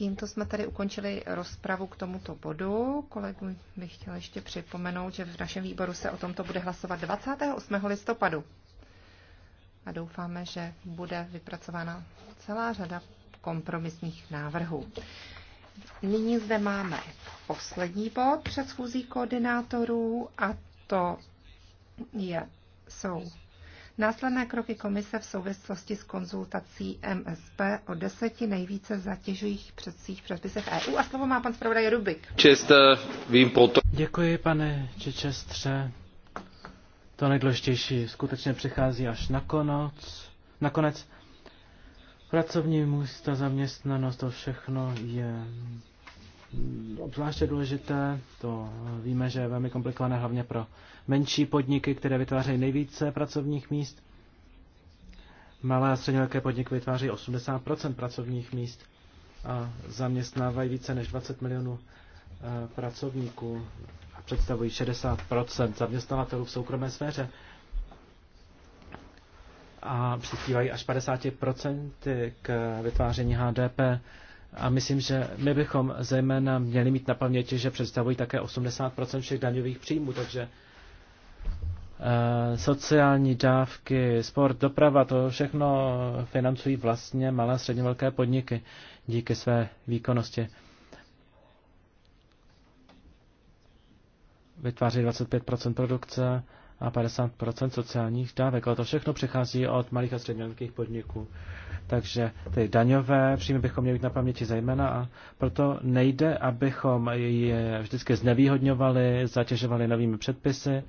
Speaker 5: Tímto jsme tady ukončili rozpravu k tomuto bodu. Kolegu bych chtěla ještě připomenout, že v našem výboru se o tomto bude hlasovat 28. listopadu. A doufáme, že bude vypracována celá řada kompromisních návrhů. Nyní zde máme poslední bod před schůzí koordinátorů a to je, jsou Následné kroky komise v souvislosti s konzultací MSP o deseti nejvíce zatěžujících předcích předpisech EU. A slovo má pan zpravodaj Rubik.
Speaker 3: Čest, eh, vím potom. Děkuji, pane Čečestře. To nejdůležitější skutečně přichází až nakonec. Nakonec pracovní místa, zaměstnanost, to všechno je obzvláště důležité, to víme, že je velmi komplikované hlavně pro menší podniky, které vytvářejí nejvíce pracovních míst. Malé a středně velké podniky vytváří 80% pracovních míst a zaměstnávají více než 20 milionů eh, pracovníků a představují 60% zaměstnavatelů v soukromé sféře a přispívají až 50% k vytváření HDP a myslím, že my bychom zejména měli mít na paměti, že představují také 80% všech daňových příjmů, takže eh, sociální dávky, sport, doprava, to všechno financují vlastně malé a středně velké podniky díky své výkonnosti. Vytváří 25% produkce, a 50% sociálních dávek. Ale to všechno přichází od malých a středních podniků. Takže ty daňové příjmy bychom měli mít na paměti zejména a proto nejde, abychom je vždycky znevýhodňovali, zatěžovali novými předpisy.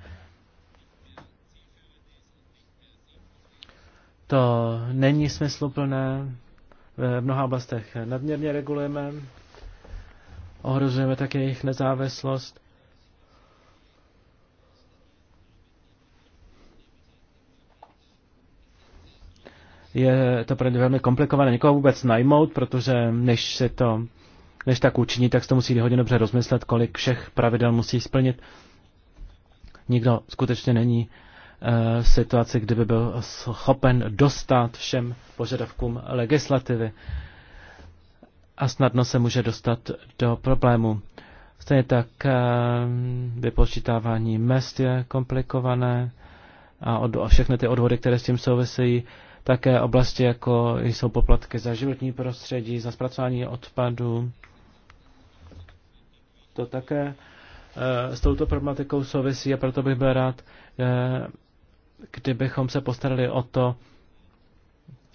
Speaker 3: To není smysluplné. V mnoha oblastech nadměrně regulujeme, ohrožujeme také jejich nezávislost je to pro ně velmi komplikované někoho vůbec najmout, protože než se to, než tak učiní, tak se to musí hodně dobře rozmyslet, kolik všech pravidel musí splnit. Nikdo skutečně není eh, v situaci, kdyby byl schopen dostat všem požadavkům legislativy a snadno se může dostat do problému. Stejně tak eh, vypočítávání mest je komplikované a, od, a všechny ty odvody, které s tím souvisejí, také oblasti, jako jsou poplatky za životní prostředí, za zpracování odpadu. To také eh, s touto problematikou souvisí a proto bych byl rád, eh, kdybychom se postarali o to,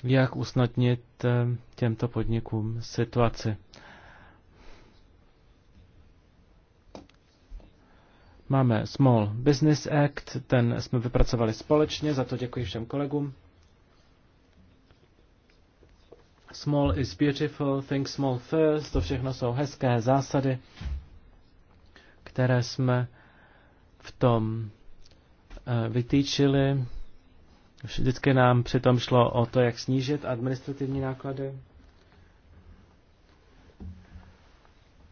Speaker 3: jak usnadnit eh, těmto podnikům situaci. Máme Small Business Act, ten jsme vypracovali společně, za to děkuji všem kolegům. Small is beautiful, think small first, to všechno jsou hezké zásady, které jsme v tom eh, vytýčili. Vždycky nám přitom šlo o to, jak snížit administrativní náklady.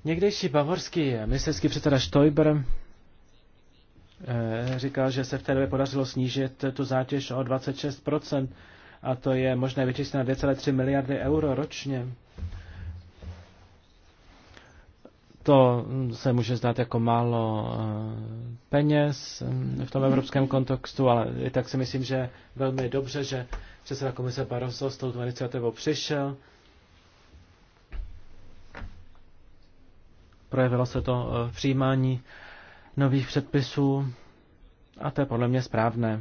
Speaker 3: Někdejší bavorský eh, ministerský předseda Stoiber eh, říkal, že se v té době podařilo snížit tu zátěž o 26 a to je možné vyčíst na 2,3 miliardy euro ročně. To se může zdát jako málo eh, peněz mm, v tom mhm. evropském kontextu, ale i tak si myslím, že velmi dobře, že předseda komise Barroso s touto iniciativou přišel. Projevilo se to eh, v přijímání nových předpisů a to je podle mě správné.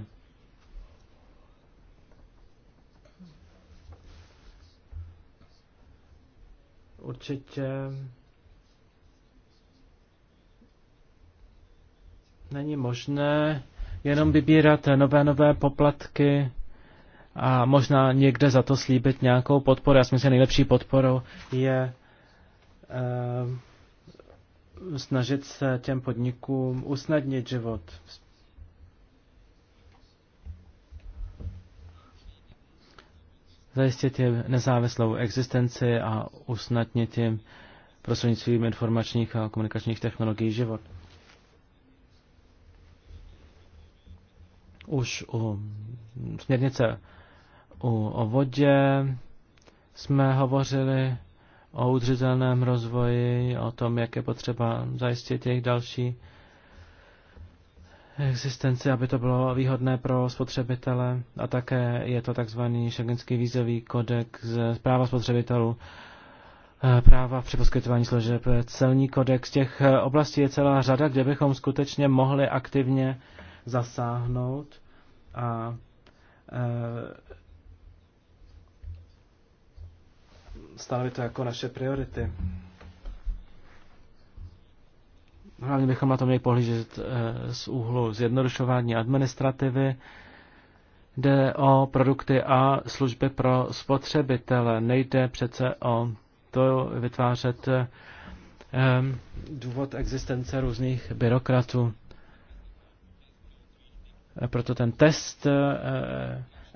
Speaker 3: určitě není možné jenom vybírat nové nové poplatky a možná někde za to slíbit nějakou podporu. Já si myslím, že nejlepší podporou je eh, snažit se těm podnikům usnadnit život, zajistit jim nezávislou existenci a usnadnit jim prostřednictvím informačních a komunikačních technologií život. Už u směrnice u, o vodě jsme hovořili o udržitelném rozvoji, o tom, jak je potřeba zajistit jejich další existenci, aby to bylo výhodné pro spotřebitele a také je to takzvaný šengenský vízový z práva spotřebitelů, eh, práva při poskytování služeb, celní kodex. Těch eh, oblastí je celá řada, kde bychom skutečně mohli aktivně zasáhnout a eh, stanovit to jako naše priority. Hlavně bychom na to měli pohlížet eh, z úhlu zjednodušování administrativy. Jde o produkty a služby pro spotřebitele. Nejde přece o to vytvářet eh, důvod existence různých byrokratů. Eh, proto ten test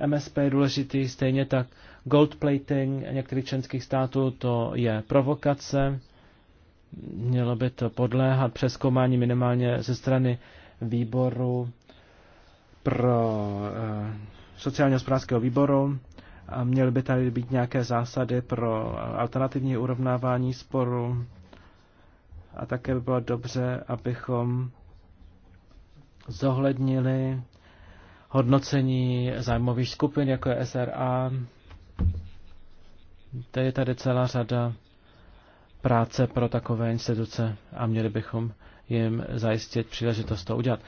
Speaker 3: MSP je důležitý, stejně tak gold plating některých členských států, to je provokace. Mělo by to podléhat přeskoumání minimálně ze strany výboru pro eh, sociálně hospodářského výboru a měly by tady být nějaké zásady pro alternativní urovnávání sporu a také by bylo dobře, abychom zohlednili hodnocení zájmových skupin, jako je SRA. To je tady celá řada práce pro takové instituce a měli bychom jim zajistit příležitost to udělat.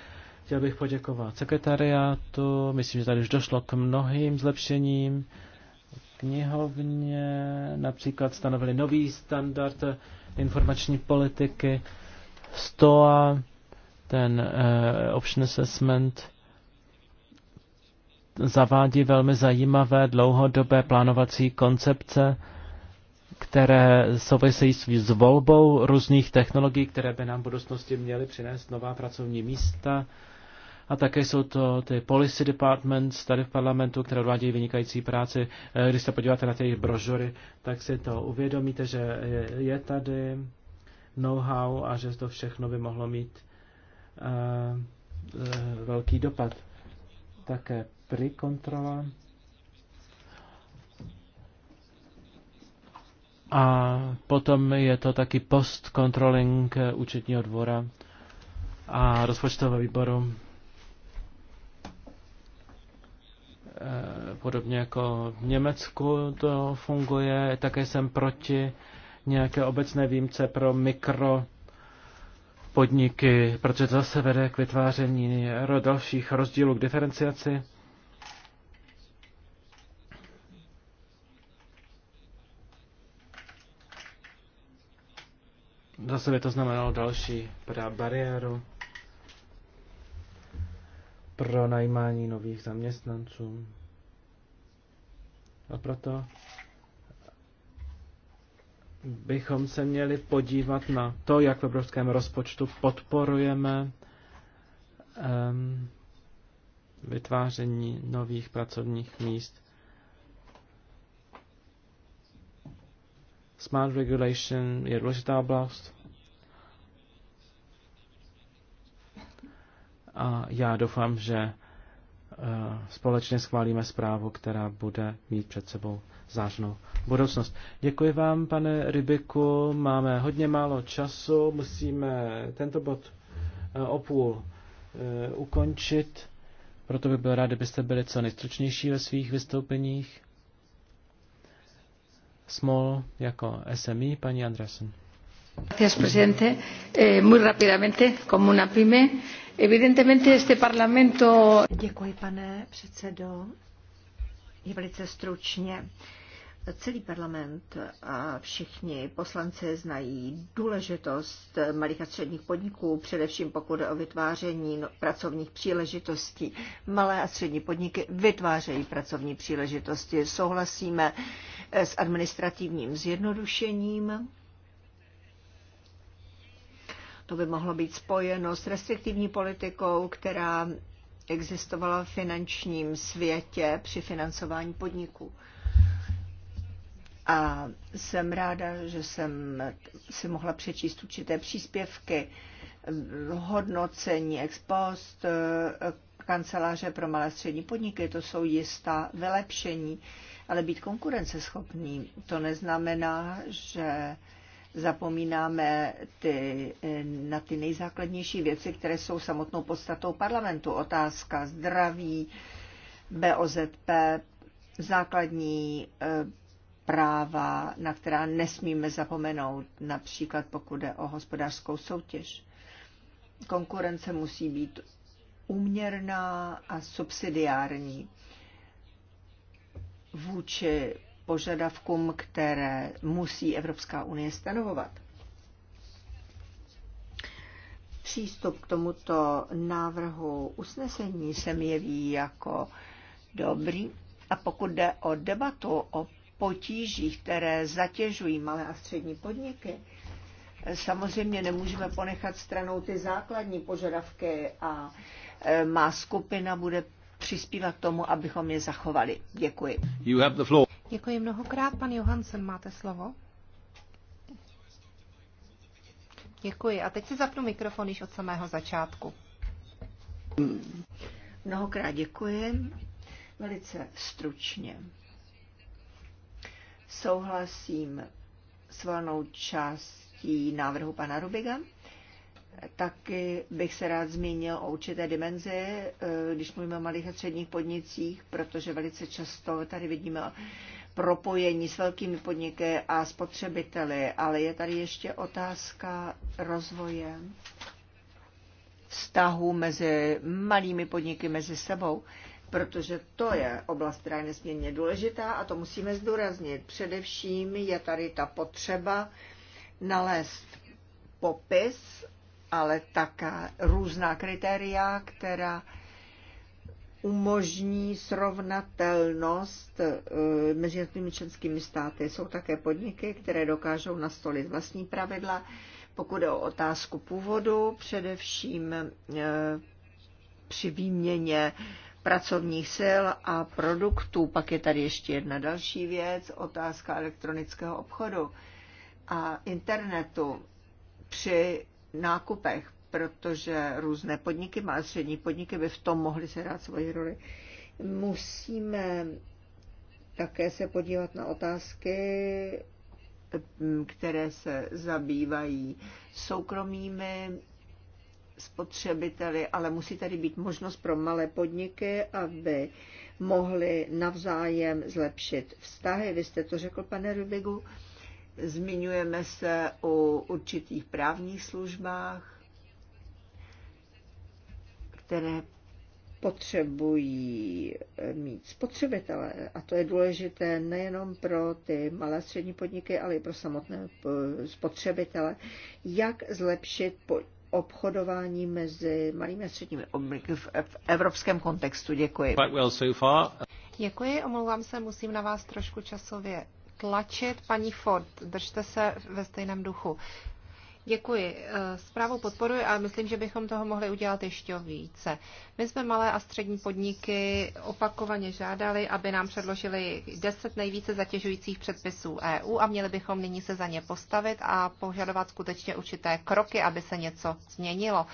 Speaker 3: Chtěl bych poděkovat sekretariátu, myslím, že tady už došlo k mnohým zlepšením. Knihovně například stanovili nový standard informační politiky, STOA, ten uh, option assessment zavádí velmi zajímavé dlouhodobé plánovací koncepce, které souvisejí s volbou různých technologií, které by nám v budoucnosti měly přinést nová pracovní místa. A také jsou to ty policy departments tady v parlamentu, které odvádějí vynikající práci. Eh, Když se podíváte na ty jejich brožury, tak si to uvědomíte, že je tady know-how a že to všechno by mohlo mít eh, eh, velký dopad. Také pri kontrola. A potom je to taky post-controlling eh, účetního dvora a rozpočtového výboru. Eh, podobně jako v Německu to funguje. Také jsem proti nějaké obecné výjimce pro mikro podniky, protože to zase vede k vytváření dalších rozdílů k diferenciaci Zase by to znamenalo další bariéru pro najímání nových zaměstnanců. A proto bychom se měli podívat na to, jak v evropském rozpočtu podporujeme um, vytváření nových pracovních míst. Smart regulation je důležitá oblast. A já doufám, že eh, společně schválíme zprávu, která bude mít před sebou zářnou budoucnost. Děkuji vám, pane Rybiku. Máme hodně málo času. Musíme tento bod eh, o půl eh, ukončit. Proto bych byl rád, kdybyste byli co nejstručnější ve svých vystoupeních. Small jako SME, paní Andresen. Gracias, presidente.
Speaker 2: Eh, muy rápidamente, como una pyme. Evidentemente este parlamento...
Speaker 4: Děkuji, pane předsedo. Je velice stručně. Eh, Celý parlament a všichni poslanci znají důležitost malých a středních podniků, především pokud o vytváření no, pracovních příležitostí. Malé a střední podniky vytvářejí pracovní příležitosti. Souhlasíme eh, s administrativním zjednodušením. To by mohlo být spojeno s restriktivní politikou, která existovala v finančním světě při financování podniků a jsem ráda, že jsem si mohla přečíst určité příspěvky, hodnocení ex post, eh, kanceláře pro malé střední podniky, to jsou jistá vylepšení, ale být konkurenceschopný, to neznamená, že zapomínáme ty, eh, na ty nejzákladnější věci, které jsou samotnou podstatou parlamentu. Otázka zdraví, BOZP, základní eh, práva, na která nesmíme zapomenout, například pokud jde o hospodářskou soutěž. Konkurence musí být úměrná a subsidiární vůči požadavkům, které musí Evropská unie stanovovat. Přístup k tomuto návrhu usnesení se mi jeví jako dobrý. A pokud jde o debatu o potížích, které zatěžují malé a střední podniky, samozřejmě nemůžeme ponechat stranou ty základní požadavky a e, má skupina bude přispívat k tomu, abychom je zachovali. Děkuji.
Speaker 1: You have the floor.
Speaker 5: Děkuji mnohokrát. Pan Johansen, máte slovo. Děkuji. A teď si zapnu mikrofon již od samého začátku.
Speaker 4: Mnohokrát děkuji. Velice stručně. Souhlasím s volnou částí návrhu pana Rubiga. Taky bych se rád zmínil o určité dimenzi, eh, když mluvíme o malých a středních podnicích, protože velice často tady vidíme propojení s velkými podniky a spotřebiteli, ale je tady ještě otázka rozvoje vztahu mezi malými podniky mezi sebou protože to je oblast, která je nesmírně důležitá a to musíme zdůraznit. Především je tady ta potřeba nalézt popis, ale také různá kritéria, která umožní srovnatelnost e, mezi jednotlivými členskými státy. Jsou také podniky, které dokážou nastolit vlastní pravidla, pokud je o otázku původu, především e, při výměně pracovních sil a produktů. Pak je tady ještě jedna další věc, otázka elektronického obchodu a internetu při nákupech, protože různé podniky, má střední podniky by v tom mohly sehrát svoji roli. Musíme také se podívat na otázky, které se zabývají soukromými spotřebiteli, ale musí tady být možnost pro malé podniky, aby mohli navzájem zlepšit vztahy. Vy jste to řekl, pane Rubigu. Zmiňujeme se o určitých právních službách, které potřebují mít spotřebitelé. A to je důležité nejenom pro ty malé střední podniky, ale i pro samotné eh, spotřebitele. Jak zlepšit obchodování mezi malými a středními v, v evropském kontextu. Děkuji. well
Speaker 3: so
Speaker 5: Děkuji, omlouvám se, musím na vás trošku časově tlačit. Paní Ford, držte se ve stejném duchu. Děkuji. Eh, zprávu podporuji a myslím, že bychom toho mohli udělat ještě více. My jsme malé a střední podniky opakovaně žádali, aby nám předložili 10 nejvíce zatěžujících předpisů EU a měli bychom nyní se za ně postavit a požadovat skutečně určité kroky, aby se něco změnilo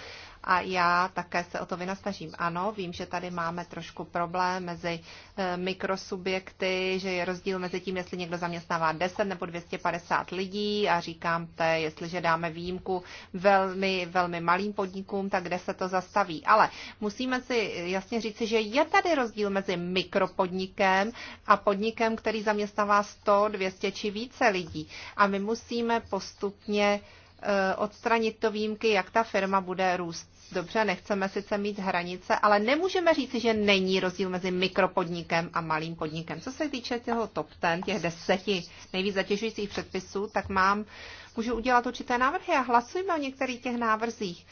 Speaker 5: a já také se o to vynastažím. Ano, vím, že tady máme trošku problém mezi eh, mikrosubjekty, že je rozdíl mezi tím, jestli někdo zaměstnává 10 nebo 250 lidí a říkám te, jestliže dáme výjimku velmi, velmi malým podnikům, tak kde se to zastaví. Ale musíme si jasně říci, že je tady rozdíl mezi mikropodnikem a podnikem, který zaměstnává 100, 200 či více lidí. A my musíme postupně Eh, odstranit to výjimky, jak ta firma bude růst. Dobře, nechceme sice mít hranice, ale nemůžeme říci, že není rozdíl mezi mikropodnikem a malým podnikem. Co se týče toho top ten, těch deseti nejvíc zatěžujících předpisů, tak mám, můžu udělat určité návrhy a hlasujme o některých těch návrzích.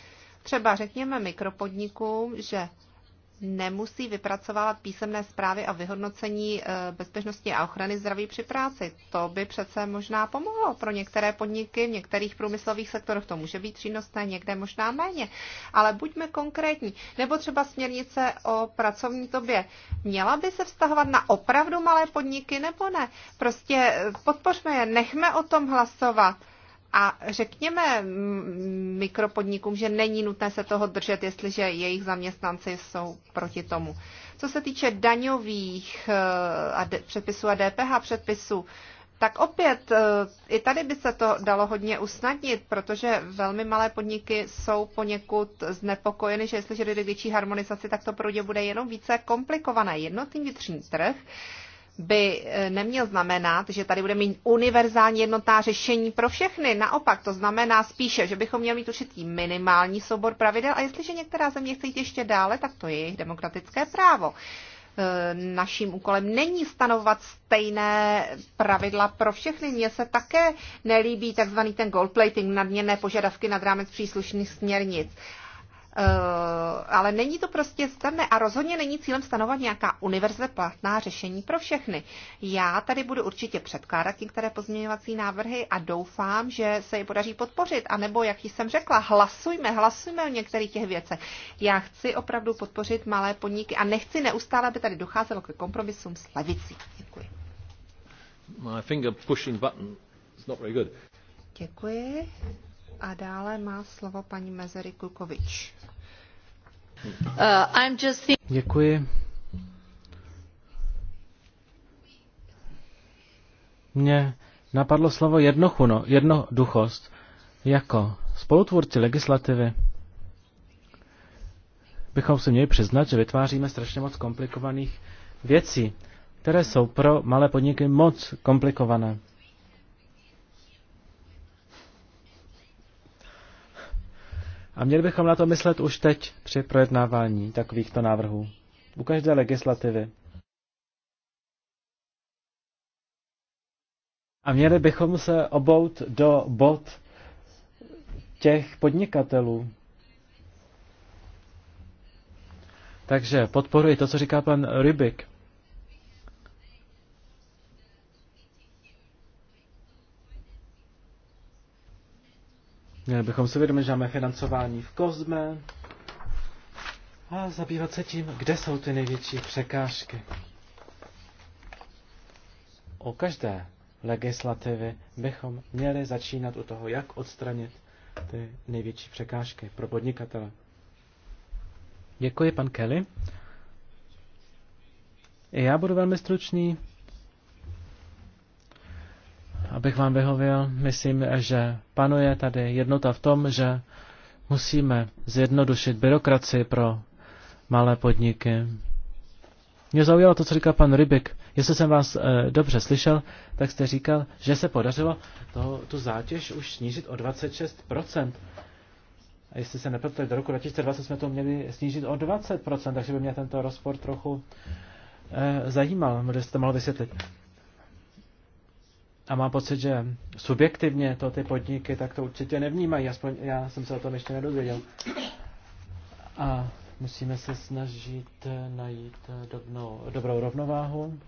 Speaker 5: Třeba řekněme mikropodnikům, že nemusí vypracovávat písemné zprávy a vyhodnocení eh, bezpečnosti a ochrany zdraví při práci. To by přece možná pomohlo pro některé podniky, v některých průmyslových sektorech to může být přínosné, někde možná méně. Ale buďme konkrétní. Nebo třeba směrnice o pracovní době. Měla by se vztahovat na opravdu malé podniky nebo ne? Prostě eh, podpořme je, nechme o tom hlasovat. A řekněme mikropodnikům, že není nutné se toho držet, jestliže jejich zaměstnanci jsou proti tomu. Co se týče daňových eh, předpisů a DPH předpisů, tak opět eh, i tady by se to dalo hodně usnadnit, protože velmi malé podniky jsou poněkud znepokojeny, že jestliže dojde k větší harmonizaci, tak to pro ně bude jenom více komplikované. Jednotný vnitřní trh by e, neměl znamenat, že tady bude mít univerzální jednotná řešení pro všechny. Naopak, to znamená spíše, že bychom měli mít určitý minimální soubor pravidel a jestliže některá země chce jít ještě dále, tak to je jejich demokratické právo. E, naším úkolem není stanovovat stejné pravidla pro všechny. Mně se také nelíbí takzvaný ten goldplating, nadměrné požadavky nad rámec příslušných směrnic. Eh, ale není to prostě stane a rozhodně není cílem stanovat nějaká univerze platná řešení pro všechny. Já tady budu určitě předkládat některé pozměňovací návrhy a doufám, že se je podaří podpořit. A nebo, jak jsem řekla, hlasujme, hlasujme o některých těch věcech. Já chci opravdu podpořit malé podniky a nechci neustále, aby tady docházelo k kompromisům s levicí. Děkuji. My finger pushing button is not very good. Děkuji. A dále má slovo paní Mezery Kukovič.
Speaker 3: Uh, Děkuji. Mně napadlo slovo jednochuno, jednoduchost jako spolutvůrci legislativy. Bychom si měli přiznat, že vytváříme strašně moc komplikovaných věcí, které jsou pro malé podniky moc komplikované. A měli bychom na to myslet už teď při projednávání takovýchto návrhů. U každé legislativy. A měli bychom se obout do bod těch podnikatelů. Takže podporuji to, co říká pan Rybik. Měli bychom si vědomit, že máme financování v kozme a zabývat se tím, kde jsou ty největší překážky. O každé legislativy bychom měli začínat u toho, jak odstranit ty největší překážky pro podnikatele. Děkuji, pan Kelly. Já budu velmi stručný abych vám vyhověl, myslím, že panuje tady jednota v tom, že musíme zjednodušit byrokracii pro malé podniky. Mě zaujalo to, co říkal pan Rybik. Jestli jsem vás e, dobře slyšel, tak jste říkal, že se podařilo to, tu zátěž už snížit o 26%. A jestli se nepletu, tak do roku 2020 jsme to měli snížit o 20%, takže by mě tento rozpor trochu e, zajímal, možná jste malo vysvětlit a má pocit, že subjektivně to ty podniky tak to určitě nevnímají, aspoň já jsem se o tom ještě nedozvěděl. A musíme se snažit najít dobnou, dobrou rovnováhu,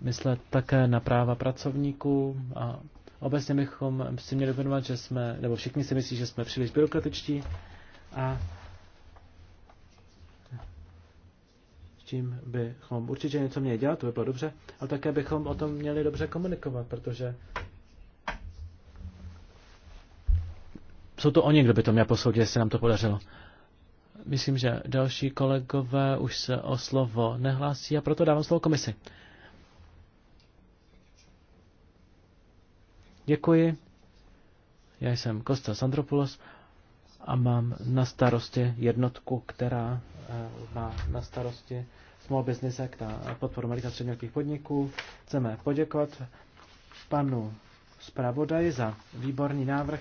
Speaker 3: myslet také na práva pracovníků a obecně bychom si měli uvědomovat, že jsme, nebo všichni si myslí, že jsme příliš byrokratičtí a tím bychom určitě něco měli dělat, to by bylo dobře, ale také bychom o tom měli dobře komunikovat, protože jsou to oni, kdo by to měl posoudit, jestli nám to podařilo. Myslím, že další kolegové už se o slovo nehlásí a proto dávám slovo komisi. Děkuji. Já jsem Kosta Sandropoulos a mám na starosti jednotku, která eh, má na starosti Small Business Act a podporu malých a středních podniků. Chceme poděkovat panu zpravodaji za výborný návrh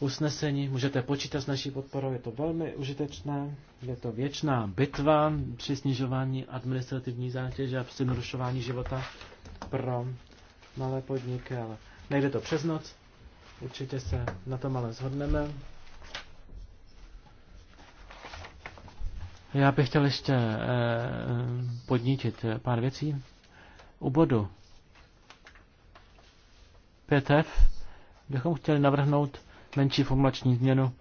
Speaker 3: usnesení. Můžete počítat s naší podporou, je to velmi užitečné. Je to věčná bitva při snižování administrativní zátěže a při života pro malé podniky, ale nejde to přes noc. Určitě se na tom ale zhodneme. Já bych chtěl ještě eh, podnítit pár věcí. U bodu 5F bychom chtěli navrhnout menší formulační změnu,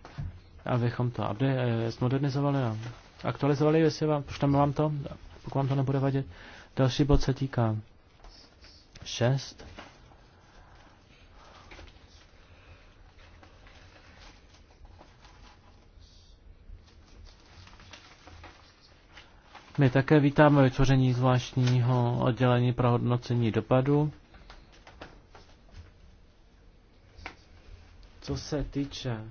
Speaker 3: abychom to aby, eh, zmodernizovali a aktualizovali, jestli vám, tam vám to, pokud vám to nebude vadit. Další bod se týká 6. My také vítáme vytvoření zvláštního oddělení pro hodnocení dopadu. Co se týče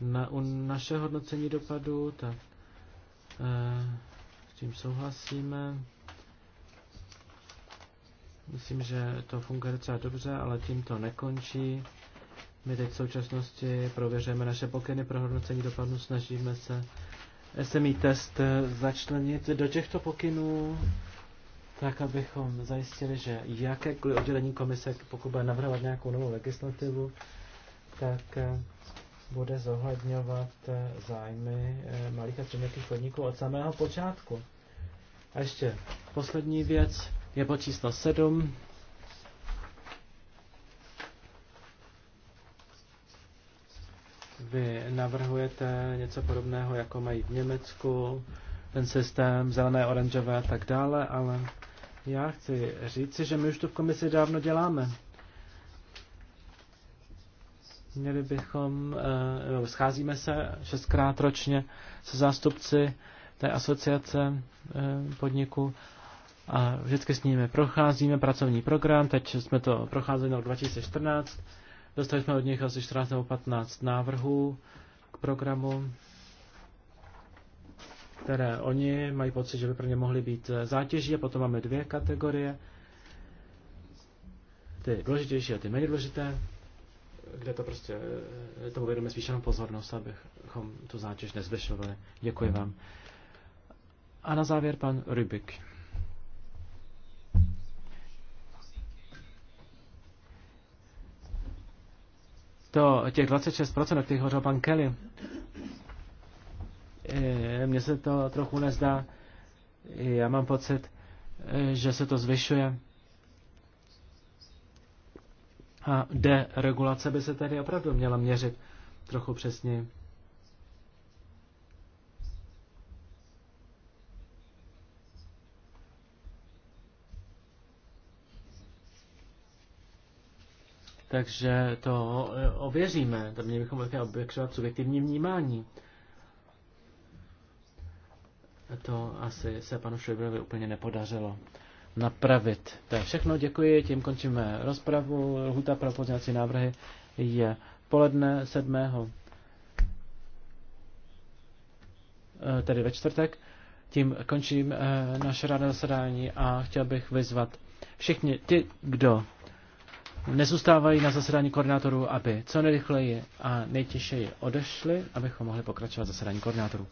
Speaker 3: na, u naše hodnocení dopadu, tak e, s tím souhlasíme. Myslím, že to funguje docela dobře, ale tím to nekončí. My teď v současnosti prověřujeme naše pokyny pro hodnocení dopadu, snažíme se SMI test eh, začlenit do těchto pokynů, tak abychom zajistili, že jakékoliv oddělení komise, pokud bude navrhovat nějakou novou legislativu, tak eh, bude zohledňovat eh, zájmy malých a středních podniků od samého počátku. A ještě poslední věc je bod číslo 7. Vy navrhujete něco podobného, jako mají v Německu, ten systém zelené, oranžové a tak dále, ale já chci říci, že my už to v komisi dávno děláme. Měli bychom, no, scházíme se šestkrát ročně se zástupci té asociace eh, podniku a vždycky s nimi procházíme pracovní program, teď jsme to procházeli na 2014 Dostali jsme od nich asi 14 nebo 15 návrhů k programu, které oni mají pocit, že by pro ně mohly být zátěží. A potom máme dvě kategorie, ty důležitější a ty méně důležité, kde to prostě eh, tomu věnujeme spíš pozornost, abychom tu zátěž nezvyšovali. Děkuji vám. A na závěr pan Rybik. to, těch 26%, o kterých hovořil pan Kelly, eh, mně se to trochu nezdá. Já mám pocit, eh, že se to zvyšuje. A deregulace by se tedy opravdu měla měřit trochu přesněji. Takže to eh, ověříme, tam měli bychom také objekřovat subjektivní vnímání. To asi se panu Šojbrovi úplně nepodařilo napravit. To je všechno, děkuji, tím končíme rozpravu. Lhuta pro pozměňovací návrhy je poledne 7. Eh, tedy ve čtvrtek. Tím končím eh, naše ráda zasedání a chtěl bych vyzvat všichni ty, kdo nezůstávají na zasedání koordinátorů, aby co nejrychleji a nejtěžeji odešli, abychom mohli pokračovat zasedání koordinátorů.